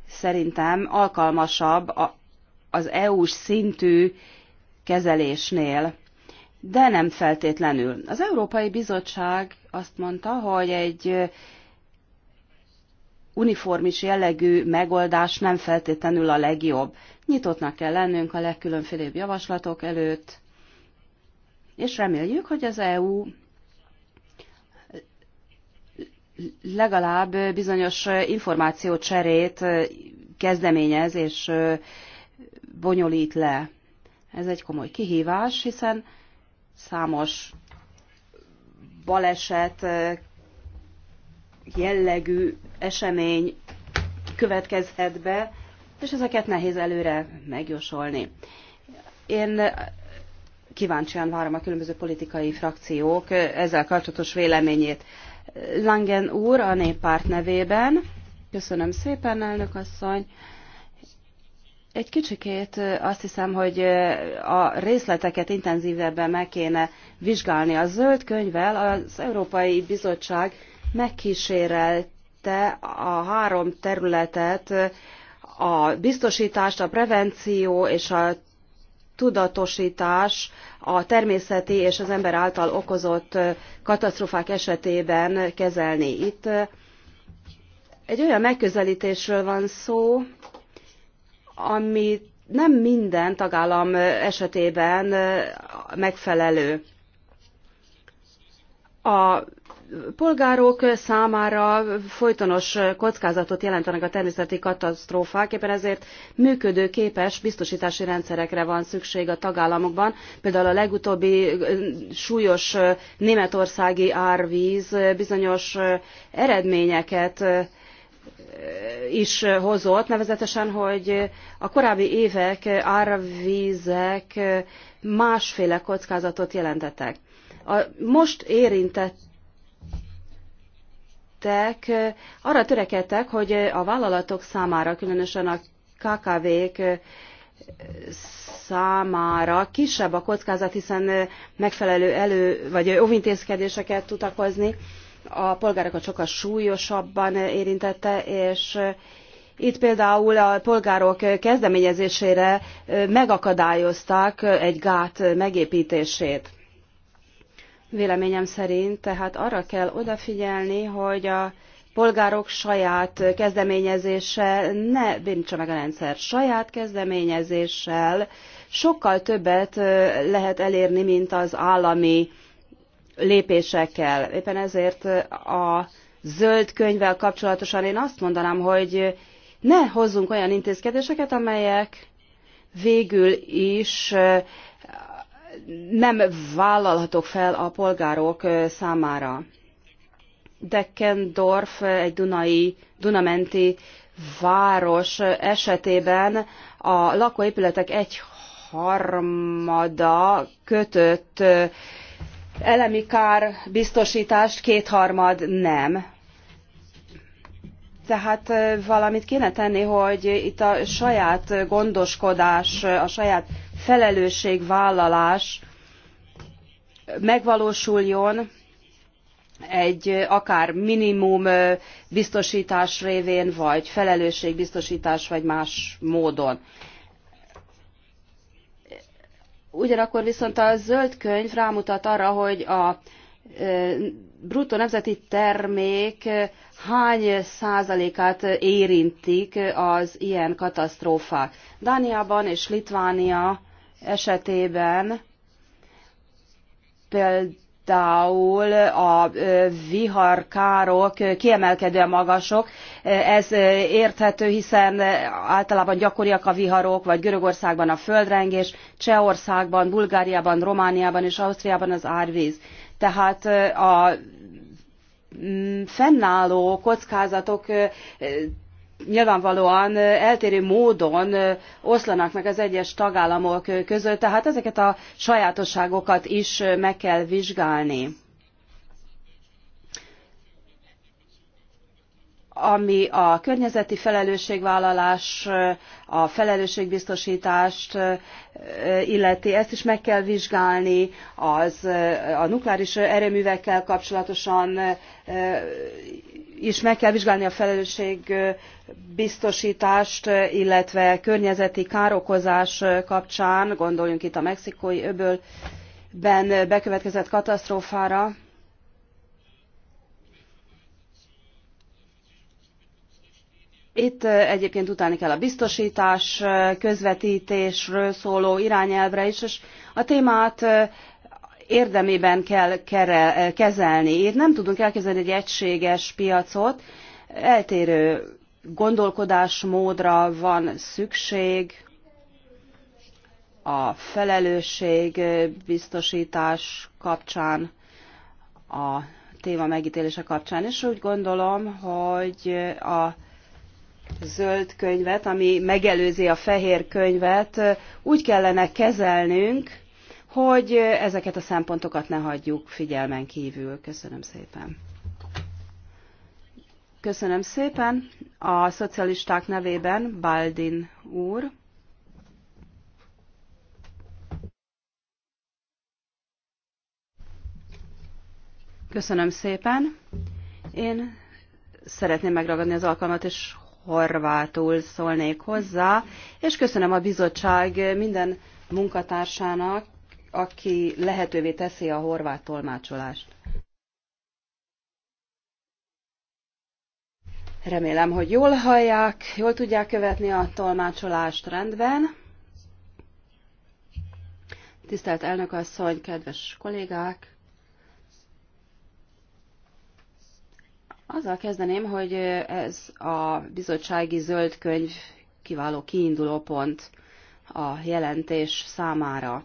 Speaker 1: szerintem alkalmasabb az EU-s szintű kezelésnél de nem feltétlenül. Az Európai Bizottság azt mondta, hogy egy uniformis jellegű megoldás nem feltétlenül a legjobb. Nyitottnak kell lennünk a legkülönfélebb javaslatok előtt, és reméljük, hogy az EU legalább bizonyos információcserét kezdeményez és bonyolít le. Ez egy komoly kihívás, hiszen számos baleset jellegű esemény következhet be, és ezeket nehéz előre megjósolni. Én kíváncsian várom a különböző politikai frakciók ezzel kapcsolatos véleményét. Langen úr a néppárt nevében. Köszönöm szépen, elnök asszony. Egy kicsikét azt hiszem, hogy a részleteket intenzívebben meg kéne vizsgálni. A zöld könyvvel az Európai Bizottság megkísérelte a három területet, a biztosítást, a prevenció és a tudatosítás a természeti és az ember által okozott katasztrófák esetében kezelni. Itt egy olyan megközelítésről van szó, ami nem minden tagállam esetében megfelelő. A polgárok számára folytonos kockázatot jelentenek a természeti katasztrófák, éppen ezért működőképes biztosítási rendszerekre van szükség a tagállamokban. Például a legutóbbi súlyos németországi árvíz bizonyos eredményeket is hozott, nevezetesen, hogy a korábbi évek árvízek másféle kockázatot jelentettek. A most érintettek arra törekedtek, hogy a vállalatok számára, különösen a KKV-k számára kisebb a kockázat, hiszen megfelelő elő vagy óvintézkedéseket tudtak hozni, a polgárokat sokkal súlyosabban érintette, és itt például a polgárok kezdeményezésére megakadályozták egy gát megépítését. Véleményem szerint tehát arra kell odafigyelni, hogy a polgárok saját kezdeményezése ne bírtsa meg a rendszer. Saját kezdeményezéssel sokkal többet lehet elérni, mint az állami lépésekkel. Éppen ezért a zöld könyvvel kapcsolatosan én azt mondanám, hogy ne hozzunk olyan intézkedéseket, amelyek végül is nem vállalhatók fel a polgárok számára. Deckendorf egy dunai, dunamenti város esetében a lakóépületek egy harmada kötött elemi kár biztosítást kétharmad nem. Tehát valamit kéne tenni, hogy itt a saját gondoskodás, a saját felelősségvállalás megvalósuljon egy akár minimum biztosítás révén, vagy felelősségbiztosítás, vagy más módon. Ugyanakkor viszont a zöld könyv rámutat arra, hogy a bruttó nemzeti termék hány százalékát érintik az ilyen katasztrófák. Dániában és Litvánia esetében például például a viharkárok kiemelkedően magasok. Ez érthető, hiszen általában gyakoriak a viharok, vagy Görögországban a földrengés, Csehországban, Bulgáriában, Romániában és Ausztriában az árvíz. Tehát a mm, fennálló kockázatok nyilvánvalóan eltérő módon oszlanak meg az egyes tagállamok között, tehát ezeket a sajátosságokat is meg kell vizsgálni. ami a környezeti felelősségvállalás, a felelősségbiztosítást illeti, ezt is meg kell vizsgálni, az, a nukleáris erőművekkel kapcsolatosan is meg kell vizsgálni a felelősségbiztostást, illetve környezeti károkozás kapcsán, gondoljunk itt a mexikói öbölben bekövetkezett katasztrófára, Itt egyébként utáni kell a biztosítás közvetítésről szóló irányelvre is, és a témát érdemében kell eh, kezelni. Itt nem tudunk elkezdeni egy egységes piacot, eltérő gondolkodásmódra van szükség, a felelősség biztosítás kapcsán, a téma megítélése kapcsán, és úgy gondolom, hogy a zöld könyvet, ami megelőzi a fehér könyvet, úgy kellene kezelnünk, hogy ezeket a szempontokat ne hagyjuk figyelmen kívül. Köszönöm szépen. Köszönöm szépen. A szocialisták nevében Baldin úr. Köszönöm szépen. Én szeretném megragadni az alkalmat, és horvátul szólnék hozzá, és köszönöm a bizottság minden munkatársának, aki lehetővé teszi a horvát tolmácsolást. Remélem, hogy jól hallják, jól tudják követni a tolmácsolást rendben. Tisztelt elnök asszony, kedves kollégák! Azzal kezdeném, hogy ez a bizottsági zöld könyv kiváló kiinduló pont a jelentés számára.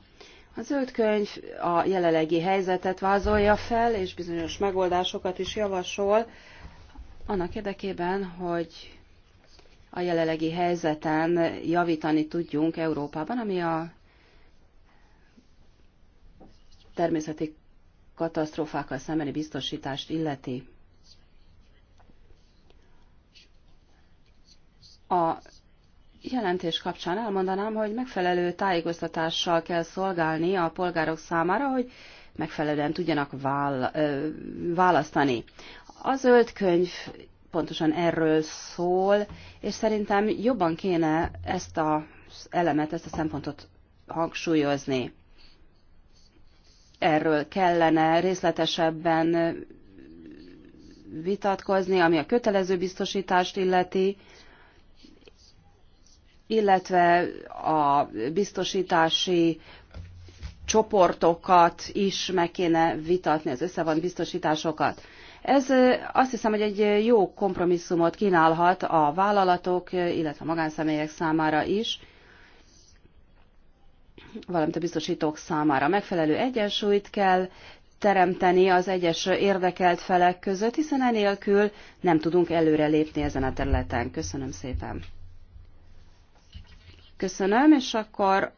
Speaker 1: A zöld könyv a jelenlegi helyzetet vázolja fel, és bizonyos megoldásokat is javasol, annak érdekében, hogy a jelenlegi helyzeten javítani tudjunk Európában, ami a természeti katasztrófákkal szembeni biztosítást illeti. A jelentés kapcsán elmondanám, hogy megfelelő tájékoztatással kell szolgálni a polgárok számára, hogy megfelelően tudjanak választani. A zöld könyv pontosan erről szól, és szerintem jobban kéne ezt az elemet, ezt a szempontot hangsúlyozni. Erről kellene részletesebben vitatkozni, ami a kötelező biztosítást illeti, illetve a biztosítási csoportokat is meg kéne vitatni, az összevont biztosításokat. Ez azt hiszem, hogy egy jó kompromisszumot kínálhat a vállalatok, illetve a magánszemélyek számára is, valamint a biztosítók számára. Megfelelő egyensúlyt kell teremteni az egyes érdekelt felek között, hiszen enélkül nem tudunk előrelépni ezen a területen. Köszönöm szépen! Köszönöm, és akkor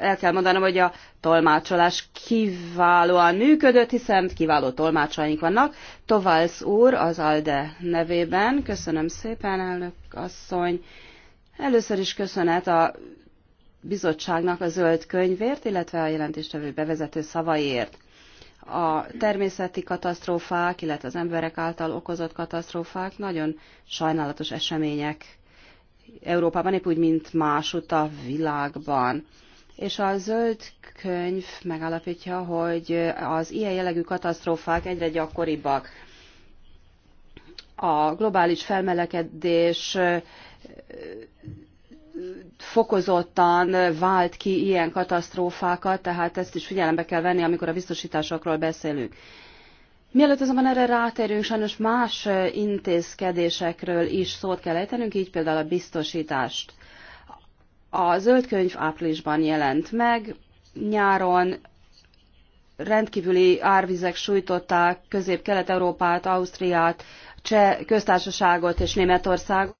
Speaker 1: el kell mondanom, hogy a tolmácsolás kiválóan működött, hiszen kiváló tolmácsaink vannak. Tovalsz úr az ALDE nevében. Köszönöm szépen, elnök asszony. Először is köszönet a bizottságnak a zöld könyvért, illetve a jelentéstevő bevezető szavaiért. A természeti katasztrófák, illetve az emberek által okozott katasztrófák nagyon sajnálatos események Európában, épp úgy, mint másutt a világban. És a zöld könyv megállapítja, hogy az ilyen jellegű katasztrófák egyre gyakoribbak. A globális felmelekedés fokozottan vált ki ilyen katasztrófákat, tehát ezt is figyelembe kell venni, amikor a biztosításokról beszélünk. Mielőtt azonban erre ráterünk, sajnos más intézkedésekről is szót kell ejtenünk, így például a biztosítást. A zöld könyv áprilisban jelent meg, nyáron rendkívüli árvizek sújtották Közép-Kelet-Európát, Ausztriát, Cseh köztársaságot és Németországot.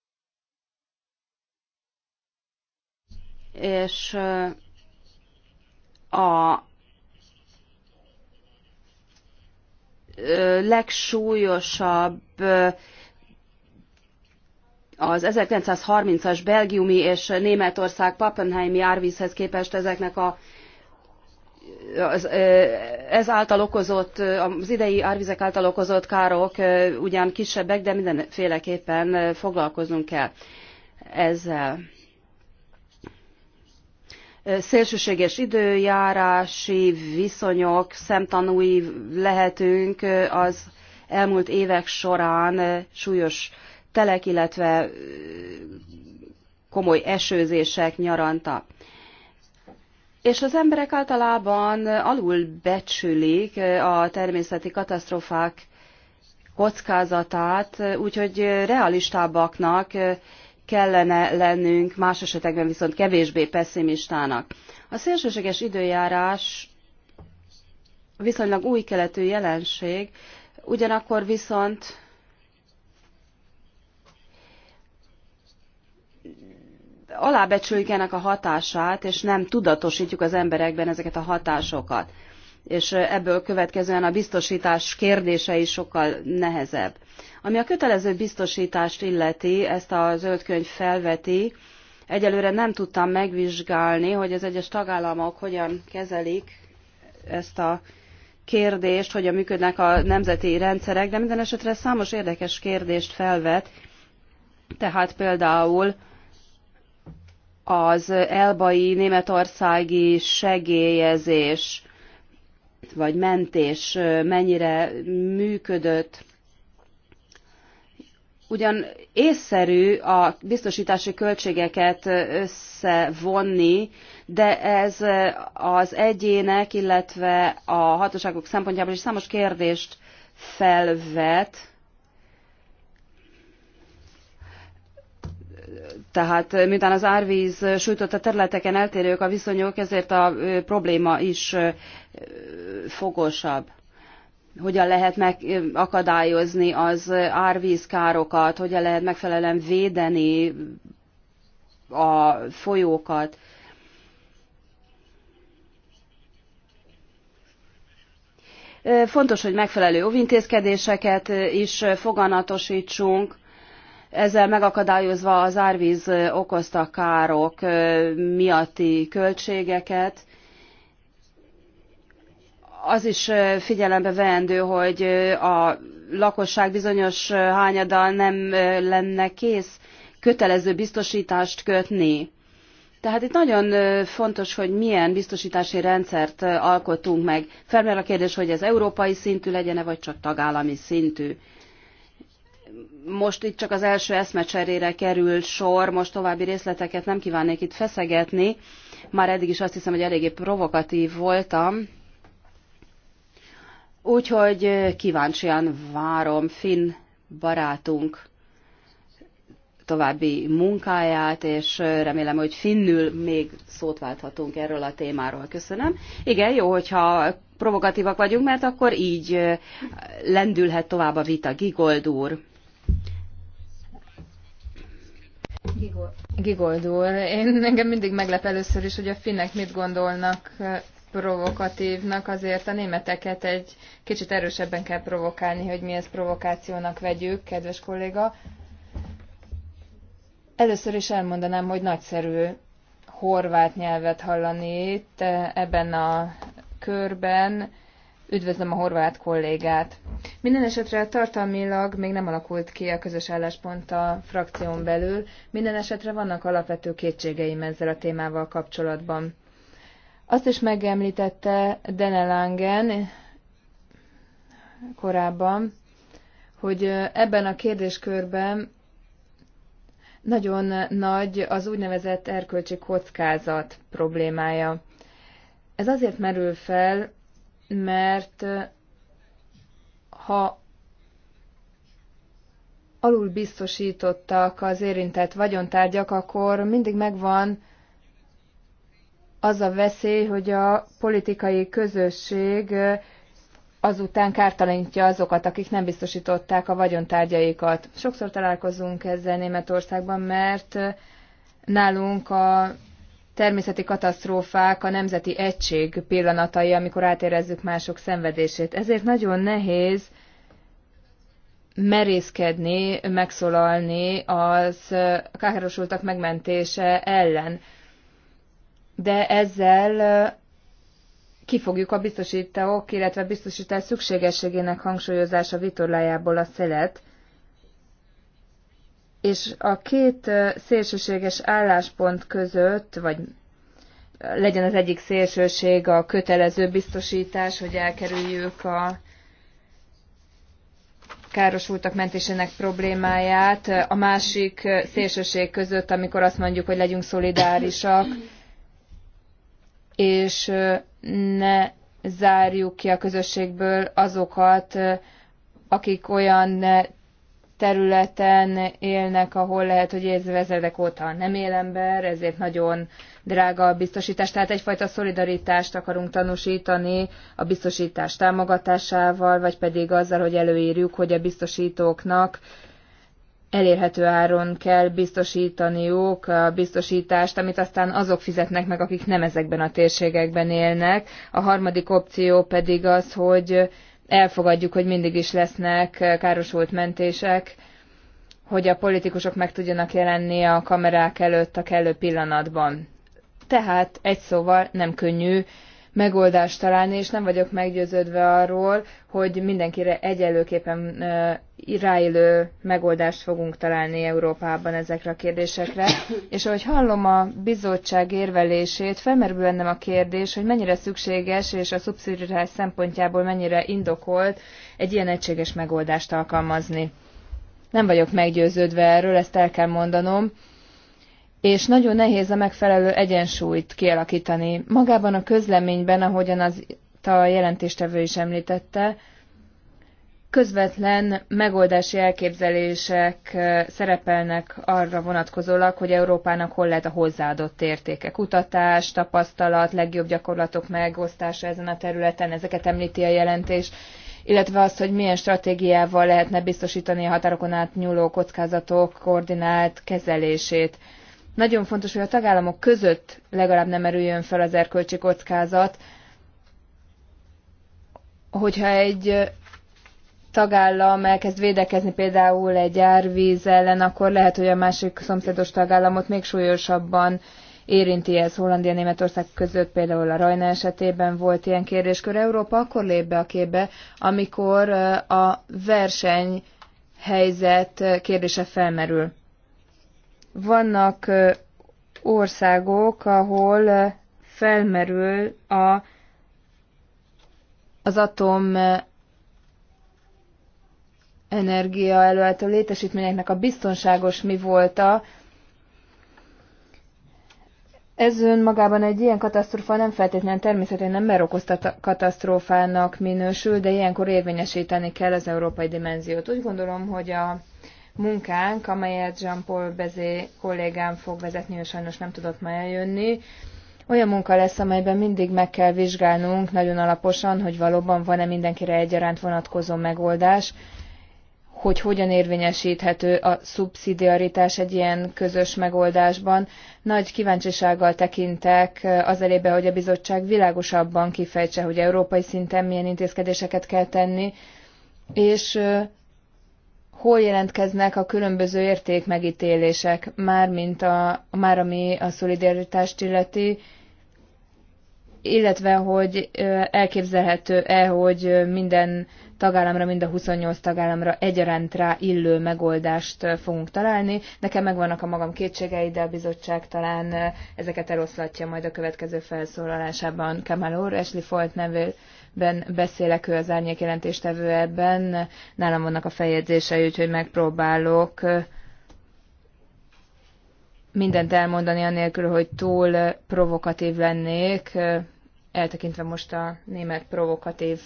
Speaker 1: És a legsúlyosabb az 1930-as belgiumi és Németország Pappenheimi árvízhez képest ezeknek a az, ez által okozott, az idei árvizek által okozott károk ugyan kisebbek, de mindenféleképpen foglalkoznunk kell ezzel szélsőséges időjárási viszonyok szemtanúi lehetünk az elmúlt évek során súlyos telek, illetve komoly esőzések nyaranta. És az emberek általában alul becsülik a természeti katasztrófák kockázatát, úgyhogy realistábbaknak kellene lennünk, más esetekben viszont kevésbé pessimistának. A szélsőséges időjárás viszonylag új keletű jelenség, ugyanakkor viszont alábecsüljük ennek a hatását, és nem tudatosítjuk az emberekben ezeket a hatásokat és ebből következően a biztosítás kérdése is sokkal nehezebb. Ami a kötelező biztosítást illeti, ezt a zöld könyv felveti, egyelőre nem tudtam megvizsgálni, hogy az egyes tagállamok hogyan kezelik ezt a kérdést, hogyan működnek a nemzeti rendszerek, de minden esetre számos érdekes kérdést felvet, tehát például az elbai németországi segélyezés, vagy mentés mennyire működött. Ugyan észszerű a biztosítási költségeket összevonni, de ez az egyének, illetve a hatóságok szempontjából is számos kérdést felvet, tehát miután az árvíz sújtott a területeken eltérők a viszonyok, ezért a probléma is fogosabb. Hogyan lehet megakadályozni az árvízkárokat, hogyan lehet megfelelően védeni a folyókat. Fontos, hogy megfelelő óvintézkedéseket is foganatosítsunk, ezzel megakadályozva az árvíz okozta károk miatti költségeket. Az is figyelembe veendő, hogy a lakosság bizonyos hányada nem lenne kész kötelező biztosítást kötni. Tehát itt nagyon fontos, hogy milyen biztosítási rendszert alkotunk meg. Felmerül a kérdés, hogy ez európai szintű legyen-e, vagy csak tagállami szintű most itt csak az első eszmecserére kerül sor, most további részleteket nem kívánnék itt feszegetni. Már eddig is azt hiszem, hogy eléggé provokatív voltam. Úgyhogy eh, kíváncsian várom Finn barátunk további munkáját, és eh, remélem, hogy finnül még szót válthatunk erről a témáról. Köszönöm. Igen, jó, hogyha provokatívak vagyunk, mert akkor így eh, lendülhet tovább a vita. Gigold úr.
Speaker 2: Gigoldul. én engem mindig meglep először is, hogy a finnek mit gondolnak provokatívnak, azért a németeket egy kicsit erősebben kell provokálni, hogy mi ezt provokációnak vegyük, kedves kolléga. Először is elmondanám, hogy nagyszerű horvát nyelvet hallani itt ebben a körben Üdvözlöm a horvát kollégát. Minden esetre tartalmilag még nem alakult ki a közös álláspont a frakción belül, minden esetre vannak alapvető kétségeim ezzel a témával kapcsolatban. Azt is megemlítette Dene Langen korábban, hogy ebben a kérdéskörben nagyon nagy az úgynevezett erkölcsi kockázat problémája. Ez azért merül fel, mert ha alul biztosítottak az érintett vagyontárgyak, akkor mindig megvan az a veszély, hogy a politikai közösség azután kártalanítja azokat, akik nem biztosították a vagyontárgyaikat. Sokszor találkozunk ezzel Németországban, mert nálunk a természeti katasztrófák a nemzeti egység pillanatai, amikor átérezzük mások szenvedését. Ezért nagyon nehéz merészkedni, megszólalni az károsultak megmentése ellen. De ezzel kifogjuk a biztosítók, illetve biztosítás szükségességének hangsúlyozása vitorlájából a szelet, és a két szélsőséges álláspont között, vagy legyen az egyik szélsőség a kötelező biztosítás, hogy elkerüljük a károsultak mentésének problémáját, a másik szélsőség között, amikor azt mondjuk, hogy legyünk szolidárisak, és ne zárjuk ki a közösségből azokat, akik olyan területen élnek, ahol lehet, hogy érzvezetek óta nem él ember, ezért nagyon drága a biztosítás. Tehát egyfajta szolidaritást akarunk tanúsítani a biztosítás támogatásával, vagy pedig azzal, hogy előírjuk, hogy a biztosítóknak elérhető áron kell biztosítaniuk a biztosítást, amit aztán azok fizetnek meg, akik nem ezekben a térségekben élnek. A harmadik opció pedig az, hogy elfogadjuk, hogy mindig is lesznek eh, károsult mentések, hogy a politikusok meg tudjanak jelenni a kamerák előtt a kellő pillanatban. Tehát egy szóval nem könnyű megoldást találni, és nem vagyok meggyőződve arról, hogy mindenkire egyelőképpen ráélő megoldást fogunk találni Európában ezekre a kérdésekre. És ahogy hallom a bizottság érvelését, felmerül bennem a kérdés, hogy mennyire szükséges és a szubszidiás szempontjából mennyire indokolt egy ilyen egységes megoldást alkalmazni. Nem vagyok meggyőződve erről, ezt el kell mondanom és nagyon nehéz a megfelelő egyensúlyt kialakítani. Magában a közleményben, ahogyan az a jelentéstevő is említette, közvetlen megoldási elképzelések szerepelnek arra vonatkozólag, hogy Európának hol lehet a hozzáadott értéke. Kutatás, tapasztalat, legjobb gyakorlatok megosztása ezen a területen, ezeket említi a jelentés, illetve azt, hogy milyen stratégiával lehetne biztosítani a határokon átnyúló kockázatok koordinált kezelését. Nagyon fontos, hogy a tagállamok között legalább nem erüljön fel az erkölcsi kockázat, hogyha egy tagállam elkezd védekezni például egy árvíz ellen, akkor lehet, hogy a másik szomszédos tagállamot még súlyosabban érinti ez Hollandia, Németország között például a Rajna esetében volt ilyen kérdéskör. Európa akkor lép be a képbe, amikor a verseny helyzet kérdése felmerül. Vannak országok, ahol felmerül a, az atom energia előállító létesítményeknek a biztonságos mi volta. Ez önmagában egy ilyen katasztrófa nem feltétlenül természetesen nem merokozta katasztrófának minősül, de ilyenkor érvényesíteni kell az európai dimenziót. Úgy gondolom, hogy a munkánk, amelyet Jean-Paul Bezé kollégám fog vezetni, ő sajnos nem tudott ma eljönni. Olyan munka lesz, amelyben mindig meg kell vizsgálnunk nagyon alaposan, hogy valóban van-e mindenkire egyaránt vonatkozó megoldás, hogy hogyan érvényesíthető a szubszidiaritás egy ilyen közös megoldásban. Nagy kíváncsisággal tekintek az elébe, hogy a bizottság világosabban kifejtse, hogy európai szinten milyen intézkedéseket kell tenni, és hol jelentkeznek a különböző érték megítélések, már, mint a, már ami a szolidaritást illeti, illetve hogy elképzelhető-e, hogy minden tagállamra, mind a 28 tagállamra egyaránt rá illő megoldást fogunk találni. Nekem megvannak a magam kétségei, de a bizottság talán ezeket eloszlatja majd a következő felszólalásában. Kemal úr, Ashley Folt nevű ben beszélek, ő az árnyék jelentéstevő ebben, nálam vannak a feljegyzései, úgyhogy megpróbálok mindent elmondani, anélkül, hogy túl provokatív lennék, eltekintve most a német provokatív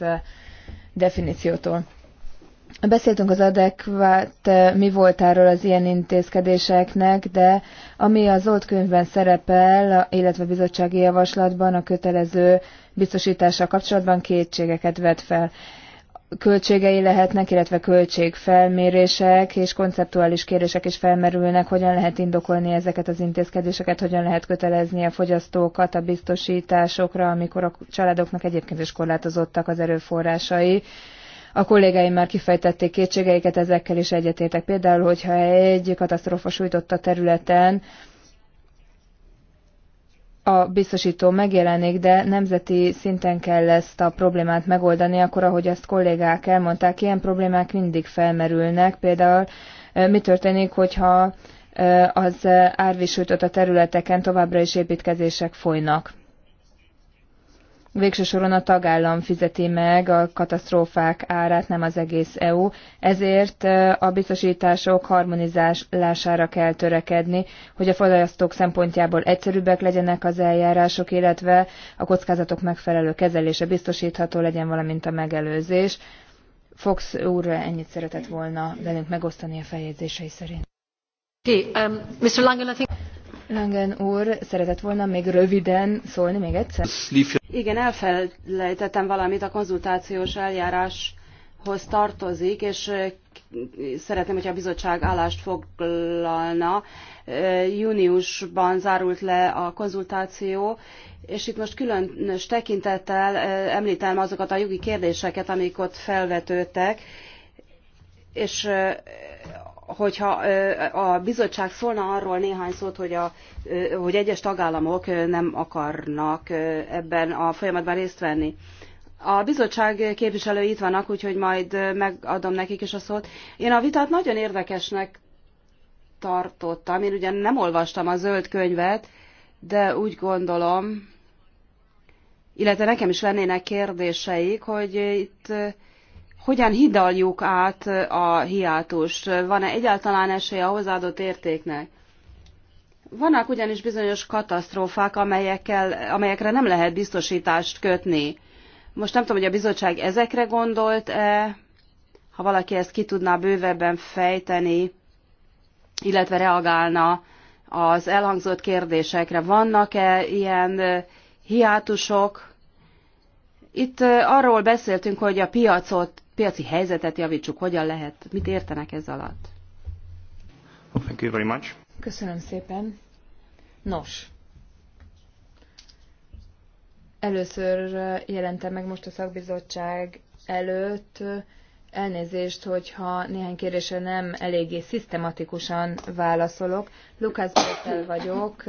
Speaker 2: definíciótól. Beszéltünk az adekvát eh, mi voltáról az ilyen intézkedéseknek, de ami a Zolt könyvben szerepel, illetve a bizottsági javaslatban a kötelező biztosítással kapcsolatban kétségeket vet fel. Költségei lehetnek, illetve költségfelmérések és konceptuális kérések is felmerülnek, hogyan lehet indokolni ezeket az intézkedéseket, hogyan lehet kötelezni a fogyasztókat a biztosításokra, amikor a családoknak egyébként is korlátozottak az erőforrásai a kollégáim már kifejtették kétségeiket, ezekkel is egyetértek. Például, hogyha egy katasztrófa a területen a biztosító megjelenik, de nemzeti szinten kell ezt a problémát megoldani, akkor ahogy ezt kollégák elmondták, ilyen problémák mindig felmerülnek. Például mi történik, hogyha az árvisültött a területeken továbbra is építkezések folynak. Végső soron a tagállam fizeti meg a katasztrófák árát, nem az egész EU. Ezért a biztosítások harmonizálására kell törekedni, hogy a fogyasztók szempontjából egyszerűbbek legyenek az eljárások, illetve a kockázatok megfelelő kezelése biztosítható legyen, valamint a megelőzés. Fox úr ennyit szeretett volna velünk megosztani a feljegyzései szerint. Okay, um, Mr. Langen, I think... Langen úr szeretett volna még röviden szólni még egyszer?
Speaker 1: Igen, elfelejtettem valamit, a konzultációs eljáráshoz tartozik, és szeretném, hogyha a bizottság állást foglalna. Júniusban zárult le a konzultáció, és itt most különös tekintettel említem azokat a jogi kérdéseket, amik ott felvetődtek, és hogyha a bizottság szólna arról néhány szót, hogy, a, hogy egyes tagállamok nem akarnak ebben a folyamatban részt venni. A bizottság képviselői itt vannak, úgyhogy majd megadom nekik is a szót. Én a vitát nagyon érdekesnek tartottam. Én ugyan nem olvastam a zöld könyvet, de úgy gondolom, illetve nekem is lennének kérdéseik, hogy itt hogyan hidaljuk át a hiátust? Van-e egyáltalán esély a hozzáadott értéknek? Vannak ugyanis bizonyos katasztrófák, amelyekkel, amelyekre nem lehet biztosítást kötni. Most nem tudom, hogy a bizottság ezekre gondolt-e, ha valaki ezt ki tudná bővebben fejteni, illetve reagálna az elhangzott kérdésekre. Vannak-e ilyen hiátusok, itt arról beszéltünk, hogy a piacot, piaci helyzetet javítsuk, hogyan lehet, mit értenek ez alatt.
Speaker 2: thank you very much. Köszönöm szépen. Nos, először jelentem meg most a szakbizottság előtt Elnézést, hogyha néhány kérdésre nem eléggé szisztematikusan válaszolok. Lukács Bertel vagyok,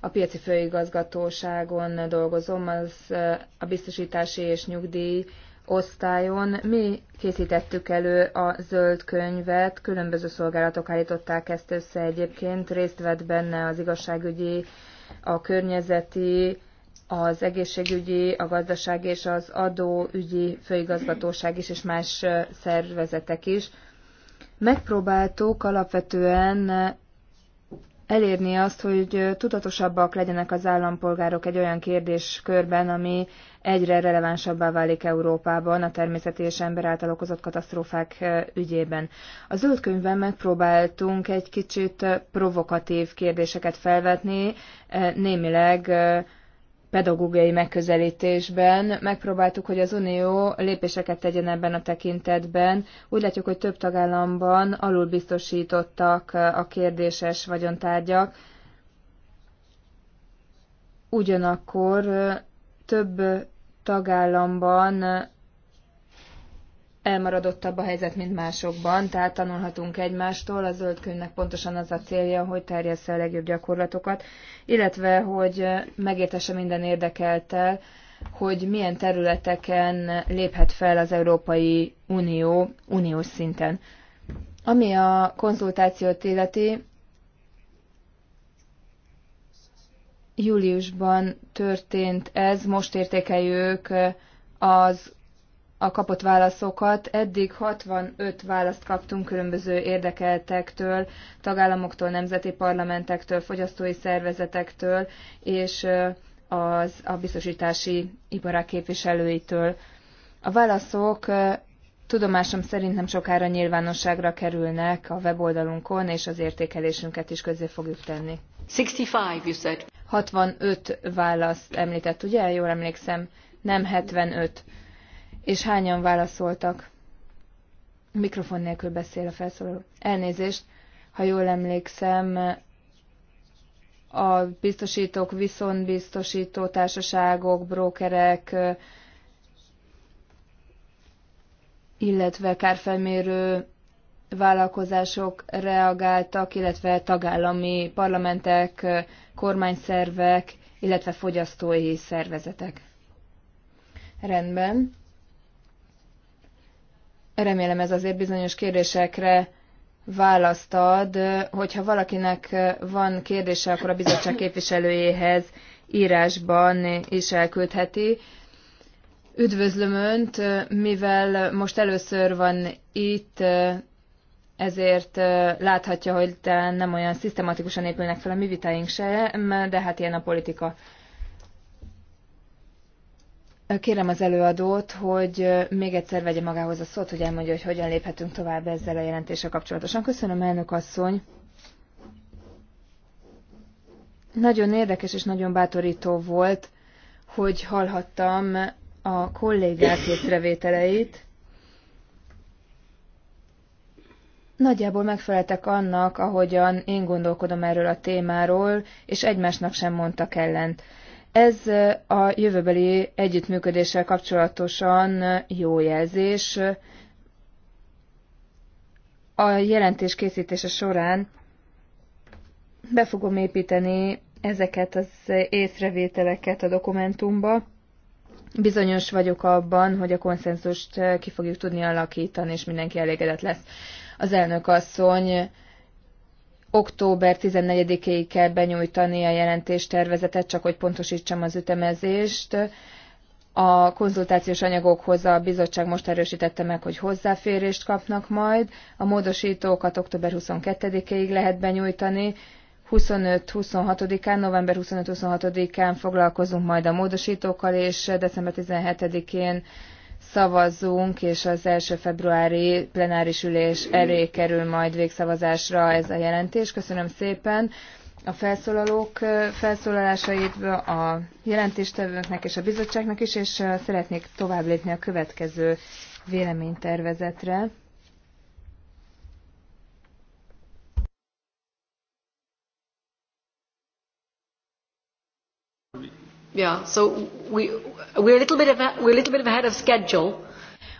Speaker 2: a piaci főigazgatóságon dolgozom, az a biztosítási és nyugdíj osztályon. Mi készítettük elő a zöld könyvet, különböző szolgálatok állították ezt össze egyébként, részt vett benne az igazságügyi, a környezeti, az egészségügyi, a gazdaság és az adóügyi főigazgatóság is, és más szervezetek is. Megpróbáltuk alapvetően elérni azt, hogy tudatosabbak legyenek az állampolgárok egy olyan kérdéskörben, ami egyre relevánsabbá válik Európában a természeti és ember által okozott katasztrófák ügyében. A zöld könyvben megpróbáltunk egy kicsit provokatív kérdéseket felvetni, némileg pedagógiai megközelítésben. Megpróbáltuk, hogy az Unió lépéseket tegyen ebben a tekintetben. Úgy látjuk, hogy több tagállamban alul biztosítottak a kérdéses vagyontárgyak. Ugyanakkor több tagállamban elmaradottabb a helyzet, mint másokban, tehát tanulhatunk egymástól. A zöld könyvnek pontosan az a célja, hogy terjessze a legjobb gyakorlatokat, illetve hogy megértesse minden érdekeltel, hogy milyen területeken léphet fel az Európai Unió uniós szinten. Ami a konzultációt illeti, júliusban történt ez, most értékeljük az a kapott válaszokat. Eddig 65 választ kaptunk különböző érdekeltektől, tagállamoktól, nemzeti parlamentektől, fogyasztói szervezetektől és az, a biztosítási iparák képviselőitől. A válaszok tudomásom szerint nem sokára nyilvánosságra kerülnek a weboldalunkon, és az értékelésünket is közé fogjuk tenni. 65, you said. 65 választ említett, ugye? Jól emlékszem. Nem 75 és hányan válaszoltak. Mikrofon nélkül beszél a felszólaló. Elnézést, ha jól emlékszem, a biztosítók, viszontbiztosító társaságok, brókerek, illetve kárfelmérő vállalkozások reagáltak, illetve tagállami parlamentek, kormányszervek, illetve fogyasztói szervezetek. Rendben. Remélem ez azért bizonyos kérdésekre választ ad. Hogyha valakinek van kérdése, akkor a bizottság képviselőjéhez írásban is elküldheti. Üdvözlöm Önt, mivel most először van itt, ezért láthatja, hogy nem olyan szisztematikusan épülnek fel a mi vitáink sem, de hát ilyen a politika. Kérem az előadót, hogy még egyszer vegye magához a szót, hogy elmondja, hogy hogyan léphetünk tovább ezzel a jelentéssel kapcsolatosan. Köszönöm, elnök asszony! Nagyon érdekes és nagyon bátorító volt, hogy hallhattam a kollégák észrevételeit. Nagyjából megfeleltek annak, ahogyan én gondolkodom erről a témáról, és egymásnak sem mondtak ellent. Ez a jövőbeli együttműködéssel kapcsolatosan jó jelzés. A jelentés készítése során be fogom építeni ezeket az észrevételeket a dokumentumba. Bizonyos vagyok abban, hogy a konszenzust ki fogjuk tudni alakítani, és mindenki elégedett lesz. Az elnök asszony október 14-éig kell benyújtani a jelentéstervezetet, csak hogy pontosítsam az ütemezést. A konzultációs anyagokhoz a bizottság most erősítette meg, hogy hozzáférést kapnak majd. A módosítókat október 22-ig lehet benyújtani. 25-26-án, november 25-26-án foglalkozunk majd a módosítókkal, és december 17-én szavazzunk, és az első februári plenáris ülés elé kerül majd végszavazásra ez a jelentés. Köszönöm szépen a felszólalók felszólalásait a jelentéstevőknek és a bizottságnak is, és szeretnék tovább lépni a következő véleménytervezetre.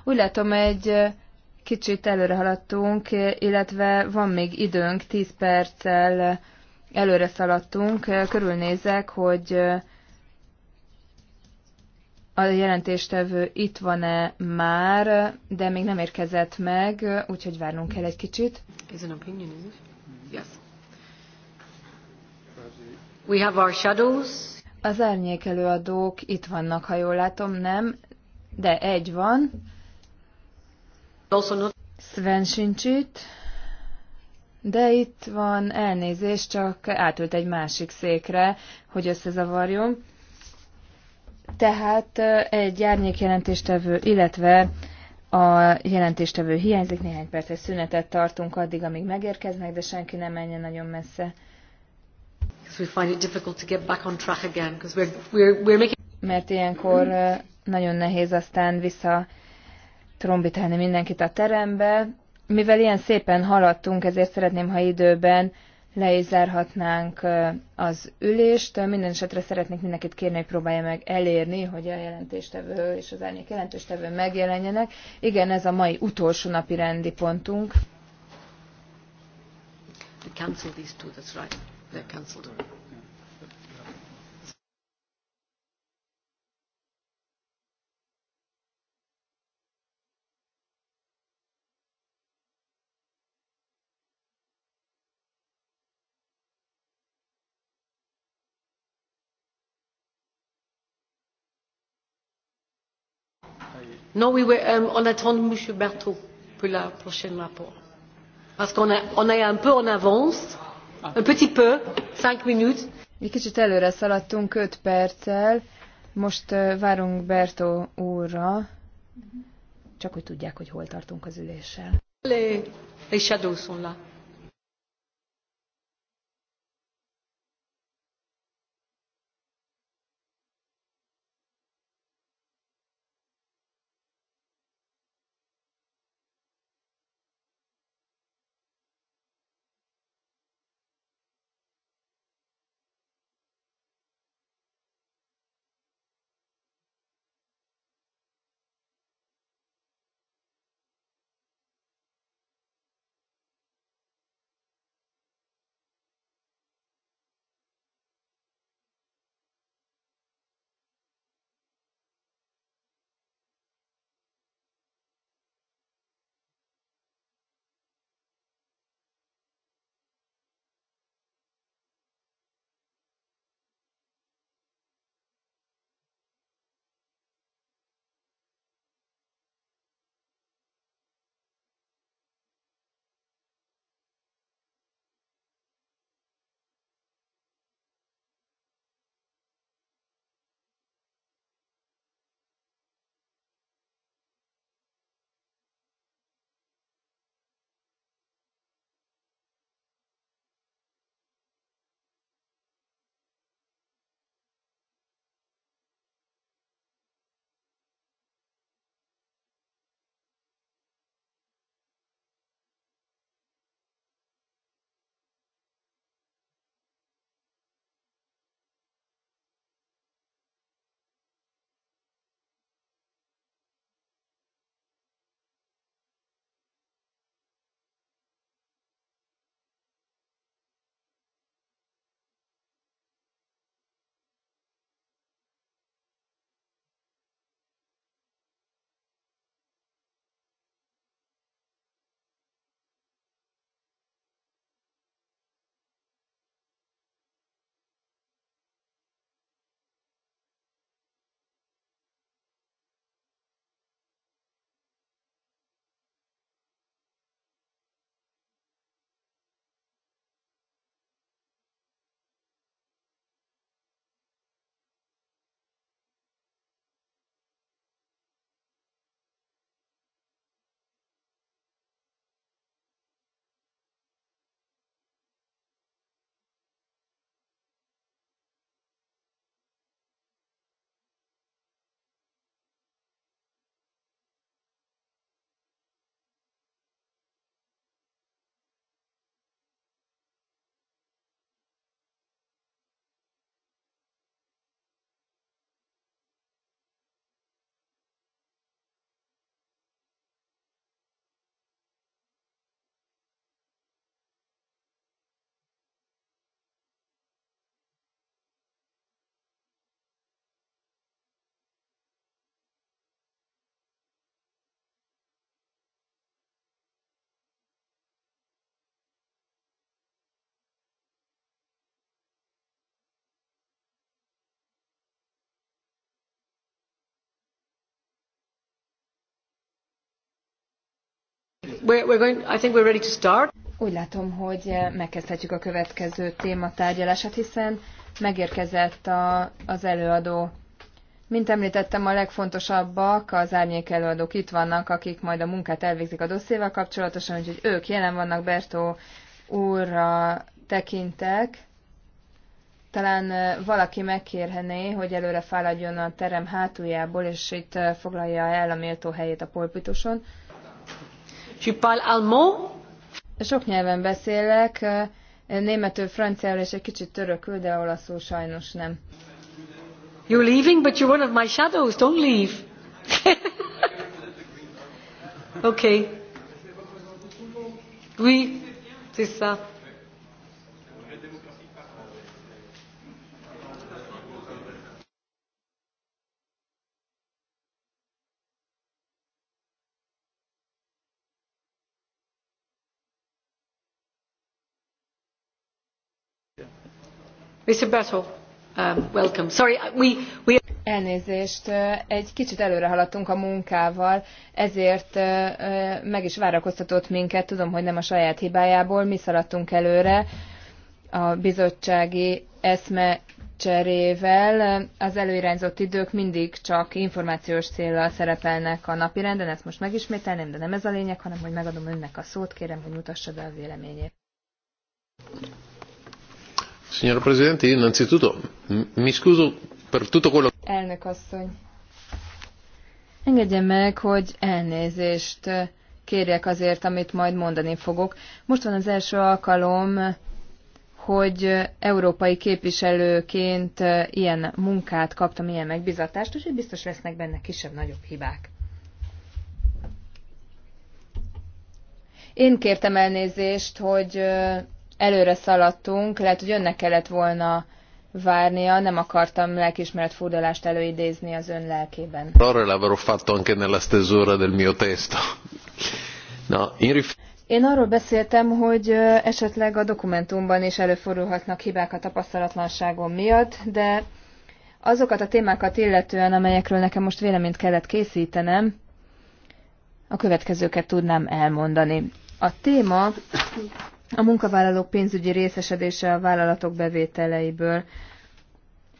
Speaker 2: Úgy látom, egy kicsit előre haladtunk, illetve van még időnk, 10 perccel előre szaladtunk. Körülnézek, hogy a jelentéstevő itt van-e már, de még nem érkezett meg, úgyhogy várnunk kell egy kicsit. Is an opinion, is it? Yes. We have our shadows. Az árnyékelőadók itt vannak, ha jól látom, nem, de egy van. Sven sincs itt, de itt van elnézés, csak átült egy másik székre, hogy összezavarjon. Tehát egy jelentéstevő, illetve a jelentéstevő hiányzik, néhány percet. szünetet tartunk addig, amíg megérkeznek, de senki nem menjen nagyon messze. Mert ilyenkor nagyon nehéz aztán vissza trombitálni mindenkit a terembe. Mivel ilyen szépen haladtunk, ezért szeretném, ha időben le is zárhatnánk az ülést. Minden esetre szeretnék mindenkit kérni, hogy próbálja meg elérni, hogy a jelentéstevő és az árnyék jelentéstevő megjelenjenek. Igen, ez a mai utolsó napi rendi pontunk. We cancel these
Speaker 3: two, that's right. They're cancelled.
Speaker 1: Non, oui, oui, euh, on attend M.
Speaker 3: Berthaud pour le prochain rapport. Parce qu'on est un peu en avance
Speaker 2: mi Egy kicsit előre szaladtunk öt perccel. Most várunk Bertó úrra, csak hogy tudják, hogy hol tartunk az üléssel. les shadows sont là. Úgy látom, hogy megkezdhetjük a következő tématárgyalását, tárgyalását, hiszen megérkezett a, az előadó. Mint említettem, a legfontosabbak az árnyék előadók itt vannak, akik majd a munkát elvégzik a dosszéval kapcsolatosan, úgyhogy ők jelen vannak, Bertó úrra tekintek. Talán valaki megkérhené, hogy előre fáradjon a terem hátuljából, és itt foglalja el a méltó helyét a polpitoson. Sok nyelven beszélek, németül, franciául és egy kicsit törökül, de olaszul sajnos nem. You're leaving, but
Speaker 3: you're one of my shadows. Don't leave. okay. Oui, c'est ça.
Speaker 2: Um, uh, Elnézést, egy kicsit előre haladtunk a munkával, ezért meg is várakoztatott minket, tudom, hogy nem a saját hibájából, mi szaladtunk előre a bizottsági eszme cserével. Az előirányzott idők mindig csak információs célral szerepelnek a napirenden, ezt most megismételném, de nem ez a lényeg, hanem hogy megadom önnek a szót, kérem, hogy mutassa be a véleményét. Signora Presidente, innanzitutto mi scuso per tutto quello... Elnök asszony, engedje meg, hogy elnézést kérjek azért, amit majd mondani fogok. Most van az első alkalom, hogy európai képviselőként ilyen munkát kaptam, ilyen megbizatást, úgyhogy biztos lesznek benne kisebb-nagyobb hibák. Én kértem elnézést, hogy előre szaladtunk, lehet, hogy önnek kellett volna várnia, nem akartam lelkismeret furdalást előidézni az ön lelkében.
Speaker 3: fatto anche nella stesura del mio testo.
Speaker 2: in én arról beszéltem, hogy esetleg a dokumentumban is előfordulhatnak hibák a tapasztalatlanságom miatt, de azokat a témákat illetően, amelyekről nekem most véleményt kellett készítenem, a következőket tudnám elmondani. A téma a munkavállalók pénzügyi részesedése a vállalatok bevételeiből.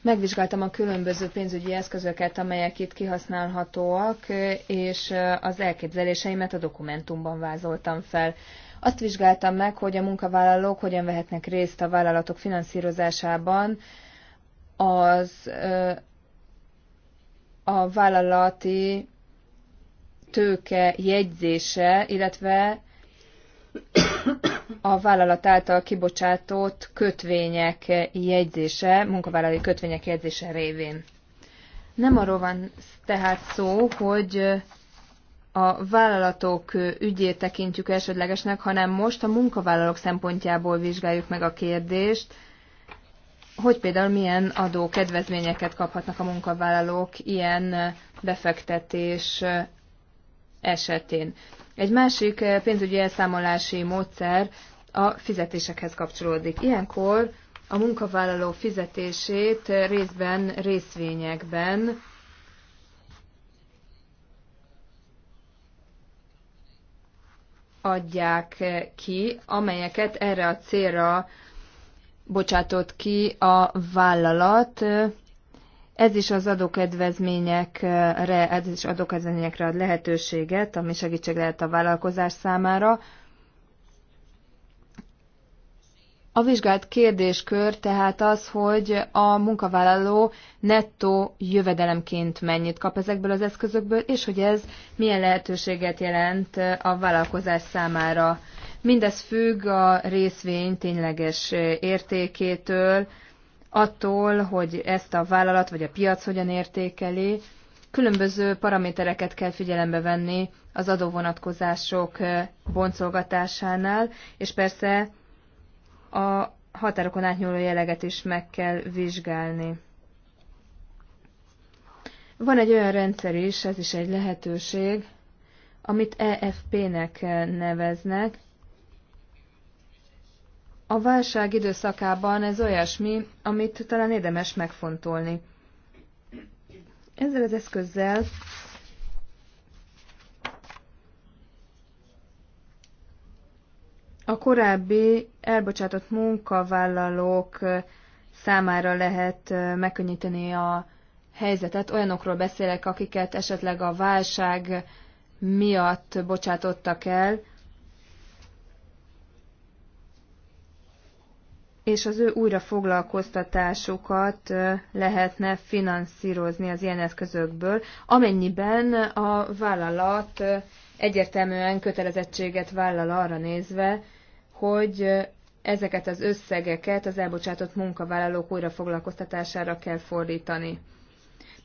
Speaker 2: Megvizsgáltam a különböző pénzügyi eszközöket, amelyek itt kihasználhatóak, és az elképzeléseimet a dokumentumban vázoltam fel. Azt vizsgáltam meg, hogy a munkavállalók hogyan vehetnek részt a vállalatok finanszírozásában, az a vállalati tőke jegyzése, illetve a vállalat által kibocsátott kötvények jegyzése, munkavállalói kötvények jegyzése révén. Nem arról van tehát szó, hogy a vállalatok ügyét tekintjük elsődlegesnek, hanem most a munkavállalók szempontjából vizsgáljuk meg a kérdést, hogy például milyen adó kedvezményeket kaphatnak a munkavállalók ilyen befektetés esetén. Egy másik pénzügyi elszámolási módszer a fizetésekhez kapcsolódik. Ilyenkor a munkavállaló fizetését részben részvényekben adják ki, amelyeket erre a célra bocsátott ki a vállalat. Ez is az adókedvezményekre, ez is adókedvezményekre ad lehetőséget, ami segítség lehet a vállalkozás számára. A vizsgált kérdéskör tehát az, hogy a munkavállaló nettó jövedelemként mennyit kap ezekből az eszközökből, és hogy ez milyen lehetőséget jelent a vállalkozás számára. Mindez függ a részvény tényleges értékétől, attól, hogy ezt a vállalat vagy a piac hogyan értékeli. Különböző paramétereket kell figyelembe venni az adóvonatkozások boncolgatásánál, és persze a határokon átnyúló jeleget is meg kell vizsgálni. Van egy olyan rendszer is, ez is egy lehetőség, amit EFP-nek neveznek. A válság időszakában ez olyasmi, amit talán érdemes megfontolni. Ezzel az eszközzel a korábbi elbocsátott munkavállalók számára lehet megkönnyíteni a helyzetet. Olyanokról beszélek, akiket esetleg a válság miatt bocsátottak el, és az ő újrafoglalkoztatásukat lehetne finanszírozni az ilyen eszközökből, amennyiben a vállalat egyértelműen kötelezettséget vállal arra nézve, hogy ezeket az összegeket az elbocsátott munkavállalók újrafoglalkoztatására kell fordítani.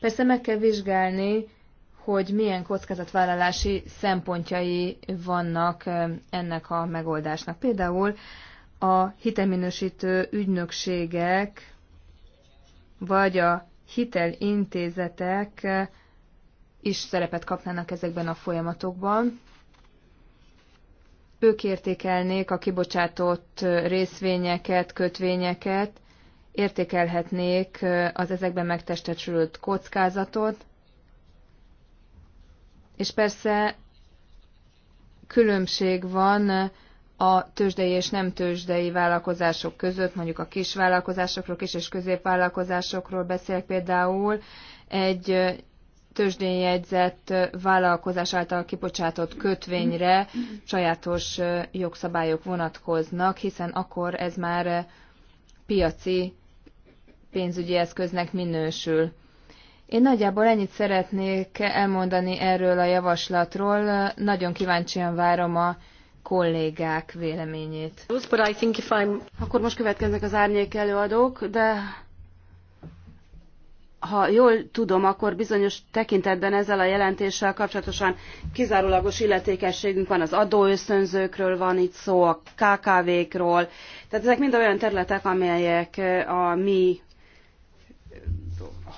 Speaker 2: Persze meg kell vizsgálni, hogy milyen kockázatvállalási szempontjai vannak ennek a megoldásnak. Például a hitelminősítő ügynökségek vagy a hitelintézetek is szerepet kapnának ezekben a folyamatokban ők értékelnék a kibocsátott részvényeket, kötvényeket, értékelhetnék az ezekben megtestesült kockázatot, és persze különbség van a tőzsdei és nem tőzsdei vállalkozások között, mondjuk a kis vállalkozásokról, kis és középvállalkozásokról beszélek például, egy tőzsdén jegyzett vállalkozás által kibocsátott kötvényre sajátos jogszabályok vonatkoznak, hiszen akkor ez már piaci pénzügyi eszköznek minősül. Én nagyjából ennyit szeretnék elmondani erről a javaslatról. Nagyon kíváncsian várom a kollégák véleményét. Akkor most következnek
Speaker 1: az árnyék előadók, de ha jól tudom, akkor bizonyos tekintetben ezzel a jelentéssel kapcsolatosan kizárólagos illetékességünk van, az adóöszönzőkről van itt szó, a KKV-król. Tehát ezek mind olyan területek, amelyek eh, a mi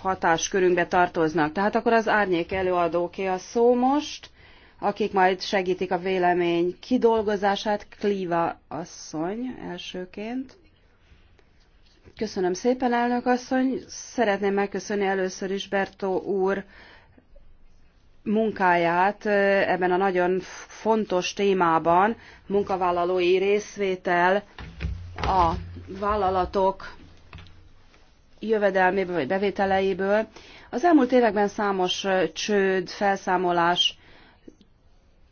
Speaker 1: hatáskörünkbe tartoznak. Tehát akkor az árnyék előadóké a szó most, akik majd segítik a vélemény kidolgozását. Klíva asszony elsőként. Köszönöm szépen, elnök asszony. Szeretném megköszönni először is Bertó úr munkáját ebben a nagyon fontos témában, munkavállalói részvétel a vállalatok jövedelméből vagy bevételeiből. Az elmúlt években számos csőd, felszámolás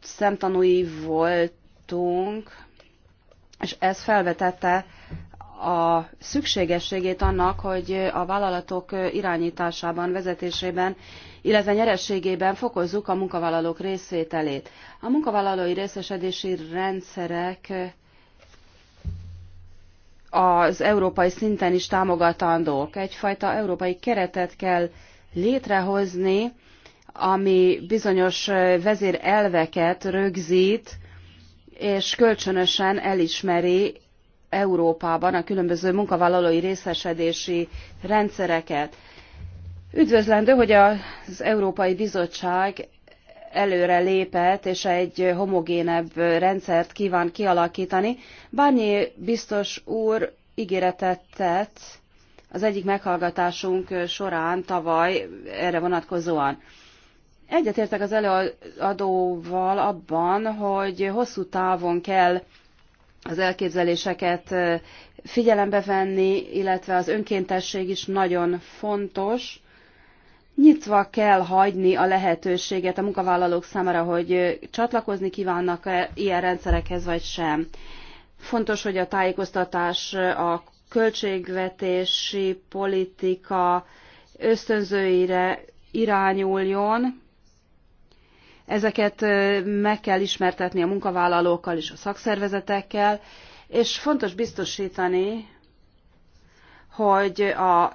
Speaker 1: szemtanúi voltunk, és ez felvetette a szükségességét annak, hogy a vállalatok irányításában, vezetésében, illetve nyerességében fokozzuk a munkavállalók részvételét. A munkavállalói részesedési rendszerek az európai szinten is támogatandók. Egyfajta európai keretet kell létrehozni, ami bizonyos vezérelveket rögzít, és kölcsönösen elismeri Európában a különböző munkavállalói részesedési rendszereket. Üdvözlendő, hogy az Európai Bizottság előre lépett, és egy homogénebb rendszert kíván kialakítani. Bányi biztos úr ígéretet tett az egyik meghallgatásunk során tavaly erre vonatkozóan. Egyetértek az előadóval abban, hogy hosszú távon kell az elképzeléseket figyelembe venni, illetve az önkéntesség is nagyon fontos. Nyitva kell hagyni a lehetőséget a munkavállalók számára, hogy csatlakozni kívánnak -e ilyen rendszerekhez vagy sem. Fontos, hogy a tájékoztatás, a költségvetési politika ösztönzőire irányuljon, Ezeket meg kell ismertetni a munkavállalókkal és a szakszervezetekkel, és fontos biztosítani, hogy a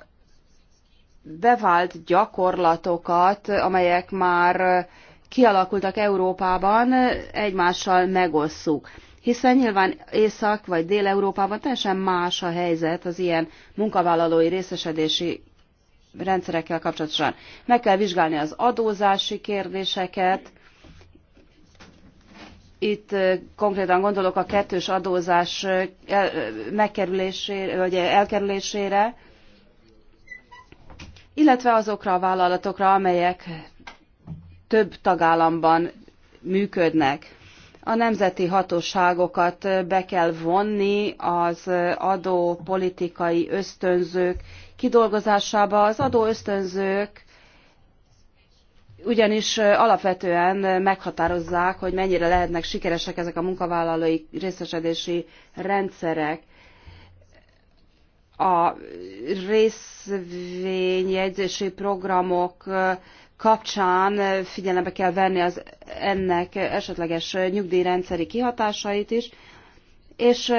Speaker 1: bevált gyakorlatokat, amelyek már kialakultak Európában, egymással megosszuk. Hiszen nyilván Észak vagy Dél-Európában teljesen más a helyzet az ilyen munkavállalói részesedési rendszerekkel kapcsolatosan. Meg kell vizsgálni az adózási kérdéseket, itt konkrétan gondolok a kettős adózás megkerülésére, vagy elkerülésére, illetve azokra a vállalatokra, amelyek több tagállamban működnek. A nemzeti hatóságokat be kell vonni az adópolitikai ösztönzők kidolgozásába. Az adóösztönzők ugyanis alapvetően meghatározzák, hogy mennyire lehetnek sikeresek ezek a munkavállalói részesedési rendszerek. A részvényjegyzési programok kapcsán figyelembe kell venni az ennek esetleges nyugdíjrendszeri kihatásait is, és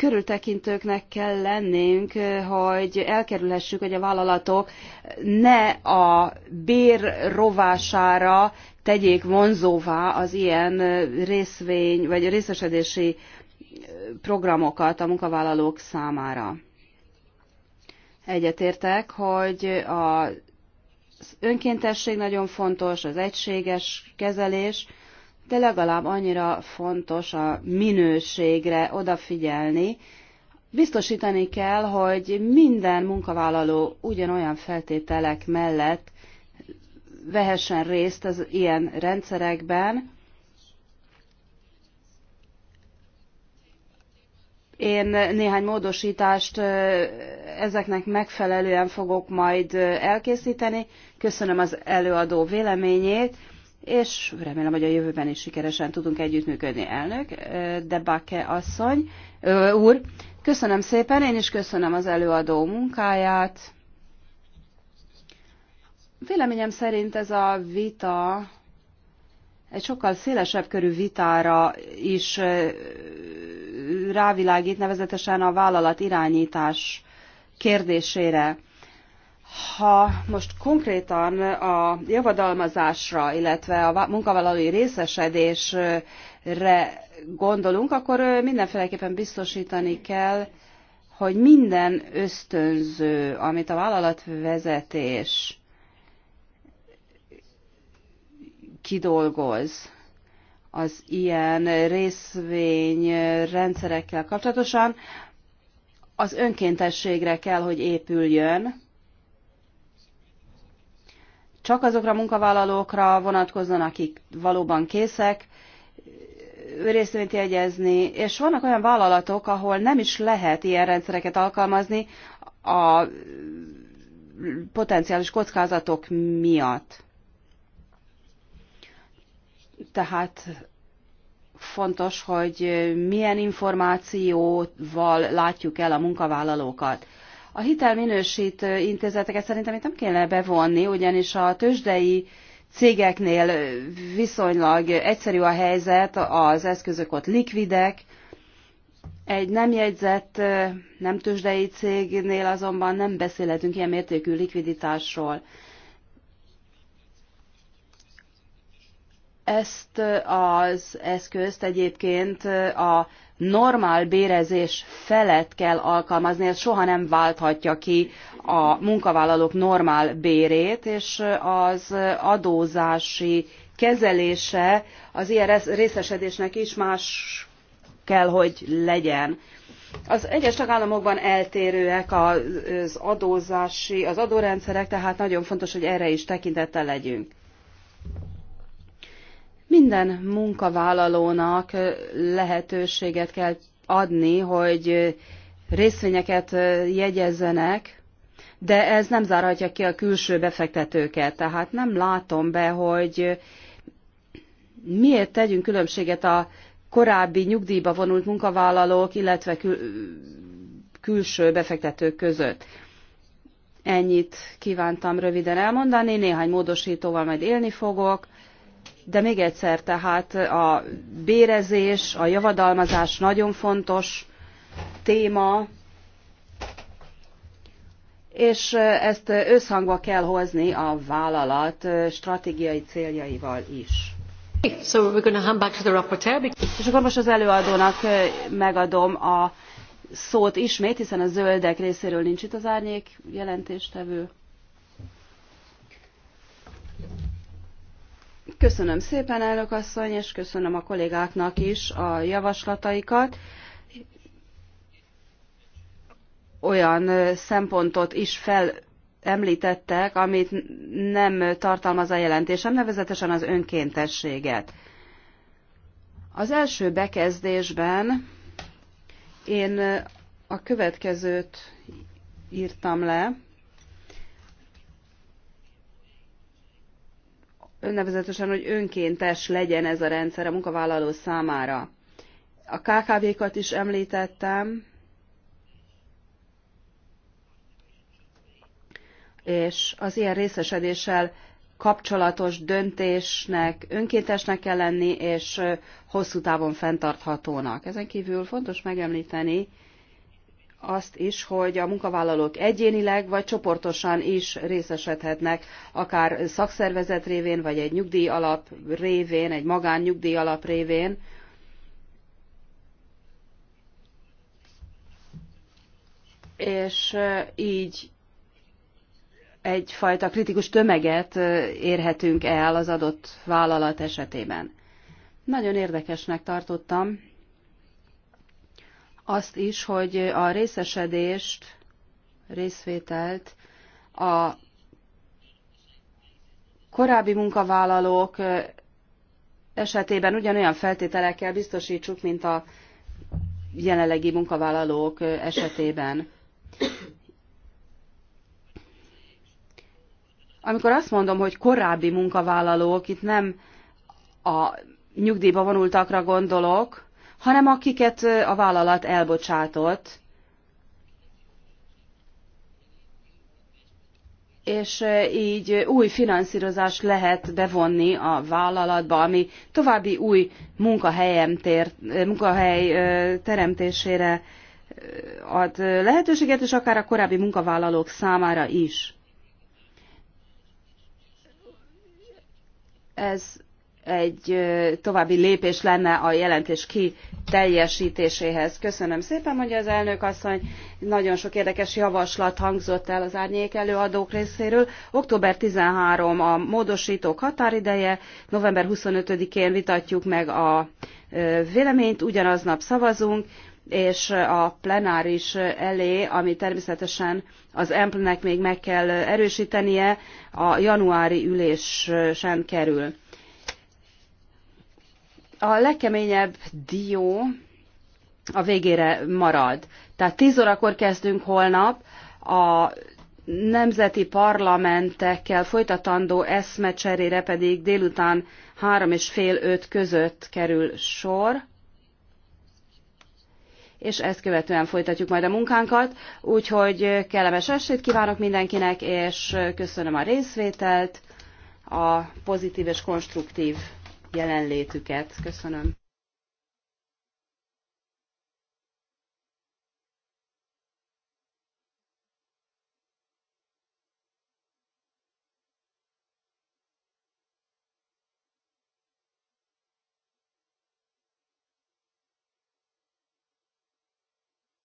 Speaker 1: körültekintőknek kell lennünk, eh, hogy elkerülhessük, hogy a vállalatok ne a bér rovására tegyék vonzóvá az ilyen eh, részvény vagy részesedési eh, programokat a munkavállalók számára. Egyetértek, hogy az önkéntesség nagyon fontos, az egységes kezelés, de legalább annyira fontos a minőségre odafigyelni. Biztosítani kell, hogy minden munkavállaló ugyanolyan feltételek mellett vehessen részt az ilyen rendszerekben. Én néhány módosítást ezeknek megfelelően fogok majd elkészíteni. Köszönöm az előadó véleményét és remélem, hogy a jövőben is sikeresen tudunk együttműködni, elnök, de Bakke asszony, úr, köszönöm szépen, én is köszönöm az előadó munkáját. Véleményem szerint ez a vita egy sokkal szélesebb körű vitára is rávilágít, nevezetesen a vállalat irányítás kérdésére. Ha most konkrétan a javadalmazásra, illetve a munkavállalói részesedésre gondolunk, akkor mindenféleképpen biztosítani kell, hogy minden ösztönző, amit a vállalatvezetés kidolgoz, az ilyen részvény rendszerekkel kapcsolatosan, az önkéntességre kell, hogy épüljön, csak azokra a munkavállalókra vonatkozzon, akik valóban készek részvényt jegyezni, és vannak olyan vállalatok, ahol nem is lehet ilyen rendszereket alkalmazni a potenciális kockázatok miatt. Tehát fontos, hogy milyen információval látjuk el a munkavállalókat. A hitelminősítő intézeteket szerintem itt nem kéne bevonni, ugyanis a tőzsdei cégeknél viszonylag egyszerű a helyzet, az eszközök ott likvidek, egy nem jegyzett, nem tőzsdei cégnél azonban nem beszélhetünk ilyen mértékű likviditásról. Ezt az eszközt egyébként a normál bérezés felett kell alkalmazni, ez soha nem válthatja ki a munkavállalók normál bérét, és az adózási kezelése az ilyen részesedésnek is más kell, hogy legyen. Az egyes tagállamokban eltérőek az adózási, az adórendszerek, tehát nagyon fontos, hogy erre is tekintettel legyünk. Minden munkavállalónak lehetőséget kell adni, hogy részvényeket jegyezzenek, de ez nem zárhatja ki a külső befektetőket. Tehát nem látom be, hogy miért tegyünk különbséget a korábbi nyugdíjba vonult munkavállalók, illetve kül- külső befektetők között. Ennyit kívántam röviden elmondani, néhány módosítóval majd élni fogok, de még egyszer, tehát a bérezés, a javadalmazás nagyon fontos téma, és ezt összhangba kell hozni a vállalat stratégiai céljaival is. So we're going to hand back to the rapporteur. És akkor most az előadónak megadom a szót ismét, hiszen a zöldek részéről nincs itt az árnyék jelentéstevő. Köszönöm szépen, elnök asszony, és köszönöm a kollégáknak is a javaslataikat. Olyan szempontot is fel említettek, amit nem tartalmaz a jelentésem, nevezetesen az önkéntességet. Az első bekezdésben én a következőt írtam le. nevezetesen, hogy önkéntes legyen ez a rendszer a munkavállaló számára. A KKV-kat is említettem, és az ilyen részesedéssel kapcsolatos döntésnek önkéntesnek kell lenni, és hosszú távon fenntarthatónak. Ezen kívül fontos megemlíteni, azt is, hogy a munkavállalók egyénileg vagy csoportosan is részesedhetnek, akár szakszervezet révén, vagy egy nyugdíj alap révén, egy magán nyugdíj alap révén. És így egyfajta kritikus tömeget érhetünk el az adott vállalat esetében. Nagyon érdekesnek tartottam azt is, hogy a részesedést, részvételt a korábbi munkavállalók esetében ugyanolyan feltételekkel biztosítsuk, mint a jelenlegi munkavállalók esetében. Amikor azt mondom, hogy korábbi munkavállalók, itt nem a nyugdíjba vonultakra gondolok, hanem akiket a vállalat elbocsátott, és így új finanszírozást lehet bevonni a vállalatba, ami további új munkahely teremtésére ad lehetőséget, és akár a korábbi munkavállalók számára is. Ez egy további lépés lenne a jelentés ki teljesítéséhez. Köszönöm szépen, mondja az elnök asszony. Nagyon sok érdekes javaslat hangzott el az árnyék előadók részéről. Október 13 a módosítók határideje, november 25-én vitatjuk meg a véleményt, ugyanaznap szavazunk, és a plenáris elé, ami természetesen az emplnek még meg kell erősítenie, a januári ülésen kerül a legkeményebb dió a végére marad. Tehát 10 órakor kezdünk holnap a nemzeti parlamentekkel folytatandó eszmecserére pedig délután három és fél öt között kerül sor és ezt követően folytatjuk majd a munkánkat. Úgyhogy kellemes estét kívánok mindenkinek, és köszönöm a részvételt, a pozitív és konstruktív jelenlétüket.
Speaker 2: Köszönöm.